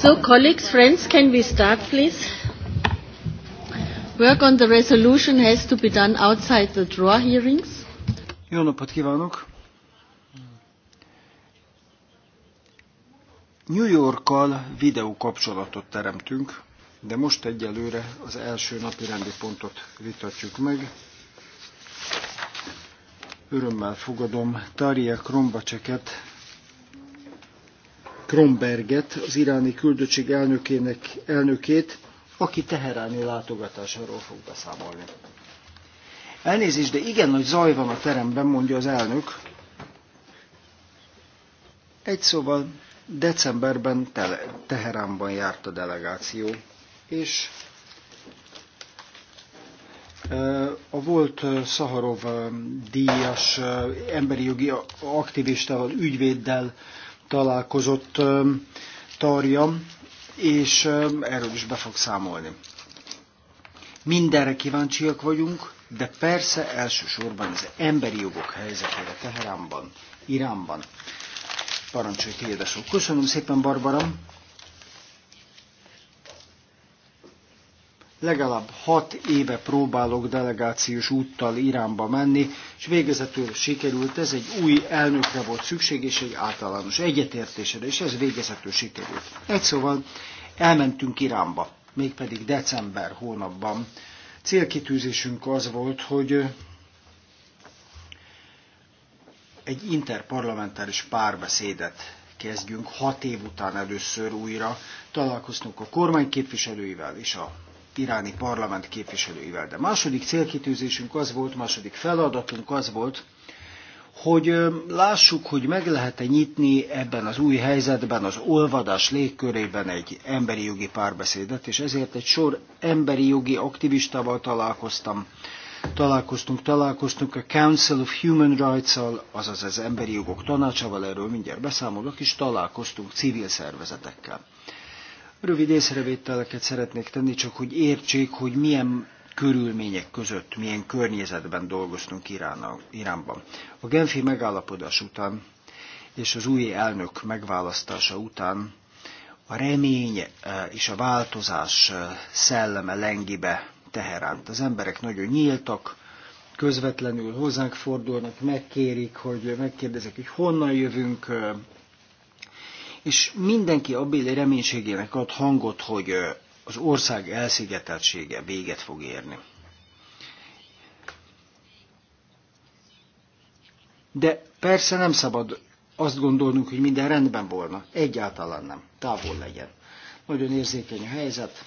So, colleagues, friends, can we start, please? Work on the resolution has to be done outside the draw hearings. Jó napot kívánok! New Yorkkal videó kapcsolatot teremtünk, de most egyelőre az első napi rendi pontot vitatjuk meg. Örömmel fogadom Tária Krombacseket, Kromberget az iráni küldöttség elnökének, elnökét, aki teheráni látogatásáról fog beszámolni. Elnézést, de igen nagy zaj van a teremben, mondja az elnök. Egy szóval decemberben Teheránban járt a delegáció, és a volt Szaharov díjas emberi jogi aktivistával, ügyvéddel találkozott Tarja, és erről is be fog számolni. Mindenre kíváncsiak vagyunk, de persze elsősorban az emberi jogok helyzetére Teheránban, Iránban. Parancsolj, tiéd Köszönöm szépen, Barbara. Legalább hat éve próbálok delegációs úttal Iránba menni, és végezetül sikerült ez, egy új elnökre volt szükség, és egy általános egyetértésre, és ez végezetül sikerült. Egy szóval elmentünk Iránba, mégpedig december hónapban. Célkitűzésünk az volt, hogy egy interparlamentáris párbeszédet kezdjünk hat év után először újra. Találkoztunk a kormány képviselőivel és a iráni parlament képviselőivel. De második célkitűzésünk az volt, második feladatunk az volt, hogy lássuk, hogy meg lehet-e nyitni ebben az új helyzetben, az olvadás légkörében egy emberi jogi párbeszédet, és ezért egy sor emberi jogi aktivistával találkoztam. Találkoztunk, találkoztunk a Council of Human Rights-al, azaz az Emberi Jogok Tanácsával, erről mindjárt beszámolok, és találkoztunk civil szervezetekkel. Rövid észrevételeket szeretnék tenni, csak hogy értsék, hogy milyen körülmények között, milyen környezetben dolgoztunk Irán, Iránban. A Genfi megállapodás után és az új elnök megválasztása után a remény eh, és a változás eh, szelleme lengibe Teheránt. Az emberek nagyon nyíltak, közvetlenül hozzánk fordulnak, megkérik, hogy megkérdezek, hogy honnan jövünk, eh, és mindenki abbéli reménységének ad hangot, hogy az ország elszigeteltsége véget fog érni. De persze nem szabad azt gondolnunk, hogy minden rendben volna. Egyáltalán nem. Távol legyen. Nagyon érzékeny a helyzet.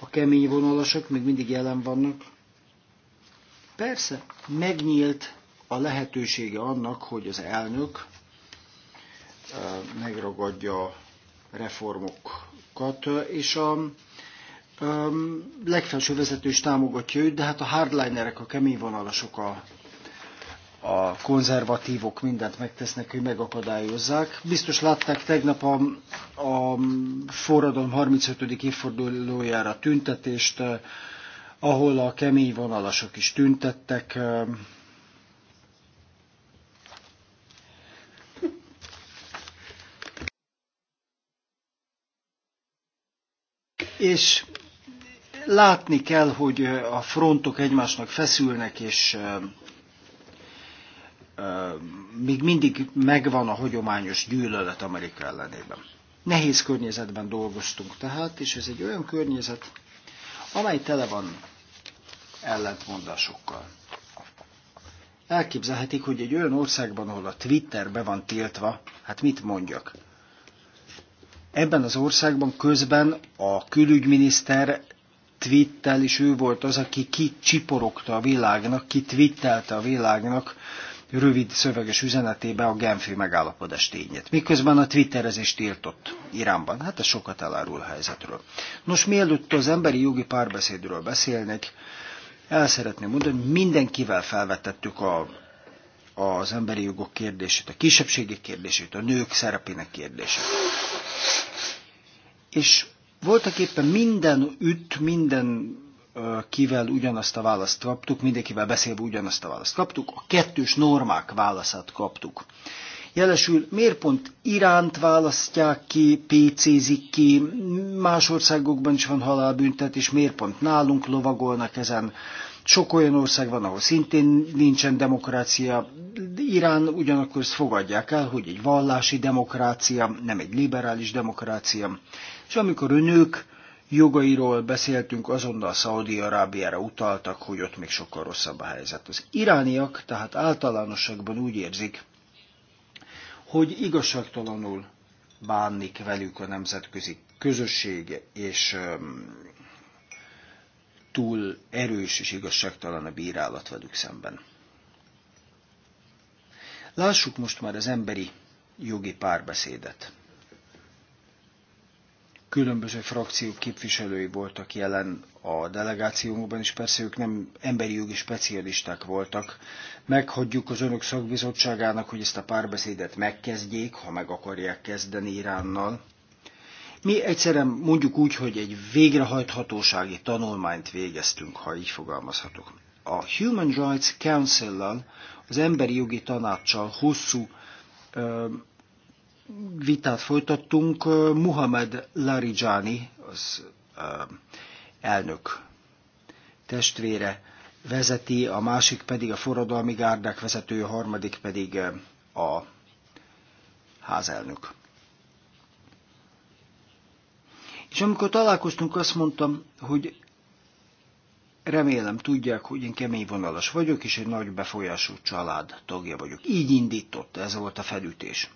A kemény vonalasok még mindig jelen vannak. Persze, megnyílt a lehetősége annak, hogy az elnök megragadja a reformokat, és a legfelső vezető is támogatja őt, de hát a hardlinerek, a kemény vonalasok, a, a konzervatívok mindent megtesznek, hogy megakadályozzák. Biztos látták tegnap a, a forradalom 35. évfordulójára tüntetést, eh, ahol a kemény vonalasok is tüntettek, eh, és látni kell, hogy a frontok egymásnak feszülnek, és még mindig megvan a hagyományos gyűlölet Amerika ellenében. Nehéz környezetben dolgoztunk tehát, és ez egy olyan környezet, amely tele van ellentmondásokkal. Elképzelhetik, hogy egy olyan országban, ahol a Twitter be van tiltva, hát mit mondjak? Ebben az országban közben a külügyminiszter twittel, és ő volt az, aki kicsiporogta a világnak, kitwittelte a világnak rövid szöveges üzenetébe a Genfi megállapodás tényét. Miközben a twitterezés tiltott Iránban. Hát ez sokat elárul a helyzetről. Nos, mielőtt az emberi jogi párbeszédről beszélnek, el szeretném mondani, hogy mindenkivel felvetettük a, az emberi jogok kérdését, a kisebbségi kérdését, a nők szerepének kérdését és voltak éppen minden üt, minden kivel ugyanazt a választ kaptuk, mindenkivel beszélve ugyanazt a választ kaptuk, a kettős normák válaszát kaptuk. Jelesül, miért pont Iránt választják ki, PC-zik ki, más országokban is van halálbüntetés, miért pont nálunk lovagolnak ezen. Sok olyan ország van, ahol szintén nincsen demokrácia. Irán ugyanakkor ezt fogadják el, hogy egy vallási demokrácia, nem egy liberális demokrácia. És amikor önök jogairól beszéltünk, azonnal Szaudi-Arábiára utaltak, hogy ott még sokkal rosszabb a helyzet. Az irániak tehát általánosságban úgy érzik, hogy igazságtalanul bánik velük a nemzetközi közösség, és túl erős és igazságtalan a bírálat velük szemben. Lássuk most már az emberi jogi párbeszédet. Különböző frakciók képviselői voltak jelen a delegációnkban, és persze ők nem emberi jogi specialisták voltak. Meghagyjuk az önök szakbizottságának, hogy ezt a párbeszédet megkezdjék, ha meg akarják kezdeni Iránnal, mi egyszerűen mondjuk úgy, hogy egy végrehajthatósági tanulmányt végeztünk, ha így fogalmazhatok. A Human Rights Council-lal, az emberi jogi tanácssal hosszú ö, vitát folytattunk. Muhammad Larijani, az ö, elnök testvére vezeti, a másik pedig a forradalmi gárdák vezetője, a harmadik pedig a házelnök. És amikor találkoztunk, azt mondtam, hogy remélem tudják, hogy én kemény vonalas vagyok, és egy nagy befolyású család tagja vagyok. Így indított, ez volt a felütés.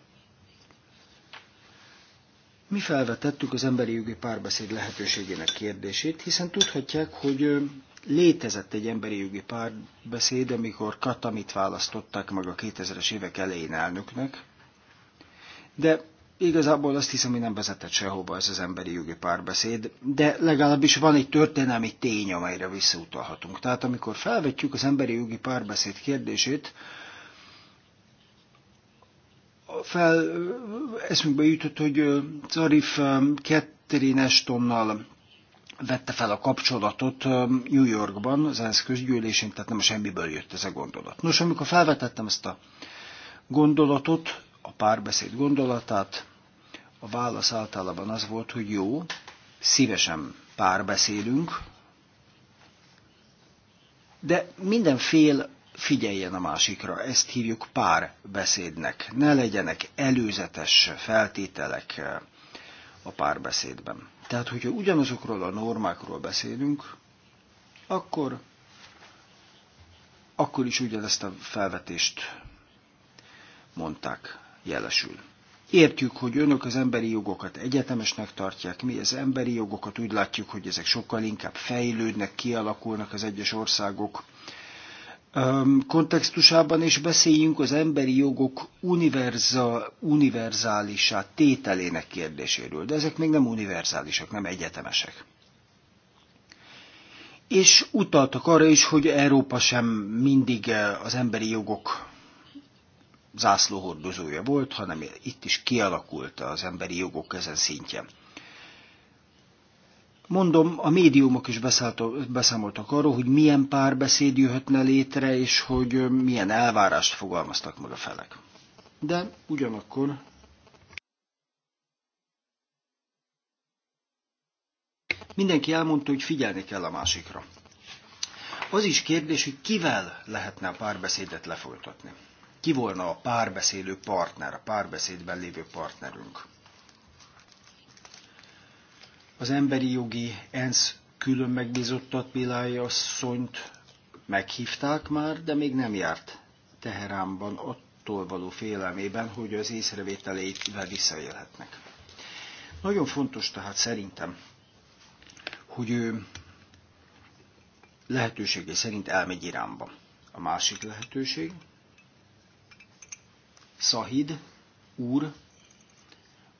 Mi felvetettük az emberi jogi párbeszéd lehetőségének kérdését, hiszen tudhatják, hogy létezett egy emberi jogi párbeszéd, amikor Katamit választották meg a 2000-es évek elején elnöknek, de Igazából azt hiszem, hogy nem vezetett sehova ez az emberi jogi párbeszéd, de legalábbis van egy történelmi tény, amelyre visszautalhatunk. Tehát amikor felvetjük az emberi jogi párbeszéd kérdését, fel, eszünkbe jutott, hogy Zarif Ketterin Estonnal vette fel a kapcsolatot New Yorkban, az ENSZ közgyűlésén, tehát nem a semmiből jött ez a gondolat. Nos, amikor felvetettem ezt a gondolatot, a párbeszéd gondolatát, a válasz általában az volt, hogy jó, szívesen párbeszélünk, de minden fél figyeljen a másikra, ezt hívjuk párbeszédnek. Ne legyenek előzetes feltételek a párbeszédben. Tehát, hogyha ugyanazokról a normákról beszélünk, akkor, akkor is ugyanezt a felvetést mondták jelesül. Értjük, hogy önök az emberi jogokat egyetemesnek tartják, mi az emberi jogokat úgy látjuk, hogy ezek sokkal inkább fejlődnek, kialakulnak az egyes országok kontextusában, és beszéljünk az emberi jogok univerzálisá tételének kérdéséről, de ezek még nem univerzálisak, nem egyetemesek és utaltak arra is, hogy Európa sem mindig eh, az emberi jogok zászlóhordozója volt, hanem itt is kialakult az emberi jogok ezen szintje. Mondom, a médiumok is beszámoltak arról, hogy milyen párbeszéd jöhetne létre, és hogy milyen elvárást fogalmaztak meg a felek. De ugyanakkor mindenki elmondta, hogy figyelni kell a másikra. Az is kérdés, hogy kivel lehetne a párbeszédet lefolytatni ki volna a párbeszélő partner, a párbeszédben lévő partnerünk. Az emberi jogi ENSZ külön megbízottat Pilája asszonyt meghívták már, de még nem járt Teheránban attól való félelmében, hogy az észrevételeivel visszaélhetnek. Nagyon fontos tehát szerintem, hogy ő lehetősége szerint elmegy Iránba. A másik lehetőség, Szahid úr,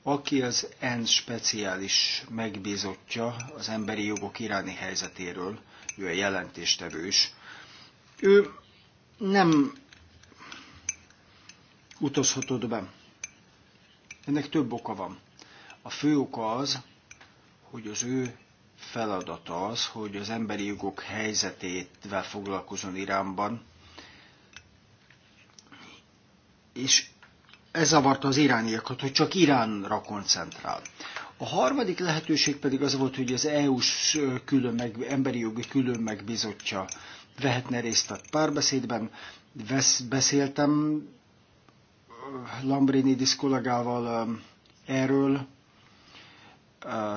aki az ENSZ speciális megbízottja az emberi jogok iráni helyzetéről, ő a jelentéstevős. Ő nem utazhatott be. Ennek több oka van. A fő oka az, hogy az ő feladata az, hogy az emberi jogok helyzetétvel foglalkozon Iránban, és ez zavarta az irániakat, hogy csak Iránra koncentrál. A harmadik lehetőség pedig az volt, hogy az EU-s külön meg, emberi jogi külön megbizotja vehetne részt a párbeszédben. Vesz, beszéltem Lambrinidis kollégával erről,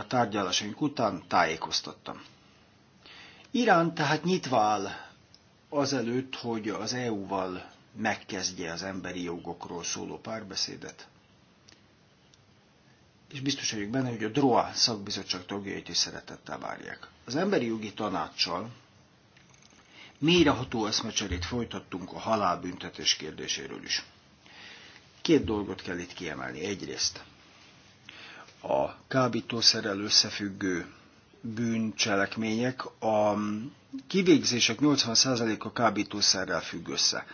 tárgyalásaink után tájékoztattam. Irán tehát nyitva áll azelőtt, hogy az EU-val megkezdje az emberi jogokról szóló párbeszédet. És biztos vagyok benne, hogy a DROA szakbizottság tagjait is szeretettel várják. Az emberi jogi tanácssal mélyreható eszmecserét folytattunk a halálbüntetés kérdéséről is. Két dolgot kell itt kiemelni. Egyrészt a kábítószerrel összefüggő bűncselekmények, a kivégzések 80%-a kábítószerrel függ össze.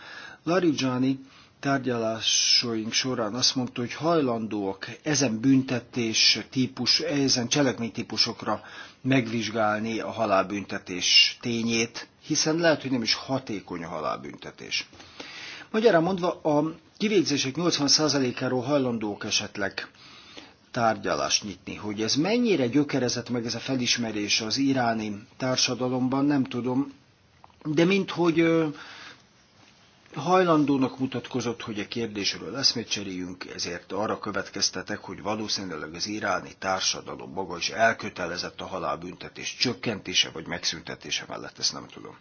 Larigiani tárgyalásaink során azt mondta, hogy hajlandóak ezen büntetés típus, ezen cselekmény típusokra megvizsgálni a halálbüntetés tényét, hiszen lehet, hogy nem is hatékony a halálbüntetés. Magyarán mondva a kivégzések 80%-áról hajlandók esetleg tárgyalást nyitni. Hogy ez mennyire gyökerezett meg ez a felismerés az iráni társadalomban, nem tudom, de minthogy hajlandónak mutatkozott, hogy a kérdésről eszmét cseréljünk, ezért arra következtetek, hogy valószínűleg az iráni társadalom maga is elkötelezett a halálbüntetés csökkentése vagy megszüntetése mellett, ezt nem tudom.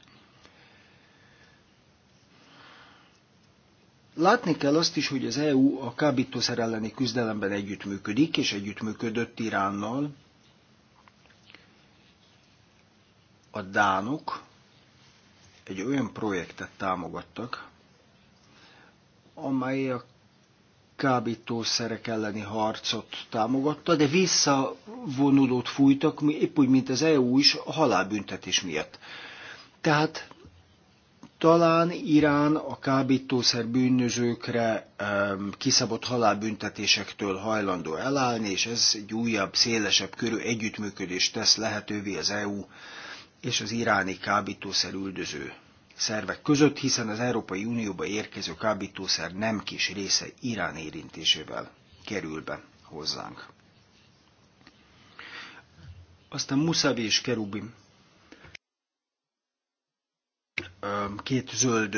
Látni kell azt is, hogy az EU a kábítószer elleni küzdelemben együttműködik, és együttműködött Iránnal. A dánok egy olyan projektet támogattak, amely a kábítószerek elleni harcot támogatta, de visszavonulót fújtak, épp úgy, mint az EU is, a halálbüntetés miatt. Tehát talán Irán a kábítószer bűnözőkre um, kiszabott halálbüntetésektől hajlandó elállni, és ez egy újabb, szélesebb körű együttműködést tesz lehetővé az EU és az iráni kábítószer üldöző szervek között, hiszen az Európai Unióba érkező kábítószer nem kis része Irán érintésével kerül be hozzánk. Aztán Muszavi és Kerubim két zöld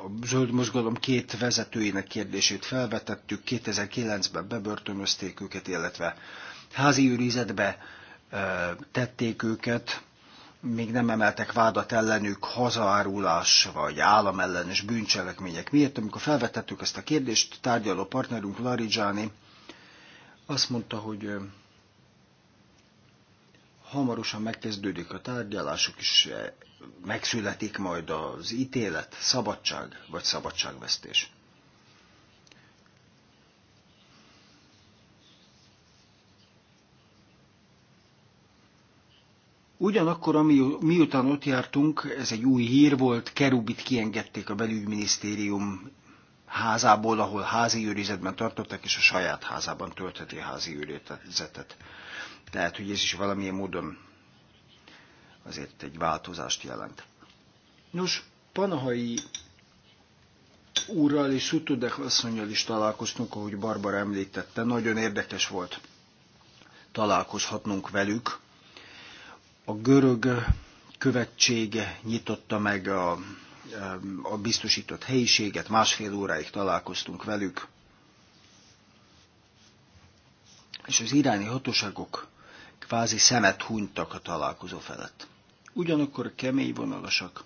a zöld mozgalom két vezetőjének kérdését felvetettük, 2009-ben bebörtönözték őket, illetve házi őrizetbe tették őket, még nem emeltek vádat ellenük hazaárulás vagy államellenes bűncselekmények miért. Amikor felvetettük ezt a kérdést, tárgyaló partnerünk Larigiani azt mondta, hogy hamarosan megkezdődik a tárgyalások, és megszületik majd az ítélet, szabadság vagy szabadságvesztés. Ugyanakkor, ami, miután ott jártunk, ez egy új hír volt, Kerubit kiengedték a belügyminisztérium házából, ahol házi őrizetben tartottak, és a saját házában töltheti a házi őrizetet. Tehát, hogy ez is valamilyen módon azért egy változást jelent. Nos, Panahai úrral és Sutudek asszonyjal is találkoztunk, ahogy Barbara említette. Nagyon érdekes volt találkozhatnunk velük, a görög követsége nyitotta meg a, a biztosított helyiséget, másfél óráig találkoztunk velük, és az iráni hatóságok kvázi szemet hunytak a találkozó felett. Ugyanakkor a kemény vonalasak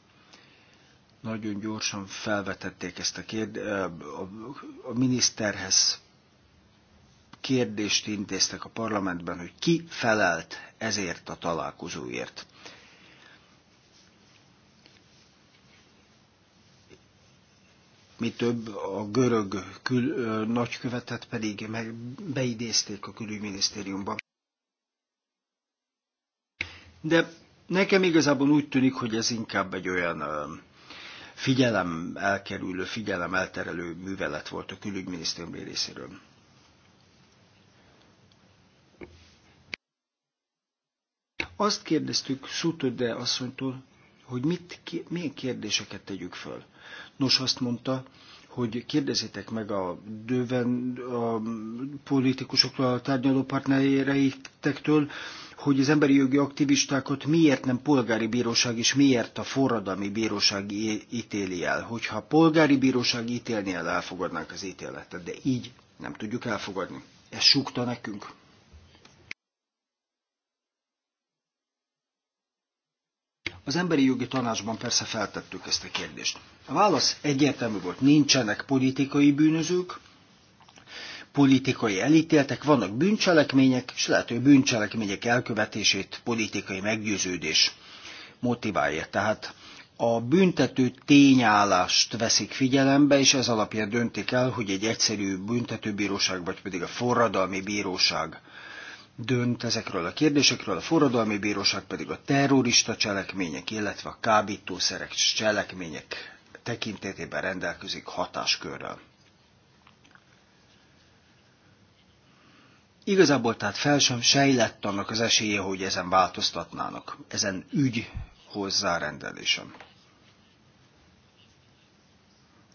nagyon gyorsan felvetették ezt a kérdést, a miniszterhez kérdést intéztek a parlamentben, hogy ki felelt ezért a találkozóért. mi több a görög kül, ö, nagykövetet pedig meg beidézték a külügyminisztériumba. De nekem igazából úgy tűnik, hogy ez inkább egy olyan ö, figyelem elkerülő, figyelem elterelő művelet volt a külügyminisztérium részéről. Azt kérdeztük Sutöde asszonytól, hogy mit, milyen kérdéseket tegyük föl. Nos, azt mondta, hogy kérdezzétek meg a döven a politikusoktól, a tárgyaló partnereitektől, hogy az emberi jogi aktivistákat miért nem polgári bíróság, és miért a forradalmi bíróság ítéli el. Hogyha a polgári bíróság ítélni el, elfogadnánk az ítéletet, de így nem tudjuk elfogadni. Ez súgta nekünk. Az emberi jogi tanácsban persze feltettük ezt a kérdést. A válasz egyértelmű volt, nincsenek politikai bűnözők, politikai elítéltek, vannak bűncselekmények, és lehet, hogy bűncselekmények elkövetését politikai meggyőződés motiválja. Tehát a büntető tényállást veszik figyelembe, és ez alapján döntik el, hogy egy egyszerű büntetőbíróság, vagy pedig a forradalmi bíróság dönt ezekről a kérdésekről, a forradalmi bíróság pedig a terrorista cselekmények, illetve a kábítószerek cselekmények tekintetében rendelkezik hatáskörrel. Igazából tehát fel sem sejlett annak az esélye, hogy ezen változtatnának, ezen ügy hozzárendelésem.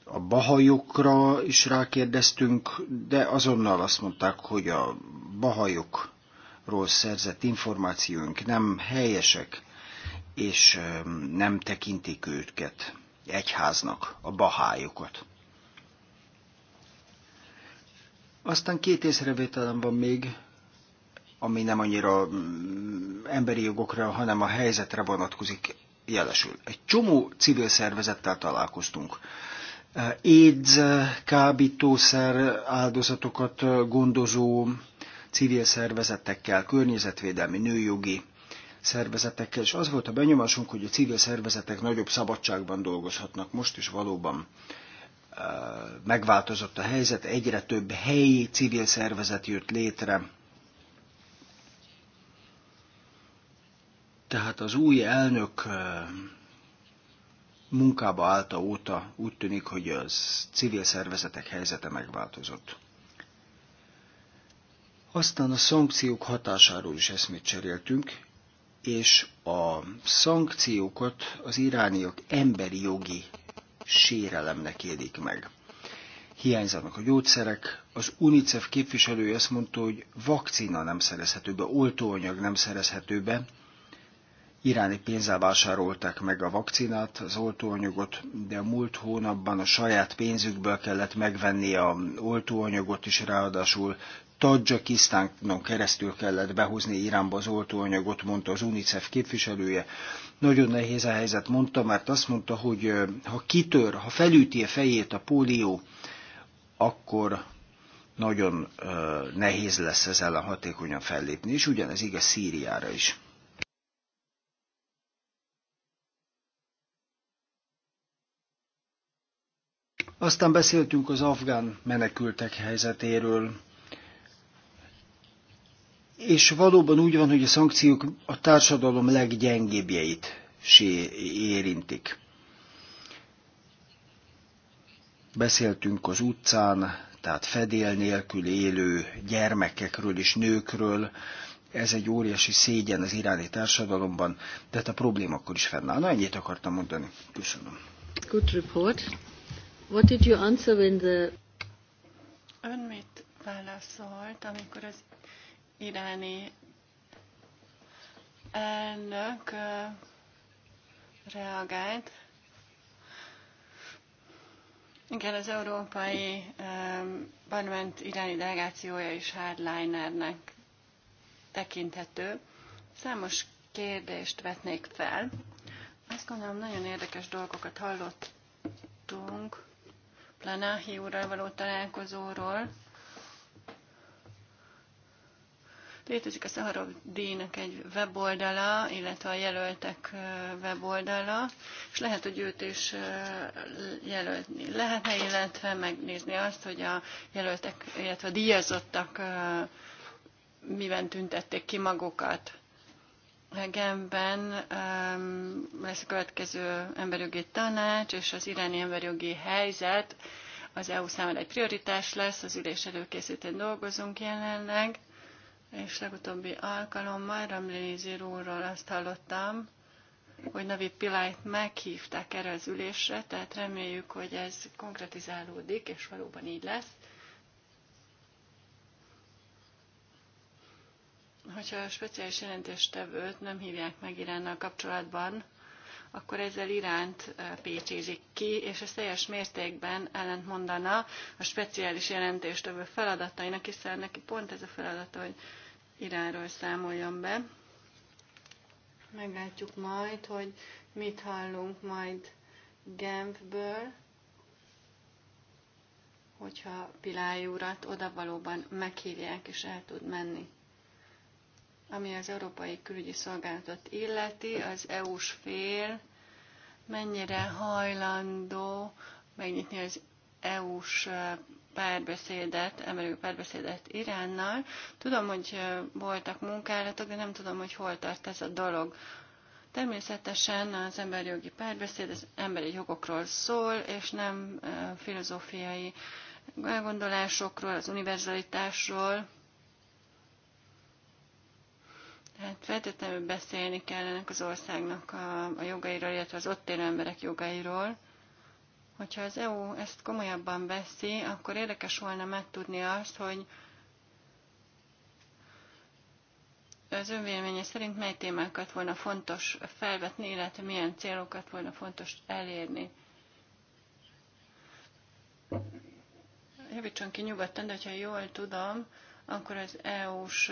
A bahajokra is rákérdeztünk, de azonnal azt mondták, hogy a bahajok ról szerzett információink nem helyesek, és nem tekintik őket egyháznak, a bahájukat. Aztán két észrevételem van még, ami nem annyira mm, emberi jogokra, hanem a helyzetre vonatkozik jelesül. Egy csomó civil szervezettel találkoztunk. AIDS, kábítószer áldozatokat gondozó civil szervezetekkel, környezetvédelmi, nőjogi szervezetekkel, és az volt a benyomásunk, hogy a civil szervezetek nagyobb szabadságban dolgozhatnak most is valóban e, megváltozott a helyzet, egyre több helyi civil szervezet jött létre. Tehát az új elnök e, munkába állta óta úgy tűnik, hogy az civil szervezetek helyzete megváltozott. Aztán a szankciók hatásáról is eszmét cseréltünk, és a szankciókat az irániak emberi jogi sérelemnek élik meg. Hiányzanak a gyógyszerek, az UNICEF képviselője azt mondta, hogy vakcina nem szerezhető be, oltóanyag nem szerezhető be, iráni pénzzel vásárolták meg a vakcinát, az oltóanyagot, de a múlt hónapban a saját pénzükből kellett megvenni a oltóanyagot is, ráadásul Tadzsakisztánon keresztül kellett behozni Iránba az oltóanyagot, mondta az UNICEF képviselője. Nagyon nehéz a helyzet, mondta, mert azt mondta, hogy ha kitör, ha felüti a fejét a pólió, akkor nagyon nehéz lesz ezzel ellen hatékonyan fellépni, és ugyanez igaz Szíriára is. Aztán beszéltünk az afgán menekültek helyzetéről, és valóban úgy van, hogy a szankciók a társadalom leggyengébbjeit érintik. Beszéltünk az utcán, tehát fedél nélkül élő gyermekekről és nőkről. Ez egy óriási szégyen az iráni társadalomban, de hát a probléma akkor is fennáll. Na, ennyit akartam mondani. Köszönöm. Good report. What did you answer when the... Ön mit válaszolt, amikor az iráni elnök reagált. Igen, az Európai Parlament iráni delegációja is hardlinernek tekinthető. Számos kérdést vetnék fel. Azt gondolom, nagyon érdekes dolgokat hallottunk Planahi úrral való találkozóról, Létezik a Szaharov díjnak egy weboldala, illetve a jelöltek weboldala, és lehet, hogy őt is jelölni lehetne, illetve megnézni azt, hogy a jelöltek, illetve a díjazottak miben tüntették ki magukat. Genben lesz a következő emberjogi tanács, és az iráni emberjogi helyzet az EU számára egy prioritás lesz, az ülés előkészítén dolgozunk jelenleg és legutóbbi alkalommal Ramlézi úrról azt hallottam, hogy Navi Pilájt meghívták erre az ülésre, tehát reméljük, hogy ez konkretizálódik, és valóban így lesz. Hogyha a speciális jelentéstevőt nem hívják meg Iránnal kapcsolatban, akkor ezzel iránt e, pécsézik ki, és ez teljes mértékben ellentmondana a speciális jelentéstevő feladatainak, hiszen neki pont ez a feladata, hogy Iránról számoljon be. Meglátjuk majd, hogy mit hallunk majd Genfből, hogyha Pilály urat oda valóban meghívják és el tud menni. Ami az Európai Külügyi Szolgálatot illeti, az EU-s fél mennyire hajlandó megnyitni az EU-s párbeszédet, emberi párbeszédet Iránnal. Tudom, hogy voltak munkálatok, de nem tudom, hogy hol tart ez a dolog. Természetesen az emberi jogi párbeszéd az emberi jogokról szól, és nem filozófiai elgondolásokról, az univerzalitásról. Tehát feltétlenül beszélni kellene az országnak a, a jogairól, illetve az ott élő emberek jogairól. Hogyha az EU ezt komolyabban veszi, akkor érdekes volna megtudni azt, hogy az önvéleménye szerint mely témákat volna fontos felvetni, illetve milyen célokat volna fontos elérni. Javítson ki nyugodtan, de ha jól tudom, akkor az EU-s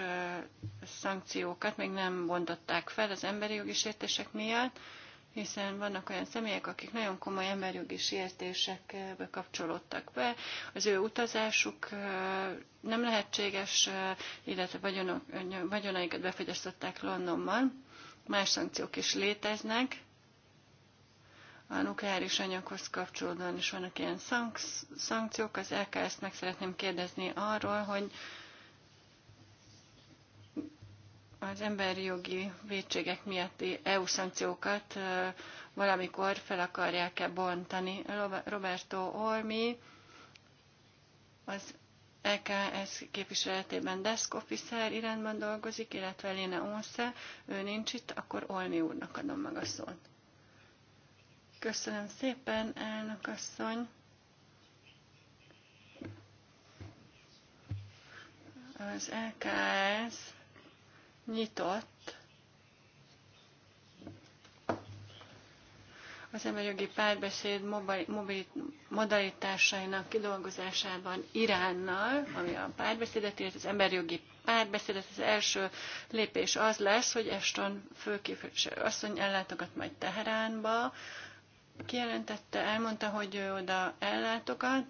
szankciókat még nem bontották fel az emberi jogi sértések miatt, hiszen vannak olyan személyek, akik nagyon komoly emberjogi sértésekbe kapcsolódtak be, az ő utazásuk nem lehetséges, illetve vagyonok, vagyonaikat befogyasztották Londonban, más szankciók is léteznek, a nukleáris anyaghoz kapcsolódóan is vannak ilyen szankciók. Az lks meg szeretném kérdezni arról, hogy az emberi jogi védségek miatti EU szankciókat valamikor fel akarják-e bontani. Roberto Olmi az EKS képviseletében desk officer irányban dolgozik, illetve Léne Onsze, ő nincs itt, akkor Olmi úrnak adom meg a szót. Köszönöm szépen, elnök asszony! Az EKS nyitott az emberjogi párbeszéd modalitásainak kidolgozásában Iránnal, ami a párbeszédet, illetve az emberjogi párbeszédet az első lépés az lesz, hogy Eston főképviselő asszony ellátogat majd Teheránba. Kijelentette, elmondta, hogy ő oda ellátogat,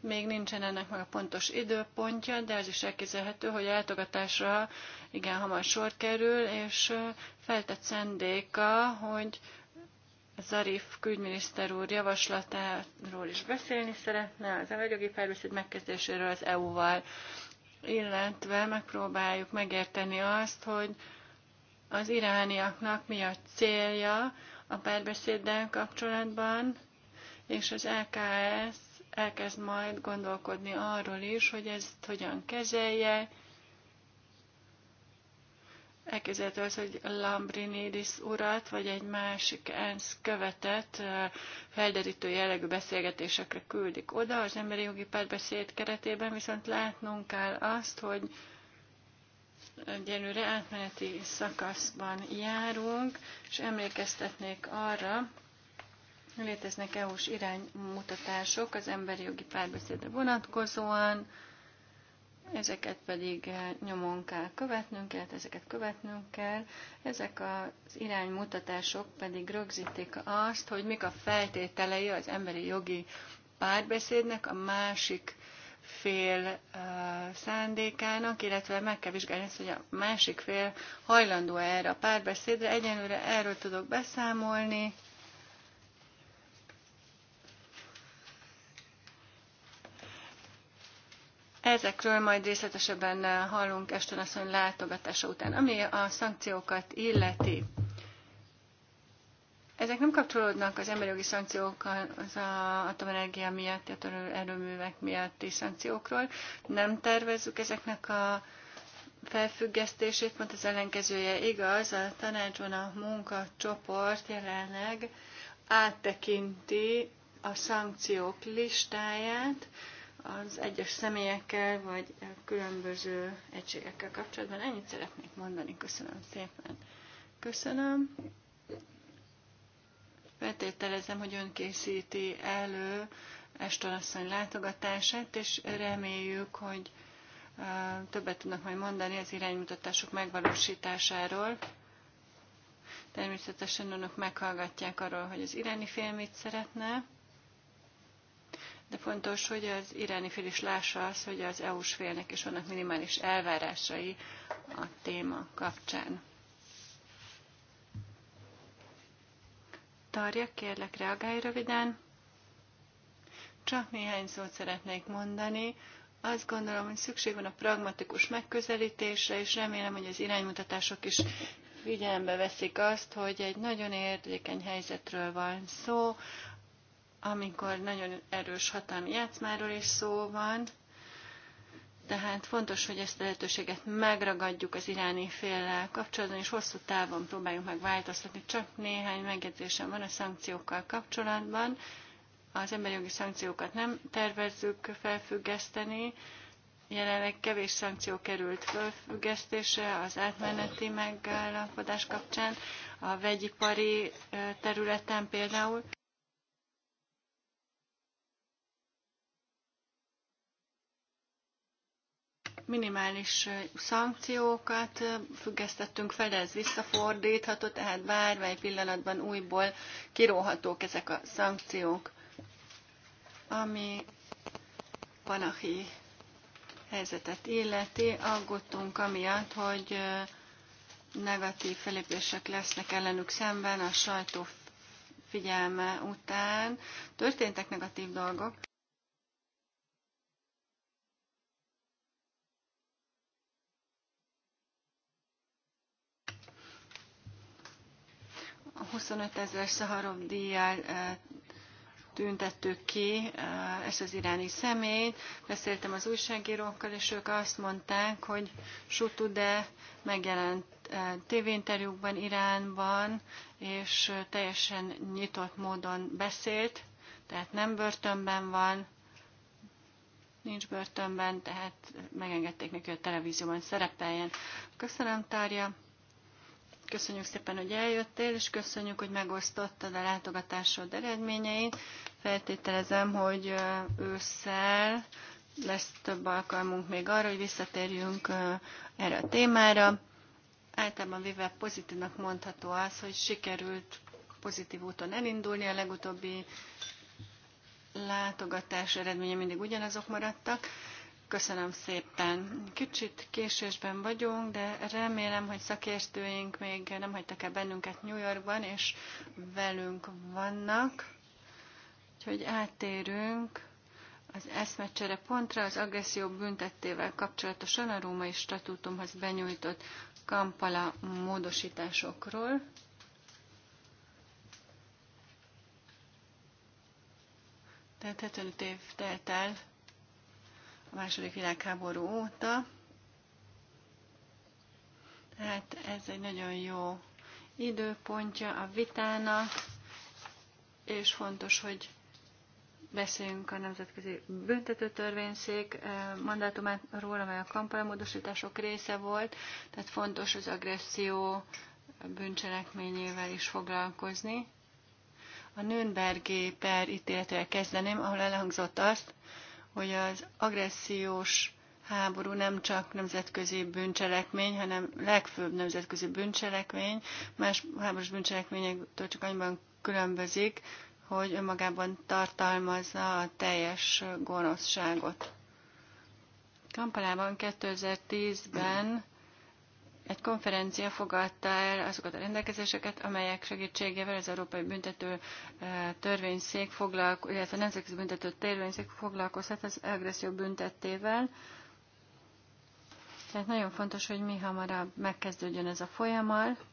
még nincsen ennek meg a pontos időpontja, de az is elképzelhető, hogy a látogatásra igen hamar sor kerül, és feltett szendéka, hogy Zarif külügyminiszter úr javaslatáról is beszélni szeretne, az emberjogi párbeszéd megkezdéséről az EU-val, illetve megpróbáljuk megérteni azt, hogy az irániaknak mi a célja a párbeszéddel kapcsolatban, és az LKS elkezd majd gondolkodni arról is, hogy ezt hogyan kezelje. Elkezdett az, hogy Lambrinidis urat, vagy egy másik ENSZ követett felderítő jellegű beszélgetésekre küldik oda. Az emberi jogi párbeszéd keretében viszont látnunk kell azt, hogy egyelőre átmeneti szakaszban járunk, és emlékeztetnék arra, Léteznek EU-s iránymutatások az emberi jogi párbeszédre vonatkozóan, ezeket pedig nyomon kell követnünk, illetve ezeket követnünk kell. Ezek az iránymutatások pedig rögzítik azt, hogy mik a feltételei az emberi jogi párbeszédnek, a másik fél szándékának, illetve meg kell vizsgálni azt, hogy a másik fél hajlandó -e erre a párbeszédre. Egyenlőre erről tudok beszámolni. Ezekről majd részletesebben eh, hallunk Eston asszony látogatása után. Ami a szankciókat illeti, ezek nem kapcsolódnak az emberi jogi szankciók az atomenergia miatt, a erőművek miatti szankciókról. Nem tervezzük ezeknek a felfüggesztését, mert az ellenkezője igaz, a tanácson a munkacsoport jelenleg áttekinti a szankciók listáját, az egyes személyekkel, vagy különböző egységekkel kapcsolatban. Ennyit szeretnék mondani. Köszönöm szépen. Köszönöm. Feltételezem, hogy ön készíti elő Estorasszony látogatását, és reméljük, hogy többet tudnak majd mondani az iránymutatások megvalósításáról. Természetesen önök meghallgatják arról, hogy az iráni fél mit szeretne de fontos, hogy az iráni fél is lássa azt, hogy az EU-s félnek is vannak minimális elvárásai a téma kapcsán. Tarja, kérlek, reagálj röviden. Csak néhány szót szeretnék mondani. Azt gondolom, hogy szükség van a pragmatikus megközelítésre, és remélem, hogy az iránymutatások is figyelembe veszik azt, hogy egy nagyon érzékeny helyzetről van szó, amikor nagyon erős hatalmi játszmáról is szó van, tehát fontos, hogy ezt a lehetőséget megragadjuk az iráni féllel kapcsolatban, és hosszú távon próbáljuk meg változtatni. Csak néhány megjegyzésem van a szankciókkal kapcsolatban. Az emberi jogi szankciókat nem tervezzük felfüggeszteni. Jelenleg kevés szankció került felfüggesztésre az átmeneti megállapodás kapcsán, a vegyipari területen például. minimális szankciókat függesztettünk fel, de ez visszafordítható, tehát bármely pillanatban újból kiróhatók ezek a szankciók, ami panahi helyzetet illeti. Aggódtunk amiatt, hogy negatív felépések lesznek ellenük szemben a sajtó figyelme után. Történtek negatív dolgok, A 25 ezer szaharom díjjal tüntettük ki ezt az iráni személyt. Beszéltem az újságírókkal, és ők azt mondták, hogy Sutude megjelent tévéinterjúkban Iránban, és teljesen nyitott módon beszélt, tehát nem börtönben van, nincs börtönben, tehát megengedték neki, hogy a televízióban szerepeljen. Köszönöm, Tárja! Köszönjük szépen, hogy eljöttél, és köszönjük, hogy megosztottad a látogatásod eredményeit. Feltételezem, hogy ősszel lesz több alkalmunk még arra, hogy visszatérjünk erre a témára. Általában véve pozitívnak mondható az, hogy sikerült pozitív úton elindulni. A legutóbbi látogatás eredménye mindig ugyanazok maradtak. Köszönöm szépen. Kicsit késésben vagyunk, de remélem, hogy szakértőink még nem hagytak el bennünket New Yorkban, és velünk vannak. Úgyhogy áttérünk az eszmecsere pontra az agresszió büntettével kapcsolatosan a római statútumhoz benyújtott kampala módosításokról. Tehát 75 év telt el a második világháború óta. Tehát ez egy nagyon jó időpontja a vitának, és fontos, hogy beszéljünk a Nemzetközi Büntetőtörvényszék eh, mandátumáról, amely a kampánymódosítások része volt, tehát fontos az agresszió bűncselekményével is foglalkozni. A Nürnbergi per ítéletével kezdeném, ahol elhangzott azt, hogy az agressziós háború nem csak nemzetközi bűncselekmény, hanem legfőbb nemzetközi bűncselekmény. Más háborús bűncselekményektől csak annyiban különbözik, hogy önmagában tartalmazza a teljes gonoszságot. Kampalában 2010-ben egy konferencia fogadta el azokat a rendelkezéseket, amelyek segítségével az Európai Büntető eh, Törvényszék foglalkozhat illetve a Nemzetközi Büntető Törvényszék foglalkozhat az agresszió büntettével. Tehát nagyon fontos, hogy mi hamarabb megkezdődjön ez a folyamat.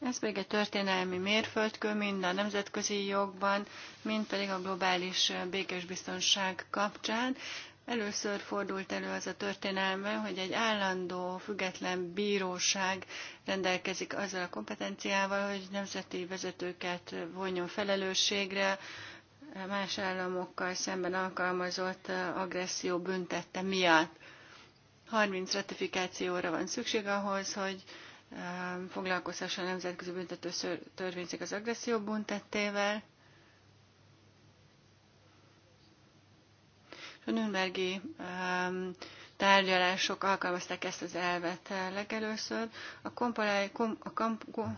Ez pedig egy történelmi mérföldkő mind a nemzetközi jogban, mind pedig a globális eh, békés biztonság kapcsán. Először fordult elő az a történelme, hogy egy állandó, független bíróság rendelkezik azzal a kompetenciával, hogy nemzeti vezetőket vonjon felelősségre, más államokkal szemben alkalmazott agresszió büntette miatt. 30 ratifikációra van szükség ahhoz, hogy um, foglalkozhasson a Nemzetközi Büntető Törvényszék az agresszió büntettével. A Nürnbergi um, tárgyalások alkalmazták ezt az elvet eh, legelőször. A kampalai, kom, a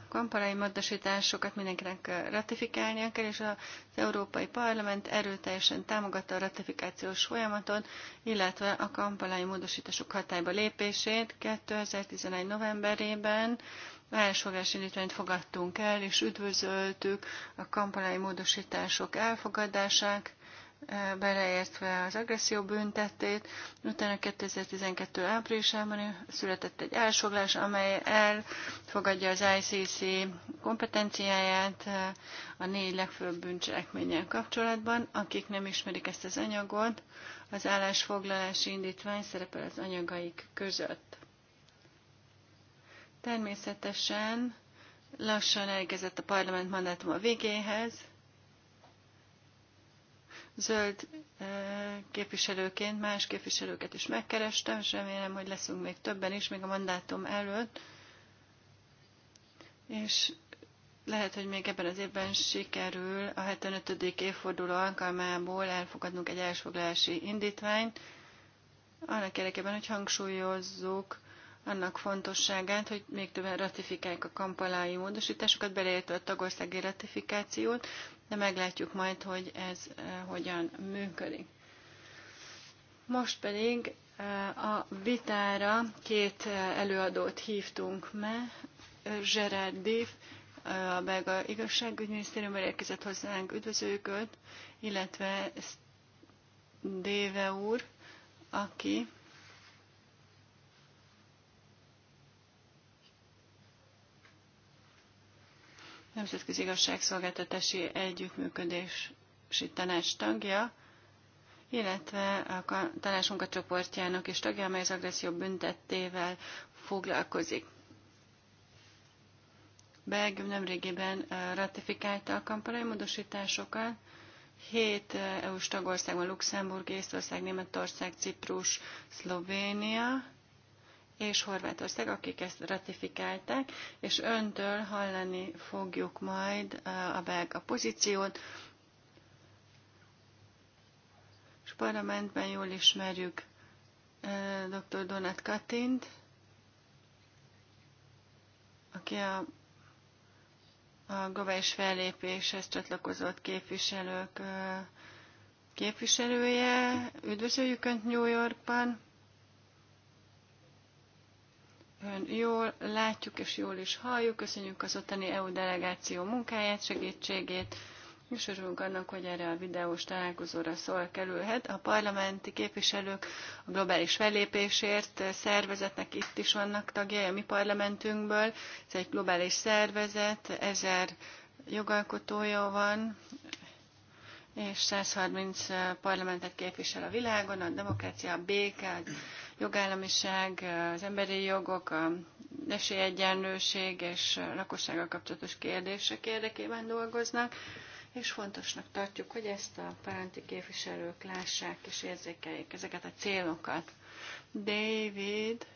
kampalai mindenkinek eh, ratifikálnia kell, és az Európai Parlament erőteljesen támogatta a ratifikációs folyamaton, illetve a kampalai módosítások hatályba lépését 2011. novemberében. Állásfogás indítványt fogadtunk el, és üdvözöltük a kampalai módosítások elfogadását, beleértve az agresszió büntetét. Utána 2012. áprilisában született egy elsoglás, amely elfogadja az ICC kompetenciáját eh, a négy legfőbb bűncselekménnyel kapcsolatban. Akik nem ismerik ezt az anyagot, az állásfoglalási indítvány szerepel az anyagaik között. Természetesen lassan elkezdett a parlament mandátuma végéhez, zöld képviselőként más képviselőket is megkerestem, és remélem, hogy leszünk még többen is, még a mandátum előtt. És lehet, hogy még ebben az évben sikerül a 75. évforduló alkalmából elfogadnunk egy elsfoglalási indítványt, annak érdekében, hogy hangsúlyozzuk annak fontosságát, hogy még többen ratifikálják a kampalái módosításokat, beleértve a tagországi ratifikációt, de meglátjuk majd, hogy ez eh, hogyan működik. Most pedig eh, a vitára két eh, előadót hívtunk meg, Gerard Diff, a belga igazságügyminisztériumban érkezett hozzánk, üdvözőköt, illetve Déve úr, aki Nemzetközi Igazságszolgáltatási Együttműködési Tanács tagja, illetve a tanács munkacsoportjának és tagja, amely az agresszió büntettével foglalkozik. Belgium nemrégiben ratifikálta a kampalai módosításokat. Hét EU-s tagországban Luxemburg, Észtország, Németország, Ciprus, Szlovénia, és Horvátország, akik ezt ratifikálták, és öntől hallani fogjuk majd a belga pozíciót. És parlamentben jól ismerjük dr. Donát Katint, aki a, a globális fellépéshez csatlakozott képviselők képviselője. Üdvözöljük Önt New Yorkban! Ön jól látjuk és jól is halljuk. Köszönjük az ottani EU delegáció munkáját, segítségét, és örülünk annak, hogy erre a videós találkozóra szól kerülhet. A parlamenti képviselők a globális fellépésért szervezetnek itt is vannak tagjai a mi parlamentünkből. Ez egy globális szervezet, ezer jogalkotója van, és 130 parlamentet képvisel a világon, a demokrácia, a béke, a jogállamiság, az emberi jogok, a esélyegyenlőség és a lakossággal kapcsolatos kérdések érdekében dolgoznak, és fontosnak tartjuk, hogy ezt a parlamenti képviselők lássák és érzékeljék ezeket a célokat. David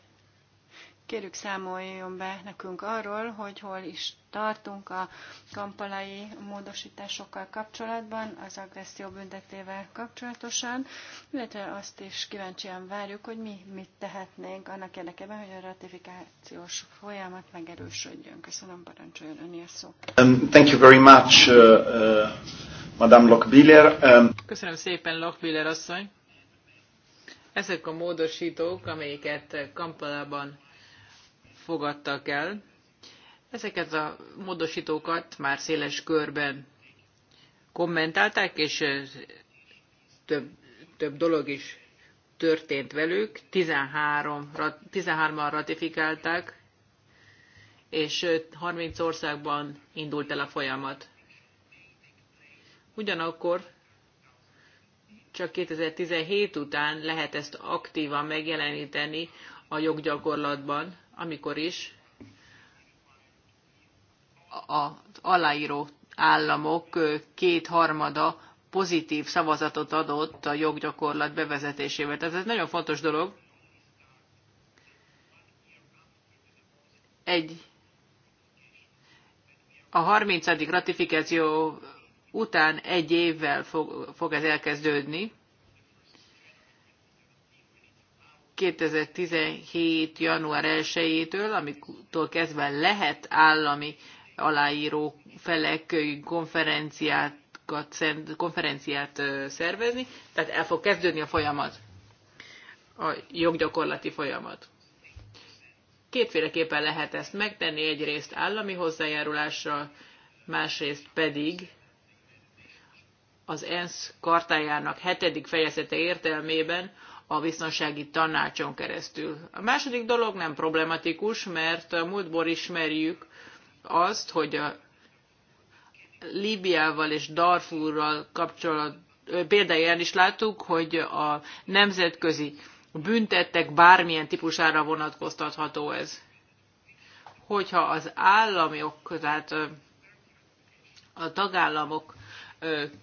Kérjük számoljon be nekünk arról, hogy hol is tartunk a kampalai módosításokkal kapcsolatban, az agresszió büntetével kapcsolatosan, illetve azt is kíváncsian várjuk, hogy mi mit tehetnénk annak érdekében, hogy a ratifikációs folyamat megerősödjön. Köszönöm, parancsoljon öné a szó. Um, thank you very much, uh, uh, Madame Lockbiller. Um... Köszönöm szépen, Lockbiller asszony. Ezek a módosítók, amelyeket Kampalában fogadtak el. Ezeket a módosítókat már széles körben kommentálták, és több, több dolog is történt velük. 13, 13-an ratifikálták, és 30 országban indult el a folyamat. Ugyanakkor csak 2017 után lehet ezt aktívan megjeleníteni a joggyakorlatban, amikor is az aláíró államok kétharmada pozitív szavazatot adott a joggyakorlat bevezetésével. Tehát ez egy nagyon fontos dolog. Egy a 30. ratifikáció után egy évvel fog, fog ez elkezdődni, 2017. január 1-től, amikor kezdve lehet állami aláíró felek konferenciát konferenciát szervezni, tehát el fog kezdődni a folyamat, a joggyakorlati folyamat. Kétféleképpen lehet ezt megtenni, egyrészt állami hozzájárulással, másrészt pedig az ENSZ kartájának hetedik fejezete értelmében a biztonsági tanácson keresztül. A második dolog nem problematikus, mert a múltból ismerjük azt, hogy a Líbiával és Darfurral kapcsolat példáján is láttuk, hogy a nemzetközi büntettek bármilyen típusára vonatkoztatható ez. Hogyha az államok, tehát a tagállamok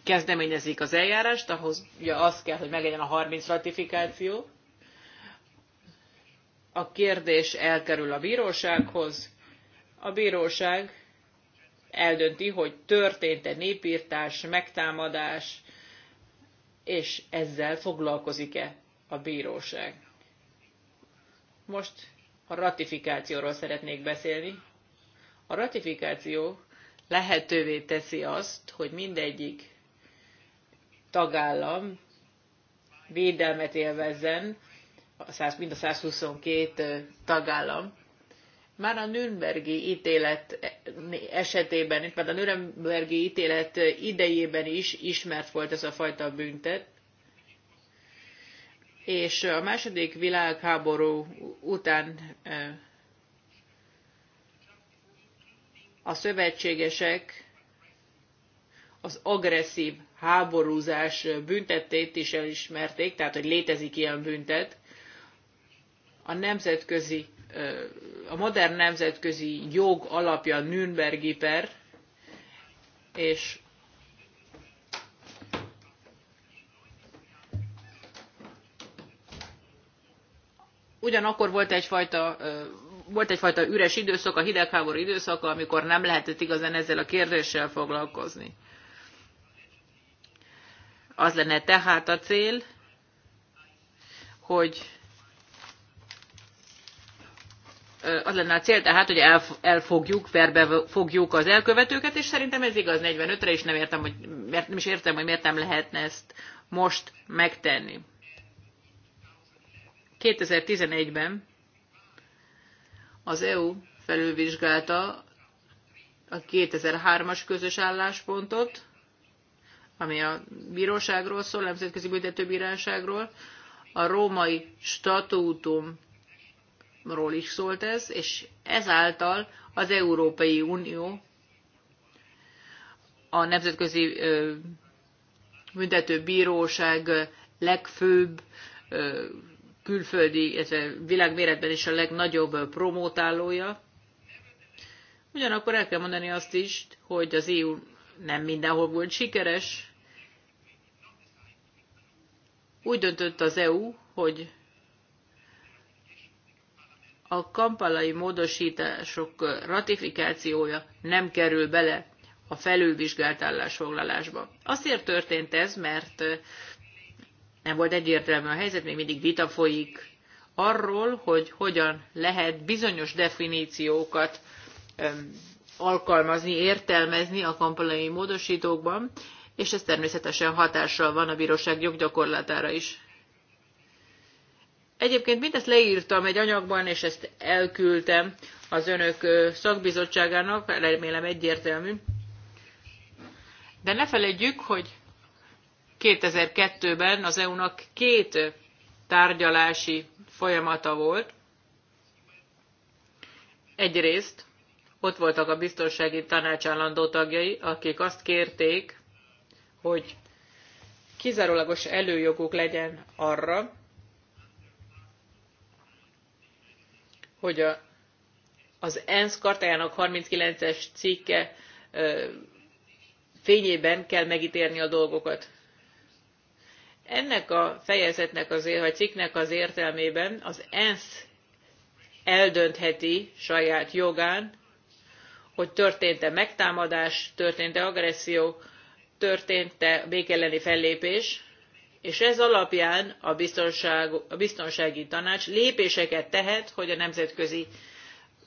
kezdeményezik az eljárást, ahhoz ugye az kell, hogy meglegyen a 30 ratifikáció. A kérdés elkerül a bírósághoz. A bíróság eldönti, hogy történt-e népírtás, megtámadás, és ezzel foglalkozik-e a bíróság. Most a ratifikációról szeretnék beszélni. A ratifikáció lehetővé teszi azt, hogy mindegyik tagállam védelmet élvezzen, mind a 122 tagállam. Már a Nürnbergi ítélet esetében, itt már a Nürnbergi ítélet idejében is ismert volt ez a fajta büntet, és a második világháború után eh, a szövetségesek az agresszív háborúzás büntetét is elismerték, tehát hogy létezik ilyen büntet. A nemzetközi, a modern nemzetközi jog alapja Nürnbergi per, és ugyanakkor volt egyfajta volt egyfajta üres időszak, a hidegháború időszaka, amikor nem lehetett igazán ezzel a kérdéssel foglalkozni. Az lenne tehát a cél, hogy az lenne a cél tehát, hogy el, elfogjuk, verbe fogjuk az elkövetőket, és szerintem ez igaz 45-re, és nem, értem, hogy, nem is értem, hogy miért nem lehetne ezt most megtenni. 2011-ben az EU felülvizsgálta a 2003-as közös álláspontot, ami a bíróságról szól, Nemzetközi Büntetőbíróságról, a római statútumról is szólt ez, és ezáltal az Európai Unió a Nemzetközi Büntetőbíróság legfőbb külföldi, illetve világméretben is a legnagyobb promótálója. Ugyanakkor el kell mondani azt is, hogy az EU nem mindenhol volt sikeres. Úgy döntött az EU, hogy a kampalai módosítások ratifikációja nem kerül bele a felülvizsgált állásfoglalásba. Azért történt ez, mert nem volt egyértelmű a helyzet, még mindig vita folyik arról, hogy hogyan lehet bizonyos definíciókat alkalmazni, értelmezni a kampalai módosítókban, és ez természetesen hatással van a bíróság joggyakorlatára is. Egyébként mindezt leírtam egy anyagban, és ezt elküldtem az önök szakbizottságának, remélem egyértelmű. De ne felejtjük, hogy 2002-ben az EU-nak két tárgyalási folyamata volt. Egyrészt ott voltak a biztonsági állandó tagjai, akik azt kérték, hogy kizárólagos előjoguk legyen arra, hogy a, az ENSZ kartájának 39-es cikke ö, fényében kell megítélni a dolgokat. Ennek a fejezetnek azért, vagy cikknek az értelmében az ENSZ eldöntheti saját jogán, hogy történt-e megtámadás, történt-e agresszió, történt-e békelleni fellépés, és ez alapján a, biztonság, a biztonsági tanács lépéseket tehet, hogy a nemzetközi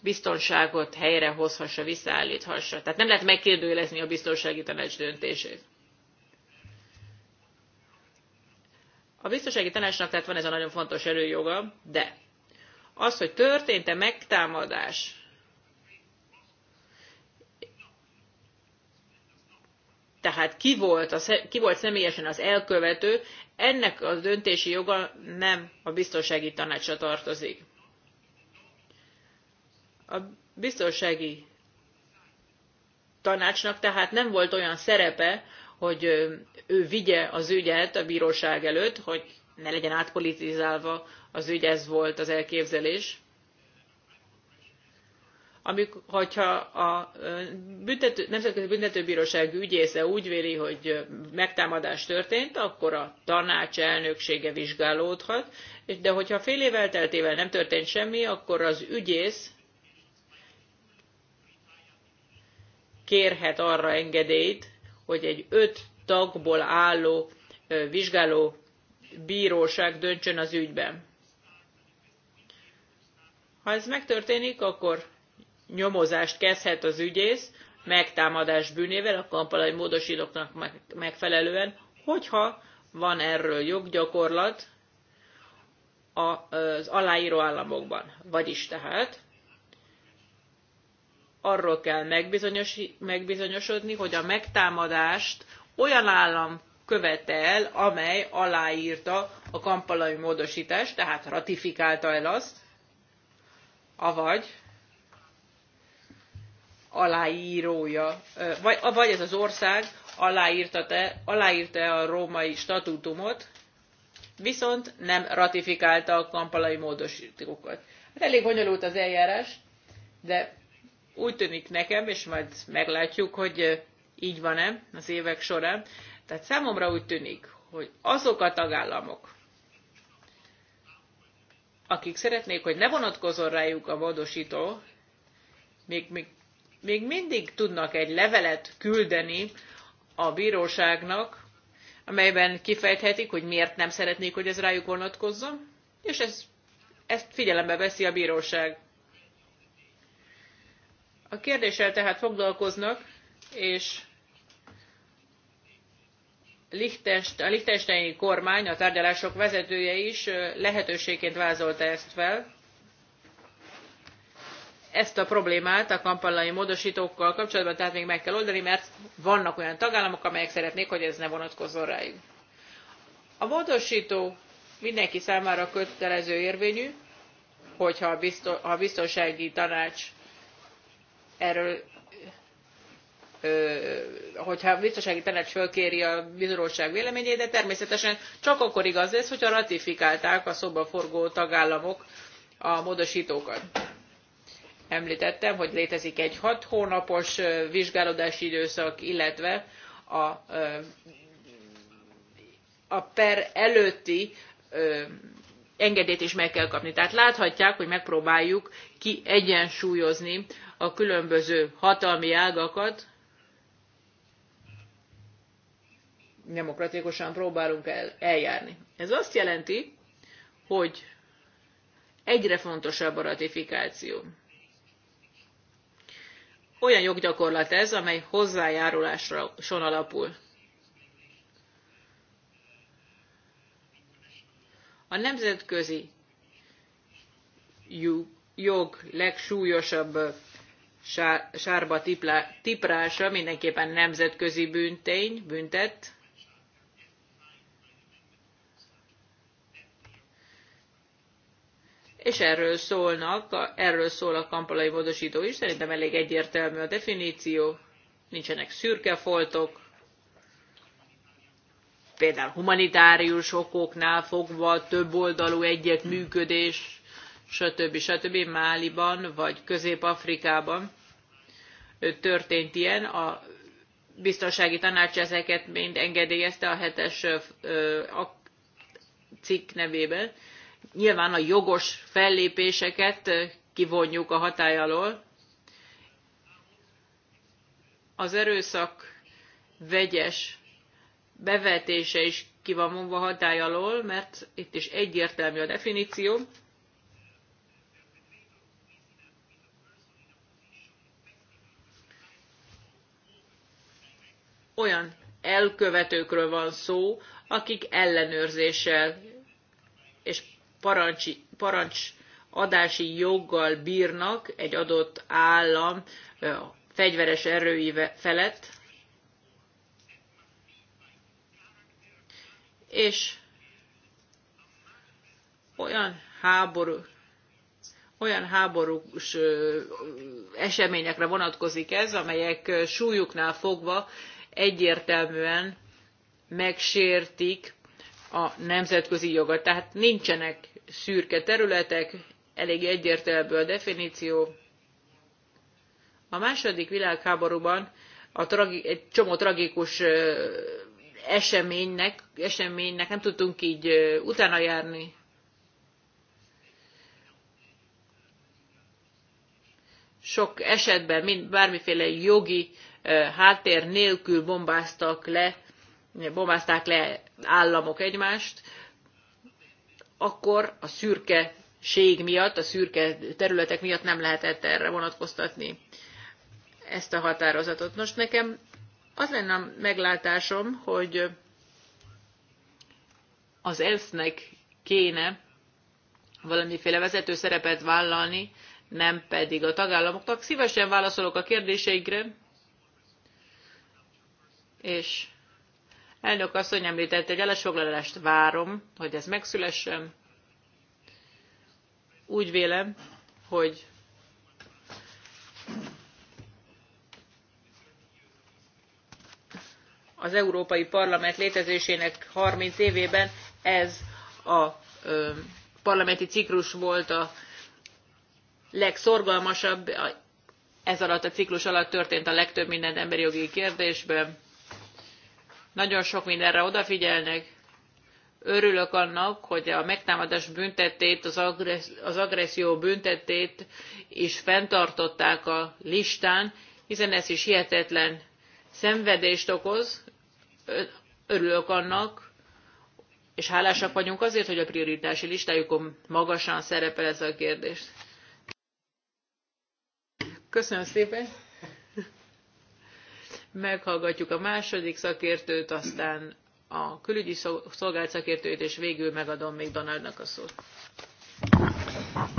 biztonságot helyrehozhassa, visszaállíthassa. Tehát nem lehet megkérdőjelezni a biztonsági tanács döntését. A biztonsági tanácsnak tehát van ez a nagyon fontos előjoga, de az, hogy történt-e megtámadás, tehát ki volt, a, ki volt személyesen az elkövető, ennek a döntési joga nem a biztonsági tanácsra tartozik. A biztonsági tanácsnak tehát nem volt olyan szerepe, hogy ő vigye az ügyet a bíróság előtt, hogy ne legyen átpolitizálva az ügy, ez volt az elképzelés. Amikor, hogyha a büntető, Nemzetközi Büntetőbíróság ügyésze úgy véli, hogy megtámadás történt, akkor a tanács elnöksége vizsgálódhat, de hogyha fél év elteltével nem történt semmi, akkor az ügyész kérhet arra engedélyt, hogy egy öt tagból álló vizsgáló bíróság döntsön az ügyben. Ha ez megtörténik, akkor nyomozást kezdhet az ügyész megtámadás bűnével a kampalai módosítóknak megfelelően, hogyha van erről joggyakorlat az aláíró államokban. Vagyis tehát arról kell megbizonyosodni, hogy a megtámadást olyan állam követte el, amely aláírta a kampalai módosítást, tehát ratifikálta el azt, avagy aláírója, vagy, vagy ez az ország aláírta-e aláírta a római statútumot, viszont nem ratifikálta a kampalai módosítókat. Hát elég bonyolult az eljárás, de úgy tűnik nekem, és majd meglátjuk, hogy így van-e az évek során. Tehát számomra úgy tűnik, hogy azok a tagállamok, akik szeretnék, hogy ne vonatkozzon rájuk a módosító, még, még, még mindig tudnak egy levelet küldeni a bíróságnak, amelyben kifejthetik, hogy miért nem szeretnék, hogy ez rájuk vonatkozzon, és ez, ezt figyelembe veszi a bíróság. A kérdéssel tehát foglalkoznak, és a lichtensteini kormány, a tárgyalások vezetője is lehetőségként vázolta ezt fel. Ezt a problémát a kampallai módosítókkal kapcsolatban tehát még meg kell oldani, mert vannak olyan tagállamok, amelyek szeretnék, hogy ez ne vonatkozzon rájuk. A módosító mindenki számára kötelező érvényű, hogyha a biztonsági tanács erről hogyha a biztonsági tanács fölkéri a bizonyosság véleményét, de természetesen csak akkor igaz ez, hogyha ratifikálták a szobaforgó tagállamok a módosítókat. Említettem, hogy létezik egy hat hónapos vizsgálódási időszak, illetve a, a per előtti engedélyt is meg kell kapni. Tehát láthatják, hogy megpróbáljuk kiegyensúlyozni a különböző hatalmi ágakat demokratikusan próbálunk el, eljárni. Ez azt jelenti, hogy egyre fontosabb a ratifikáció. Olyan joggyakorlat ez, amely hozzájárulásra son alapul. A nemzetközi jog legsúlyosabb sárba tiplá, tiprása mindenképpen nemzetközi büntény, büntet. És erről szólnak, erről szól a kampalai módosító is, szerintem elég egyértelmű a definíció, nincsenek szürke foltok, például humanitárius okoknál fogva több oldalú működés stb. stb. Máliban vagy Közép-Afrikában történt ilyen. A biztonsági tanács ezeket mind engedélyezte a hetes cikk nevében. Nyilván a jogos fellépéseket kivonjuk a hatály alól. Az erőszak vegyes bevetése is ki van vonva hatály alól, mert itt is egyértelmű a definíció. olyan elkövetőkről van szó, akik ellenőrzéssel és parancsi, parancs adási joggal bírnak egy adott állam fegyveres erői felett, és olyan háború, olyan háborús eseményekre vonatkozik ez, amelyek súlyuknál fogva egyértelműen megsértik a nemzetközi jogot. Tehát nincsenek szürke területek, elég egyértelmű a definíció. A második világháborúban a tragi- egy csomó tragikus eseménynek, eseménynek nem tudtunk így utána járni. Sok esetben mind, bármiféle jogi háttér nélkül bombáztak le, bombázták le államok egymást, akkor a szürke ség miatt, a szürke területek miatt nem lehetett erre vonatkoztatni ezt a határozatot. Most nekem az lenne a meglátásom, hogy az ENSZ-nek kéne valamiféle vezető szerepet vállalni, nem pedig a tagállamoknak. Szívesen válaszolok a kérdéseikre, és elnök asszony említett hogy elesfoglalást, várom, hogy ez megszülessen. Úgy vélem, hogy az Európai Parlament létezésének 30 évében ez a ö, parlamenti ciklus volt a legszorgalmasabb, ez alatt a ciklus alatt történt a legtöbb minden emberi jogi kérdésben. Nagyon sok mindenre odafigyelnek. Örülök annak, hogy a megtámadás büntetét, az, agresszió büntetét is fenntartották a listán, hiszen ez is hihetetlen szenvedést okoz. Örülök annak, és hálásak vagyunk azért, hogy a prioritási listájukon magasan szerepel ez a kérdés. Köszönöm szépen! meghallgatjuk a második szakértőt, aztán a külügyi szolgált szakértőjét, és végül megadom még Donaldnak a szót.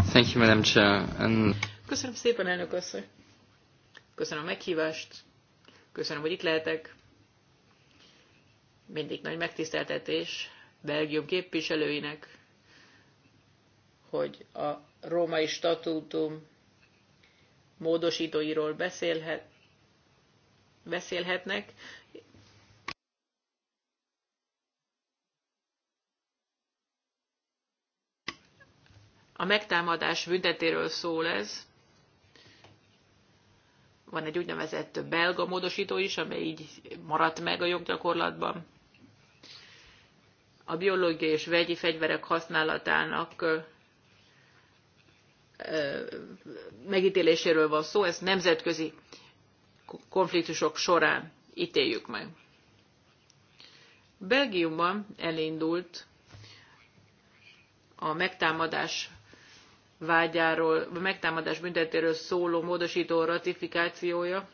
Thank you, Madam Chair. And... Köszönöm szépen, elnök asszony. Köszönöm a meghívást. Köszönöm, hogy itt lehetek. Mindig nagy megtiszteltetés Belgium képviselőinek, hogy a római statútum módosítóiról beszélhet, beszélhetnek. A megtámadás büntetéről szól ez. Van egy úgynevezett belga módosító is, amely így maradt meg a joggyakorlatban. A biológiai és vegyi fegyverek használatának megítéléséről van szó, ez nemzetközi konfliktusok során ítéljük meg. Belgiumban elindult a megtámadás vágyáról, a megtámadás büntetéről szóló módosító ratifikációja.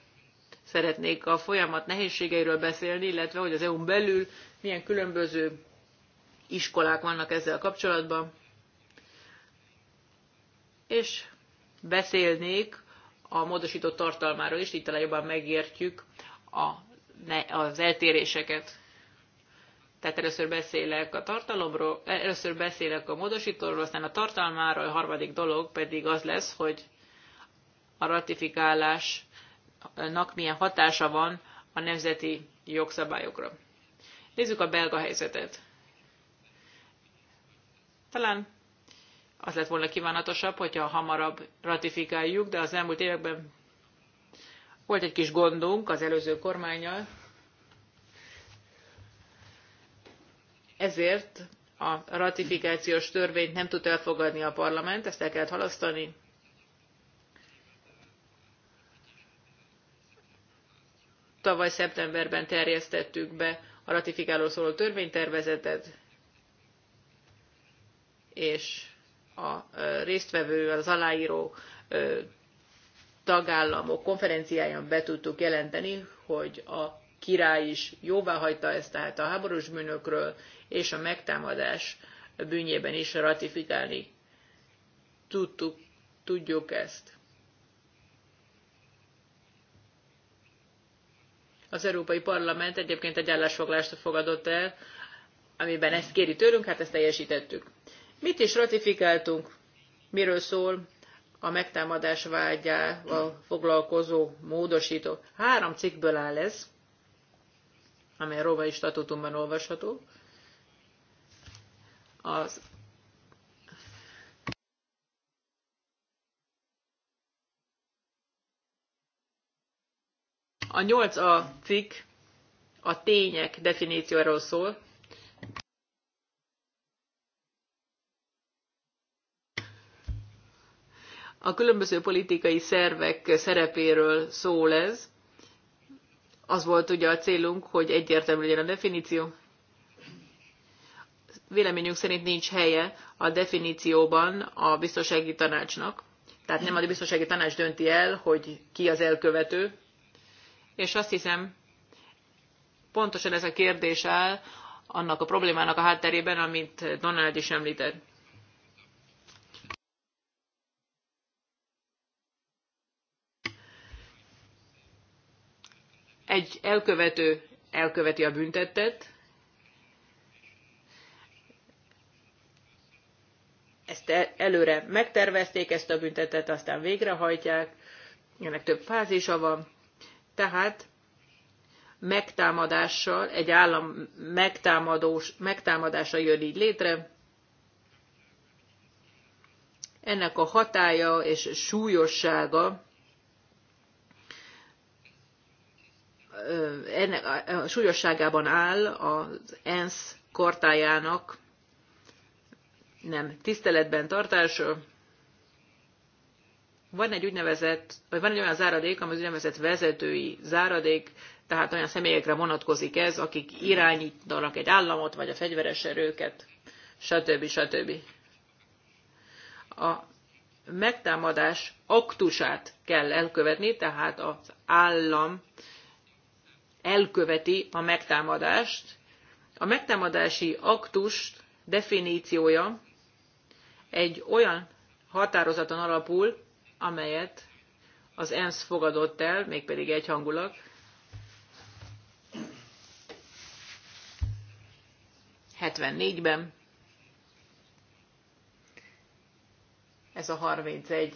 Szeretnék a folyamat nehézségeiről beszélni, illetve hogy az EU-n belül milyen különböző iskolák vannak ezzel kapcsolatban. És beszélnék a módosított tartalmáról is, így talán jobban megértjük a, ne, az eltéréseket. Tehát először beszélek a tartalomról, először beszélek a módosítóról, aztán a tartalmáról, a harmadik dolog pedig az lesz, hogy a ratifikálásnak milyen hatása van a nemzeti jogszabályokra. Nézzük a belga helyzetet. Talán az lett volna kívánatosabb, hogyha hamarabb ratifikáljuk, de az elmúlt években volt egy kis gondunk az előző kormányjal, ezért a ratifikációs törvényt nem tud elfogadni a parlament, ezt el kellett halasztani. Tavaly szeptemberben terjesztettük be a ratifikáló szóló törvénytervezetet, és a résztvevő, az aláíró tagállamok konferenciáján be tudtuk jelenteni, hogy a király is jóváhagyta ezt, tehát a háborús bűnökről és a megtámadás bűnjében is ratifikálni tudtuk, tudjuk ezt. Az Európai Parlament egyébként egy állásfoglást fogadott el, amiben ezt kéri tőlünk, hát ezt teljesítettük. Mit is ratifikáltunk? Miről szól a megtámadás vágyával foglalkozó módosító? Három cikkből áll ez, amely a római statutumban olvasható. Az A 8 a cikk a tények definícióról szól, A különböző politikai szervek szerepéről szól ez. Az volt ugye a célunk, hogy egyértelmű legyen a definíció. Véleményünk szerint nincs helye a definícióban a biztonsági tanácsnak. Tehát nem a biztonsági tanács dönti el, hogy ki az elkövető. És azt hiszem, pontosan ez a kérdés áll annak a problémának a hátterében, amit Donald is említett. egy elkövető elköveti a büntettet, ezt előre megtervezték, ezt a büntetet aztán végrehajtják, ennek több fázisa van, tehát megtámadással, egy állam megtámadós, megtámadása jön így létre, ennek a hatája és súlyossága ennek a súlyosságában áll az ENSZ kortájának nem tiszteletben tartása. Van egy úgynevezett, vagy van egy olyan záradék, ami az úgynevezett vezetői záradék, tehát olyan személyekre vonatkozik ez, akik irányítanak egy államot, vagy a fegyveres erőket, stb. stb. A megtámadás aktusát kell elkövetni, tehát az állam elköveti a megtámadást. A megtámadási aktus definíciója egy olyan határozaton alapul, amelyet az ENSZ fogadott el, mégpedig egyhangulag. ben ez a 31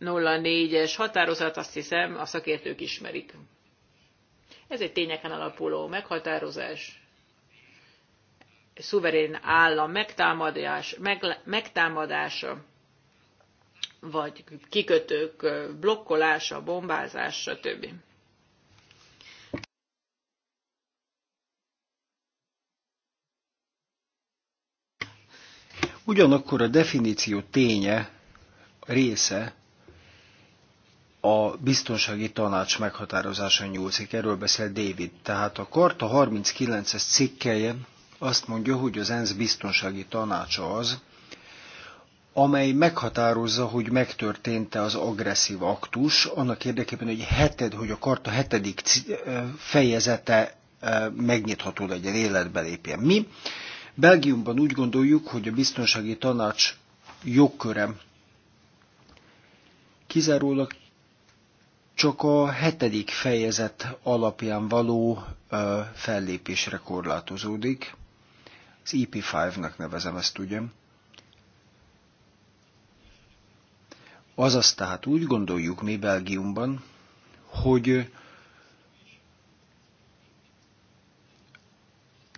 04-es határozat, azt hiszem, a szakértők ismerik. Ez egy tényeken alapuló meghatározás. Egy szuverén állam megtámadás, meg, megtámadása, vagy kikötők blokkolása, bombázása, stb. Ugyanakkor a definíció ténye, része a biztonsági tanács meghatározása nyúlszik. Erről beszél David. Tehát a Karta 39-es cikkelje azt mondja, hogy az ENSZ biztonsági tanácsa az, amely meghatározza, hogy megtörtént-e az agresszív aktus, annak érdekében, hogy, heted, hogy a karta hetedik fejezete megnyitható legyen, életbe lépjen. Mi Belgiumban úgy gondoljuk, hogy a biztonsági tanács jogköre kizárólag csak a hetedik fejezet alapján való ö, fellépésre korlátozódik. Az EP5-nak nevezem ezt, ugye? Azaz tehát úgy gondoljuk mi Belgiumban, hogy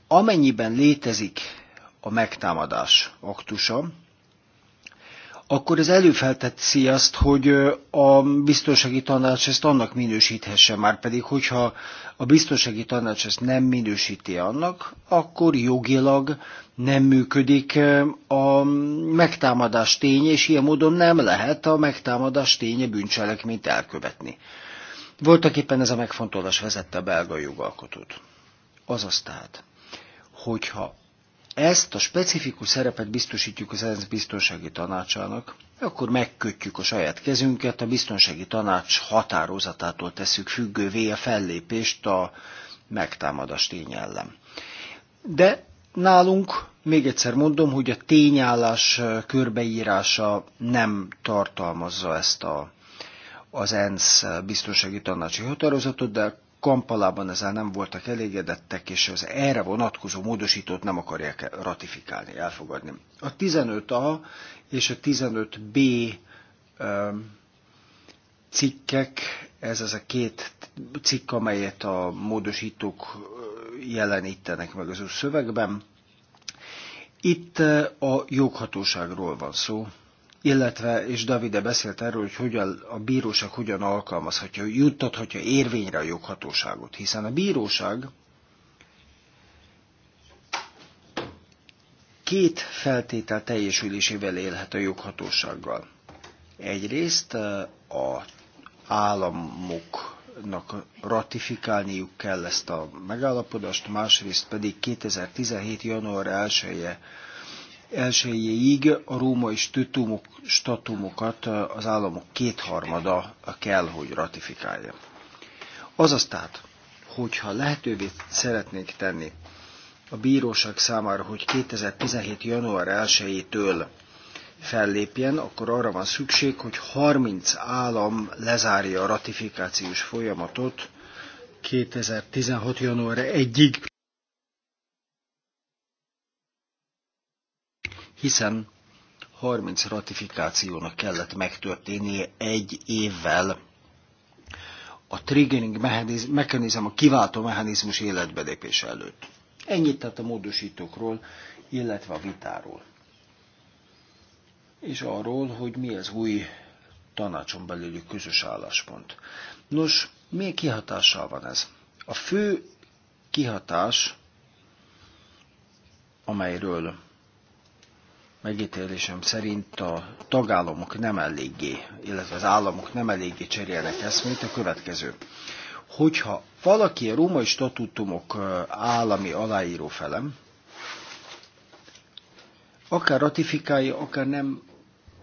amennyiben létezik a megtámadás aktusa, akkor ez előfeltetszi azt, hogy a biztonsági tanács ezt annak minősíthesse, már pedig, hogyha a biztonsági tanács ezt nem minősíti annak, akkor jogilag nem működik a megtámadás tény, és ilyen módon nem lehet a megtámadás ténye bűncselekményt elkövetni. Voltak éppen ez a megfontolás vezette a belga jogalkotót. Azaz tehát, hogyha ezt a specifikus szerepet biztosítjuk az ENSZ biztonsági tanácsának, akkor megkötjük a saját kezünket, a biztonsági tanács határozatától tesszük függővé a fellépést a megtámadás tényellem. De nálunk, még egyszer mondom, hogy a tényállás körbeírása nem tartalmazza ezt a, az ENSZ biztonsági tanácsi határozatot, de Kampalában ezzel nem voltak elégedettek, és az erre vonatkozó módosítót nem akarják ratifikálni, elfogadni. A 15A és a 15B cikkek, ez az a két cikk, amelyet a módosítók jelenítenek meg az új szövegben. Itt a joghatóságról van szó, illetve, és Davide beszélt erről, hogy hogyan, a bíróság hogyan alkalmazhatja, juttathatja érvényre a joghatóságot, hiszen a bíróság két feltétel teljesülésével élhet a joghatósággal. Egyrészt eh, a államoknak ratifikálniuk kell ezt a megállapodást, másrészt pedig 2017. január 1 -e elsőjéig a római és statumokat eh, az államok kétharmada kell, hogy ratifikálja. Azaz tehát, hogyha lehetővé szeretnék tenni a bíróság számára, hogy 2017. január 1-től fellépjen, akkor arra van szükség, hogy 30 állam lezárja a ratifikációs folyamatot 2016. január 1-ig. hiszen 30 ratifikációnak kellett megtörténnie egy évvel a triggering mechanizm, a kiváltó mechanizmus életbedépés előtt. Ennyit tehát a módosítókról, illetve a vitáról. És arról, hogy mi az új tanácson belüli közös álláspont. Nos, milyen kihatással van ez? A fő kihatás, amelyről megítélésem szerint a tagállamok nem eléggé, illetve az államok nem eléggé cserélnek eszmét, a következő. Hogyha valaki a római statutumok állami aláíró felem, akár ratifikálja, akár nem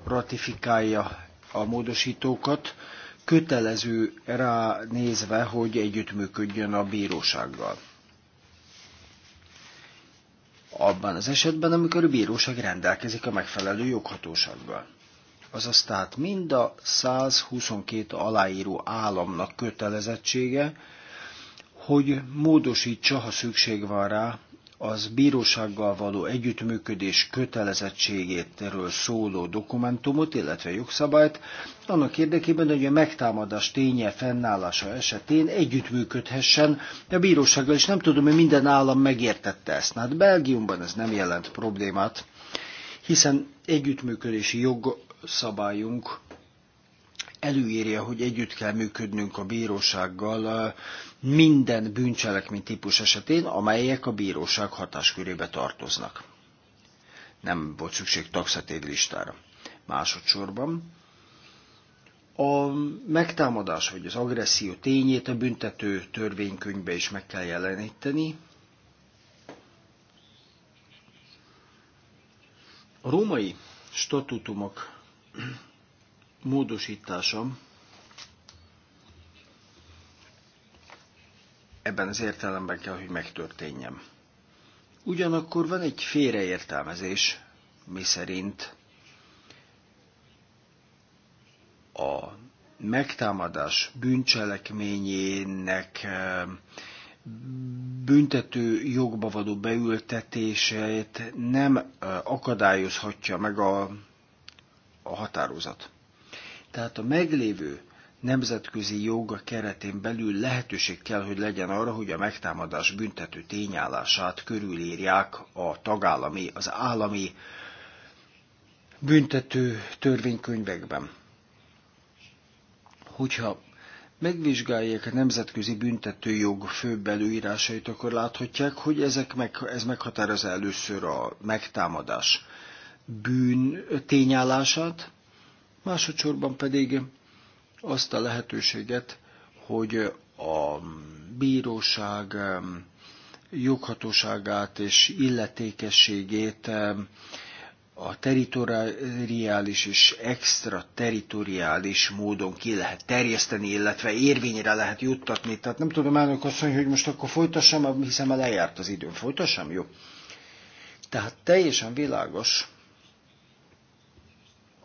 ratifikálja a módosítókat, kötelező rá nézve, hogy együttműködjön a bírósággal abban az esetben, amikor a bíróság rendelkezik a megfelelő joghatósággal. Azaz tehát mind a 122 aláíró államnak kötelezettsége, hogy módosítsa, ha szükség van rá, az bírósággal való együttműködés kötelezettségétről szóló dokumentumot, illetve jogszabályt, annak érdekében, hogy a megtámadás ténye fennállása esetén együttműködhessen a bírósággal, és nem tudom, hogy minden állam megértette ezt. Hát Belgiumban ez nem jelent problémát, hiszen együttműködési jogszabályunk előírja, hogy együtt kell működnünk a bírósággal minden bűncselekmény típus esetén, amelyek a bíróság hatáskörébe tartoznak. Nem volt szükség taxatív listára. Másodszorban a megtámadás vagy az agresszió tényét a büntető törvénykönyvbe is meg kell jeleníteni. A római statutumok módosításom ebben az értelemben kell, hogy megtörténjem. Ugyanakkor van egy félreértelmezés, mi szerint a megtámadás bűncselekményének eh, büntető jogba való beültetését nem eh, akadályozhatja meg a, a határozat. Tehát a meglévő nemzetközi joga keretén belül lehetőség kell, hogy legyen arra, hogy a megtámadás büntető tényállását körülírják a tagállami, az állami büntető törvénykönyvekben. Hogyha megvizsgálják a nemzetközi büntetőjog főbb előírásait, akkor láthatják, hogy ezek meg, ez meghatározza először a megtámadás bűn tényállását, Másodszorban pedig azt a lehetőséget, hogy a bíróság joghatóságát és illetékességét a teritoriális és extrateritoriális módon ki lehet terjeszteni, illetve érvényre lehet juttatni. Tehát nem tudom elnök mondja, hogy most akkor folytassam, hiszen már lejárt az időm. Folytassam? Jó. Tehát teljesen világos,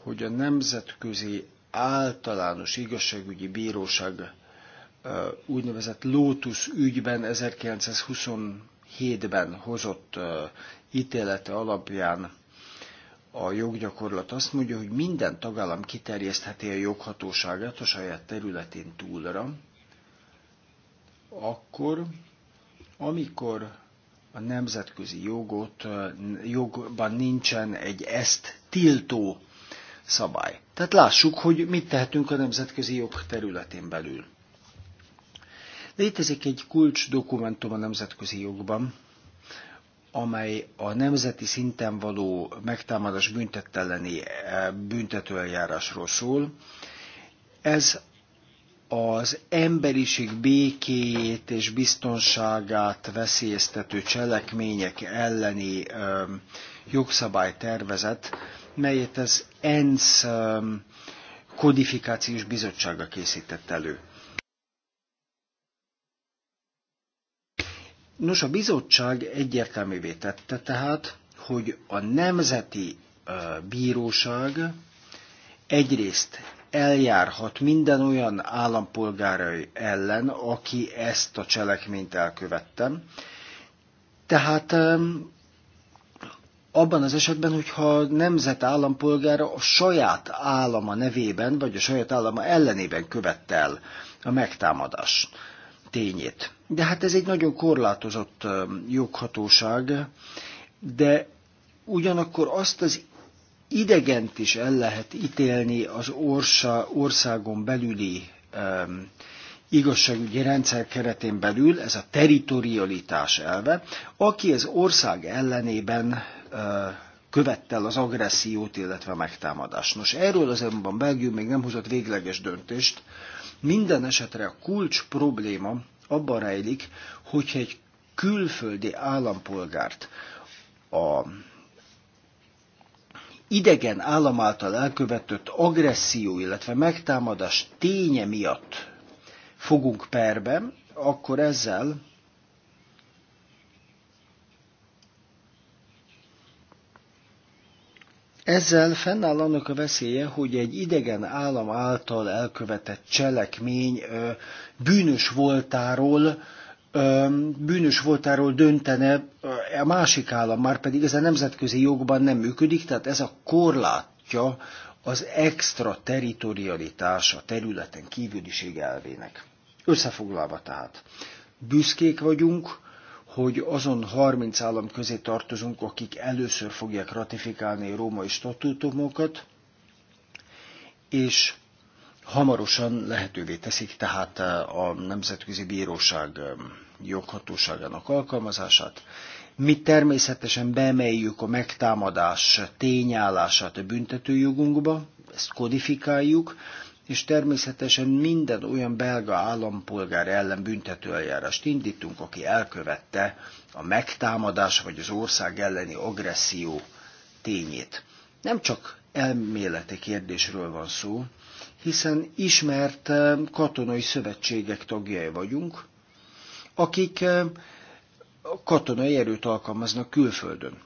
hogy a Nemzetközi Általános Igazságügyi Bíróság úgynevezett Lótusz ügyben 1927-ben hozott ítélete alapján a joggyakorlat azt mondja, hogy minden tagállam kiterjesztheti a joghatóságát a saját területén túlra, akkor, amikor a nemzetközi jogot, jogban nincsen egy ezt tiltó szabály. Tehát lássuk, hogy mit tehetünk a nemzetközi jog területén belül. Létezik egy kulcs dokumentum a nemzetközi jogban, amely a nemzeti szinten való megtámadás büntetelleni eh, büntetőeljárásról szól. Ez az emberiség békéjét és biztonságát veszélyeztető cselekmények elleni eh, jogszabálytervezet, melyet az ENSZ um, kodifikációs bizottsága készített elő. Nos, a bizottság egyértelművé tette tehát, hogy a Nemzeti uh, Bíróság egyrészt eljárhat minden olyan állampolgárai ellen, aki ezt a cselekményt elkövettem. Tehát um, abban az esetben, hogyha a nemzet állampolgára a saját állama nevében, vagy a saját állama ellenében követte el a megtámadás tényét. De hát ez egy nagyon korlátozott joghatóság, de ugyanakkor azt az idegent is el lehet ítélni az orsa, országon belüli um, igazságügyi rendszer keretén belül, ez a teritorialitás elve, aki az ország ellenében követte el az agressziót, illetve a megtámadást. Nos, erről azonban Belgium még nem hozott végleges döntést. Minden esetre a kulcs probléma abban rejlik, hogyha egy külföldi állampolgárt a idegen állam által elkövetett agresszió, illetve megtámadás ténye miatt fogunk perbe, akkor ezzel Ezzel fennáll annak a veszélye, hogy egy idegen állam által elkövetett cselekmény bűnös voltáról, bűnös voltáról döntene a másik állam, már pedig ez a nemzetközi jogban nem működik, tehát ez a korlátja az extra territorialitás a területen kívüliség elvének. Összefoglalva tehát, büszkék vagyunk, hogy azon 30 állam közé tartozunk, akik először fogják ratifikálni a római statútumokat, és hamarosan lehetővé teszik tehát eh, a Nemzetközi Bíróság eh, joghatóságának alkalmazását. Mi természetesen beemeljük a megtámadás tényállását a büntetőjogunkba, ezt kodifikáljuk, és természetesen minden olyan belga állampolgár ellen büntető eljárást indítunk, aki elkövette a megtámadás vagy az ország elleni agresszió tényét. Nem csak elméleti kérdésről van szó, hiszen ismert eh, katonai szövetségek tagjai vagyunk, akik eh, katonai erőt alkalmaznak külföldön.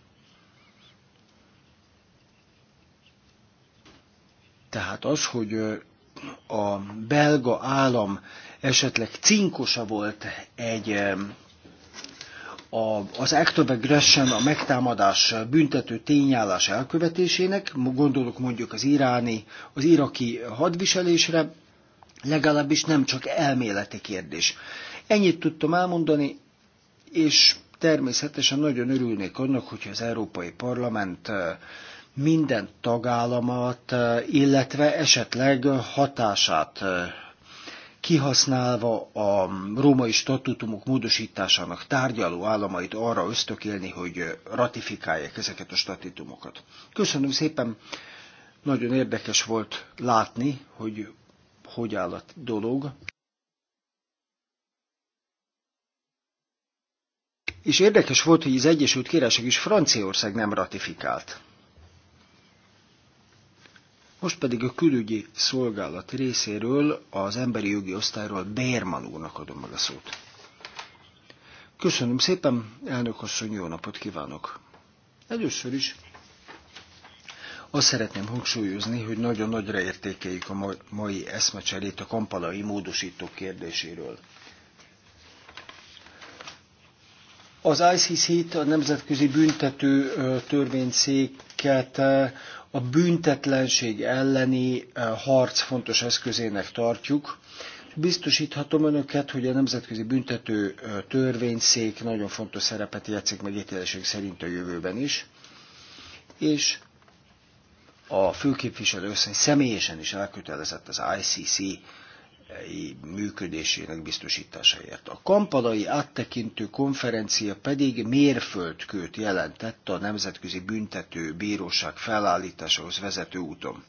Tehát az, hogy eh, a belga állam esetleg cinkosa volt egy a, az Ektobe Gresham a megtámadás büntető tényállás elkövetésének, gondolok mondjuk az iráni, az iraki hadviselésre, legalábbis nem csak elméleti kérdés. Ennyit tudtam elmondani, és természetesen nagyon örülnék annak, hogyha az Európai Parlament minden tagállamát, illetve esetleg hatását kihasználva a római statutumok módosításának tárgyaló államait arra ösztökélni, hogy ratifikálják ezeket a statutumokat. Köszönöm szépen, nagyon érdekes volt látni, hogy hogy áll a dolog. És érdekes volt, hogy az Egyesült Királyság is Franciaország nem ratifikált. Most pedig a külügyi szolgálat részéről az emberi jogi osztályról Bérman úrnak adom meg a szót. Köszönöm szépen, elnök asszony, jó napot kívánok! Először is azt szeretném hangsúlyozni, hogy nagyon nagyra értékeljük a mai eszmecserét a kampalai módosító kérdéséről. Az ICC-t, a Nemzetközi Büntető Törvényszéket a büntetlenség elleni eh, harc fontos eszközének tartjuk. Biztosíthatom önöket, hogy a Nemzetközi Büntető eh, Törvényszék nagyon fontos szerepet játszik megítélésünk szerint a jövőben is, és a főképviselő személyesen is elkötelezett az ICC működésének biztosításáért. A kampalai áttekintő konferencia pedig mérföldkőt jelentett a Nemzetközi Büntető Bíróság felállításához vezető úton.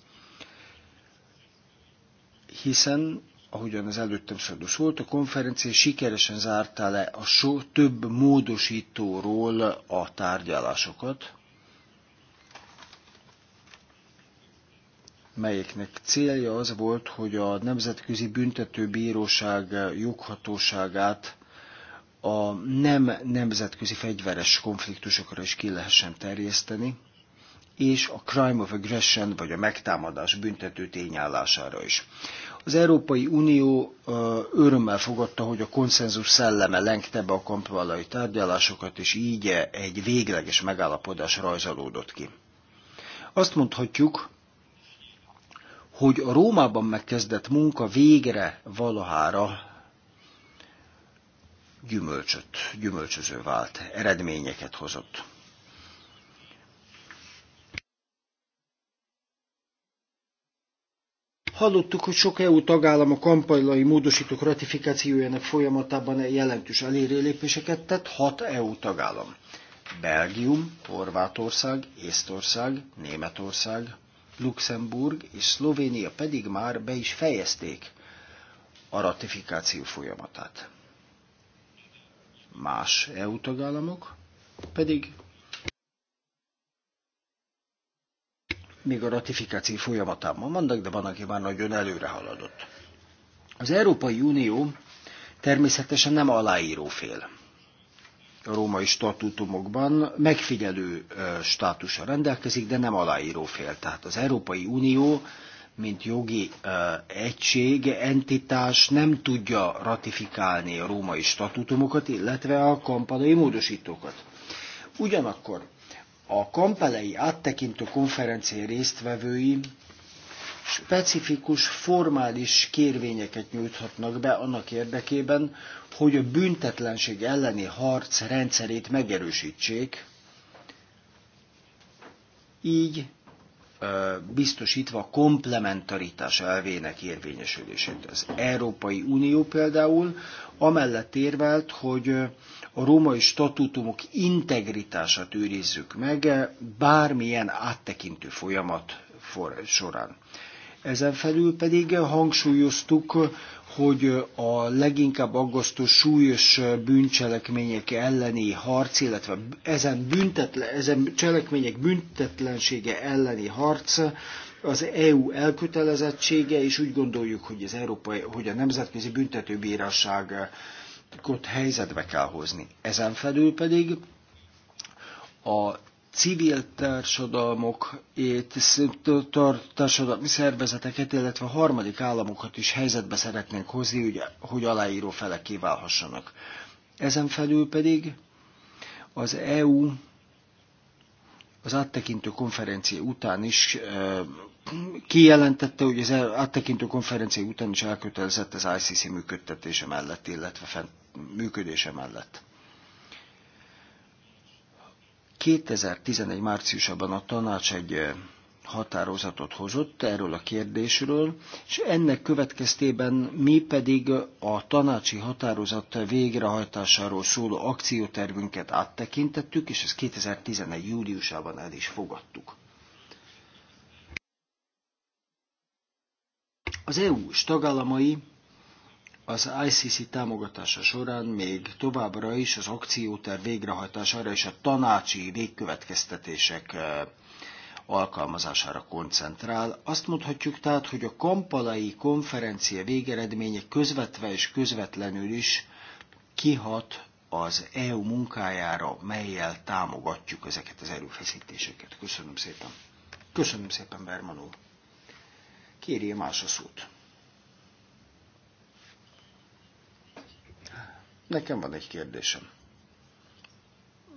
Hiszen, ahogyan az előttem szordos volt, a konferencia sikeresen zárta le a so több módosítóról a tárgyalásokat, melyeknek célja az volt, hogy a Nemzetközi Büntetőbíróság joghatóságát a nem nemzetközi fegyveres konfliktusokra is ki lehessen terjeszteni, és a crime of aggression, vagy a megtámadás büntető tényállására is. Az Európai Unió örömmel fogadta, hogy a konszenzus szelleme lengte be a kampvallai tárgyalásokat, és így egy végleges megállapodás rajzolódott ki. Azt mondhatjuk, hogy a Rómában megkezdett munka végre valahára gyümölcsöt, gyümölcsöző vált, eredményeket hozott. Hallottuk, hogy sok EU tagállam a kampajlai módosítók ratifikációjának folyamatában jelentős elérélépéseket tett, hat EU tagállam. Belgium, Horvátország, Észtország, Németország, Luxemburg és Szlovénia pedig már be is fejezték a ratifikáció folyamatát. Más EU tagállamok pedig még a ratifikáció folyamatában vannak, de van, aki már nagyon előre haladott. Az Európai Unió természetesen nem aláíró fél a római statútumokban megfigyelő státusa rendelkezik, de nem aláíró fél. Tehát az Európai Unió, mint jogi egység, entitás nem tudja ratifikálni a római statútumokat, illetve a kampalai módosítókat. Ugyanakkor a kampelei áttekintő konferencián résztvevői specifikus formális kérvényeket nyújthatnak be annak érdekében, hogy a büntetlenség elleni harc rendszerét megerősítsék, így biztosítva a komplementaritás elvének érvényesülését. Az Európai Unió például amellett érvelt, hogy a római statutumok integritását őrizzük meg bármilyen áttekintő folyamat során. Ezen felül pedig hangsúlyoztuk, hogy a leginkább aggasztó súlyos bűncselekmények elleni harc, illetve ezen, büntetlen, ezen cselekmények büntetlensége elleni harc az EU elkötelezettsége, és úgy gondoljuk, hogy, az Európai, hogy a Nemzetközi Büntetőbíróságot helyzetbe kell hozni. Ezen felül pedig a civil társadalmok, társadalmi szervezeteket, illetve harmadik államokat is helyzetbe szeretnénk hozni, hogy aláíró felek kiválhassanak. Ezen felül pedig az EU az áttekintő konferencia után is kijelentette, hogy az e áttekintő konferencia után is elkötelezett az ICC működtetése mellett, illetve fent, működése mellett. 2011 márciusában a tanács egy eh, határozatot hozott erről a kérdésről, és ennek következtében mi pedig a tanácsi határozat végrehajtásáról szóló akciótervünket áttekintettük, és ezt 2011. júliusában el is fogadtuk. Az EU-s tagállamai az ICC támogatása során még továbbra is az akcióterv végrehajtására és a tanácsi végkövetkeztetések eh, alkalmazására koncentrál. Azt mondhatjuk tehát, hogy a kampalai konferencia végeredménye közvetve és közvetlenül is kihat az EU munkájára, melyel támogatjuk ezeket az erőfeszítéseket. Köszönöm szépen. Köszönöm szépen, Berman úr. Kérje más a szót. Nekem van egy kérdésem.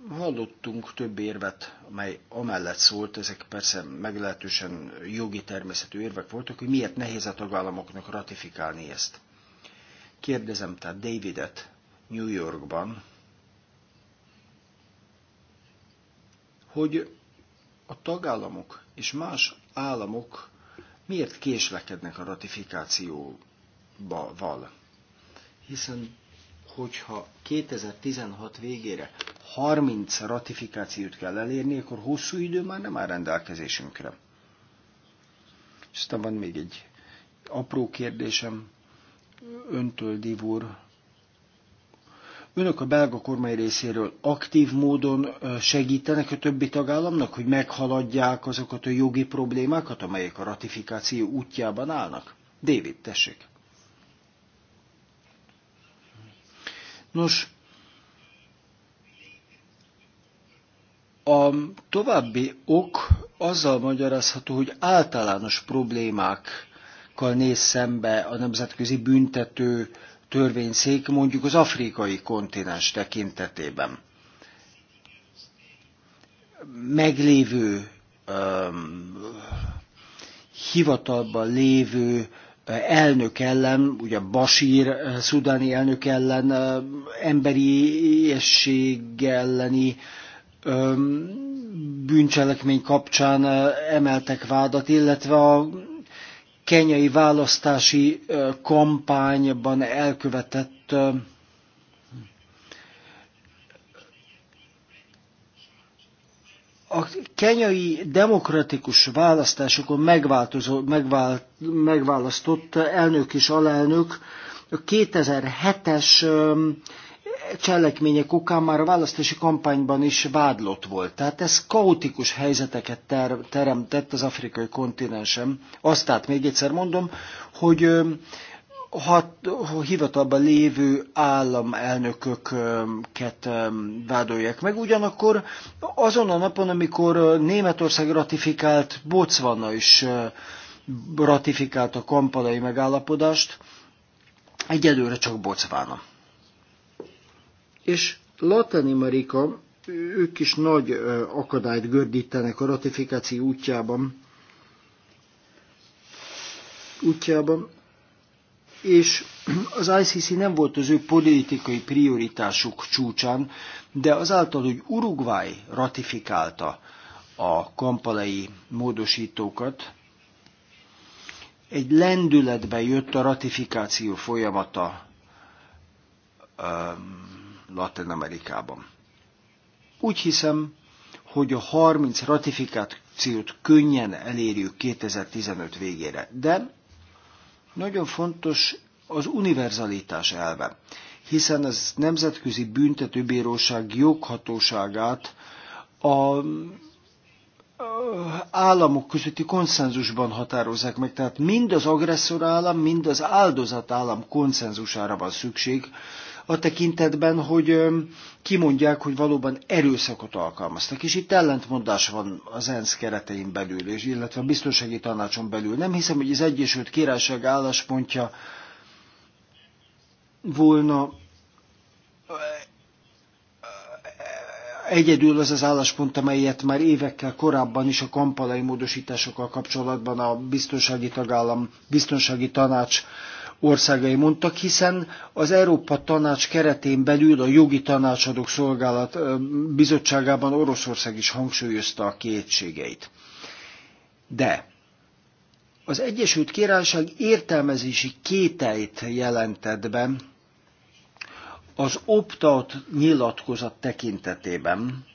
Hallottunk több érvet, amely amellett szólt, ezek persze meglehetősen jogi természetű érvek voltak, hogy miért nehéz a tagállamoknak ratifikálni ezt. Kérdezem tehát Davidet New Yorkban, hogy a tagállamok és más államok miért késlekednek a ratifikációval, hiszen hogyha 2016 végére 30 ratifikációt kell elérni, akkor hosszú idő már nem áll rendelkezésünkre. És aztán van még egy apró kérdésem öntől, divúr. Önök a belga kormány részéről aktív módon segítenek a többi tagállamnak, hogy meghaladják azokat a jogi problémákat, amelyek a ratifikáció útjában állnak? David, tessék! Nos, a további ok azzal magyarázható, hogy általános problémákkal néz szembe a nemzetközi büntető törvényszék mondjuk az afrikai kontinens tekintetében. Meglévő, um, hivatalban lévő elnök ellen, ugye Basír eh, szudáni elnök ellen, eh, emberi elleni eh, bűncselekmény kapcsán emeltek vádat, illetve a kenyai választási kampányban elkövetett a kenyai demokratikus választásokon megváltozó, megvál, megválasztott elnök és alelnök a 2007-es cselekmények okán már a választási kampányban is vádlott volt. Tehát ez kaotikus helyzeteket ter- teremtett az afrikai kontinensen. Azt tehát még egyszer mondom, hogy hat, hivatalban lévő államelnököket vádolják meg. Ugyanakkor azon a napon, amikor Németország ratifikált, Botswana is ratifikált a kampalai megállapodást, egyelőre csak Botswana. És Latani Marika, ők is nagy akadályt gördítenek a ratifikáció útjában, útjában, és az ICC nem volt az ő politikai prioritásuk csúcsán, de azáltal, hogy Uruguay ratifikálta a kampalai módosítókat, egy lendületbe jött a ratifikáció folyamata Latin Amerikában. Úgy hiszem, hogy a 30 ratifikációt könnyen elérjük 2015 végére, de nagyon fontos az univerzalitás elve, hiszen ez nemzetközi büntetőbíróság joghatóságát a államok közötti konszenzusban határozzák meg. Tehát mind az agresszor állam, mind az áldozat állam konszenzusára van szükség, a tekintetben, hogy kimondják, hogy valóban erőszakot alkalmaztak. És itt ellentmondás van az ENSZ keretein belül, és illetve a biztonsági tanácson belül. Nem hiszem, hogy az Egyesült Királyság álláspontja volna egyedül az az álláspont, amelyet már évekkel korábban is a kampalai módosításokkal kapcsolatban a biztonsági tagállam, biztonsági tanács országai mondtak, hiszen az Európa Tanács keretén belül a jogi tanácsadók szolgálat bizottságában Oroszország is hangsúlyozta a kétségeit. De az Egyesült Királyság értelmezési kételyt jelentett be az optat nyilatkozat tekintetében,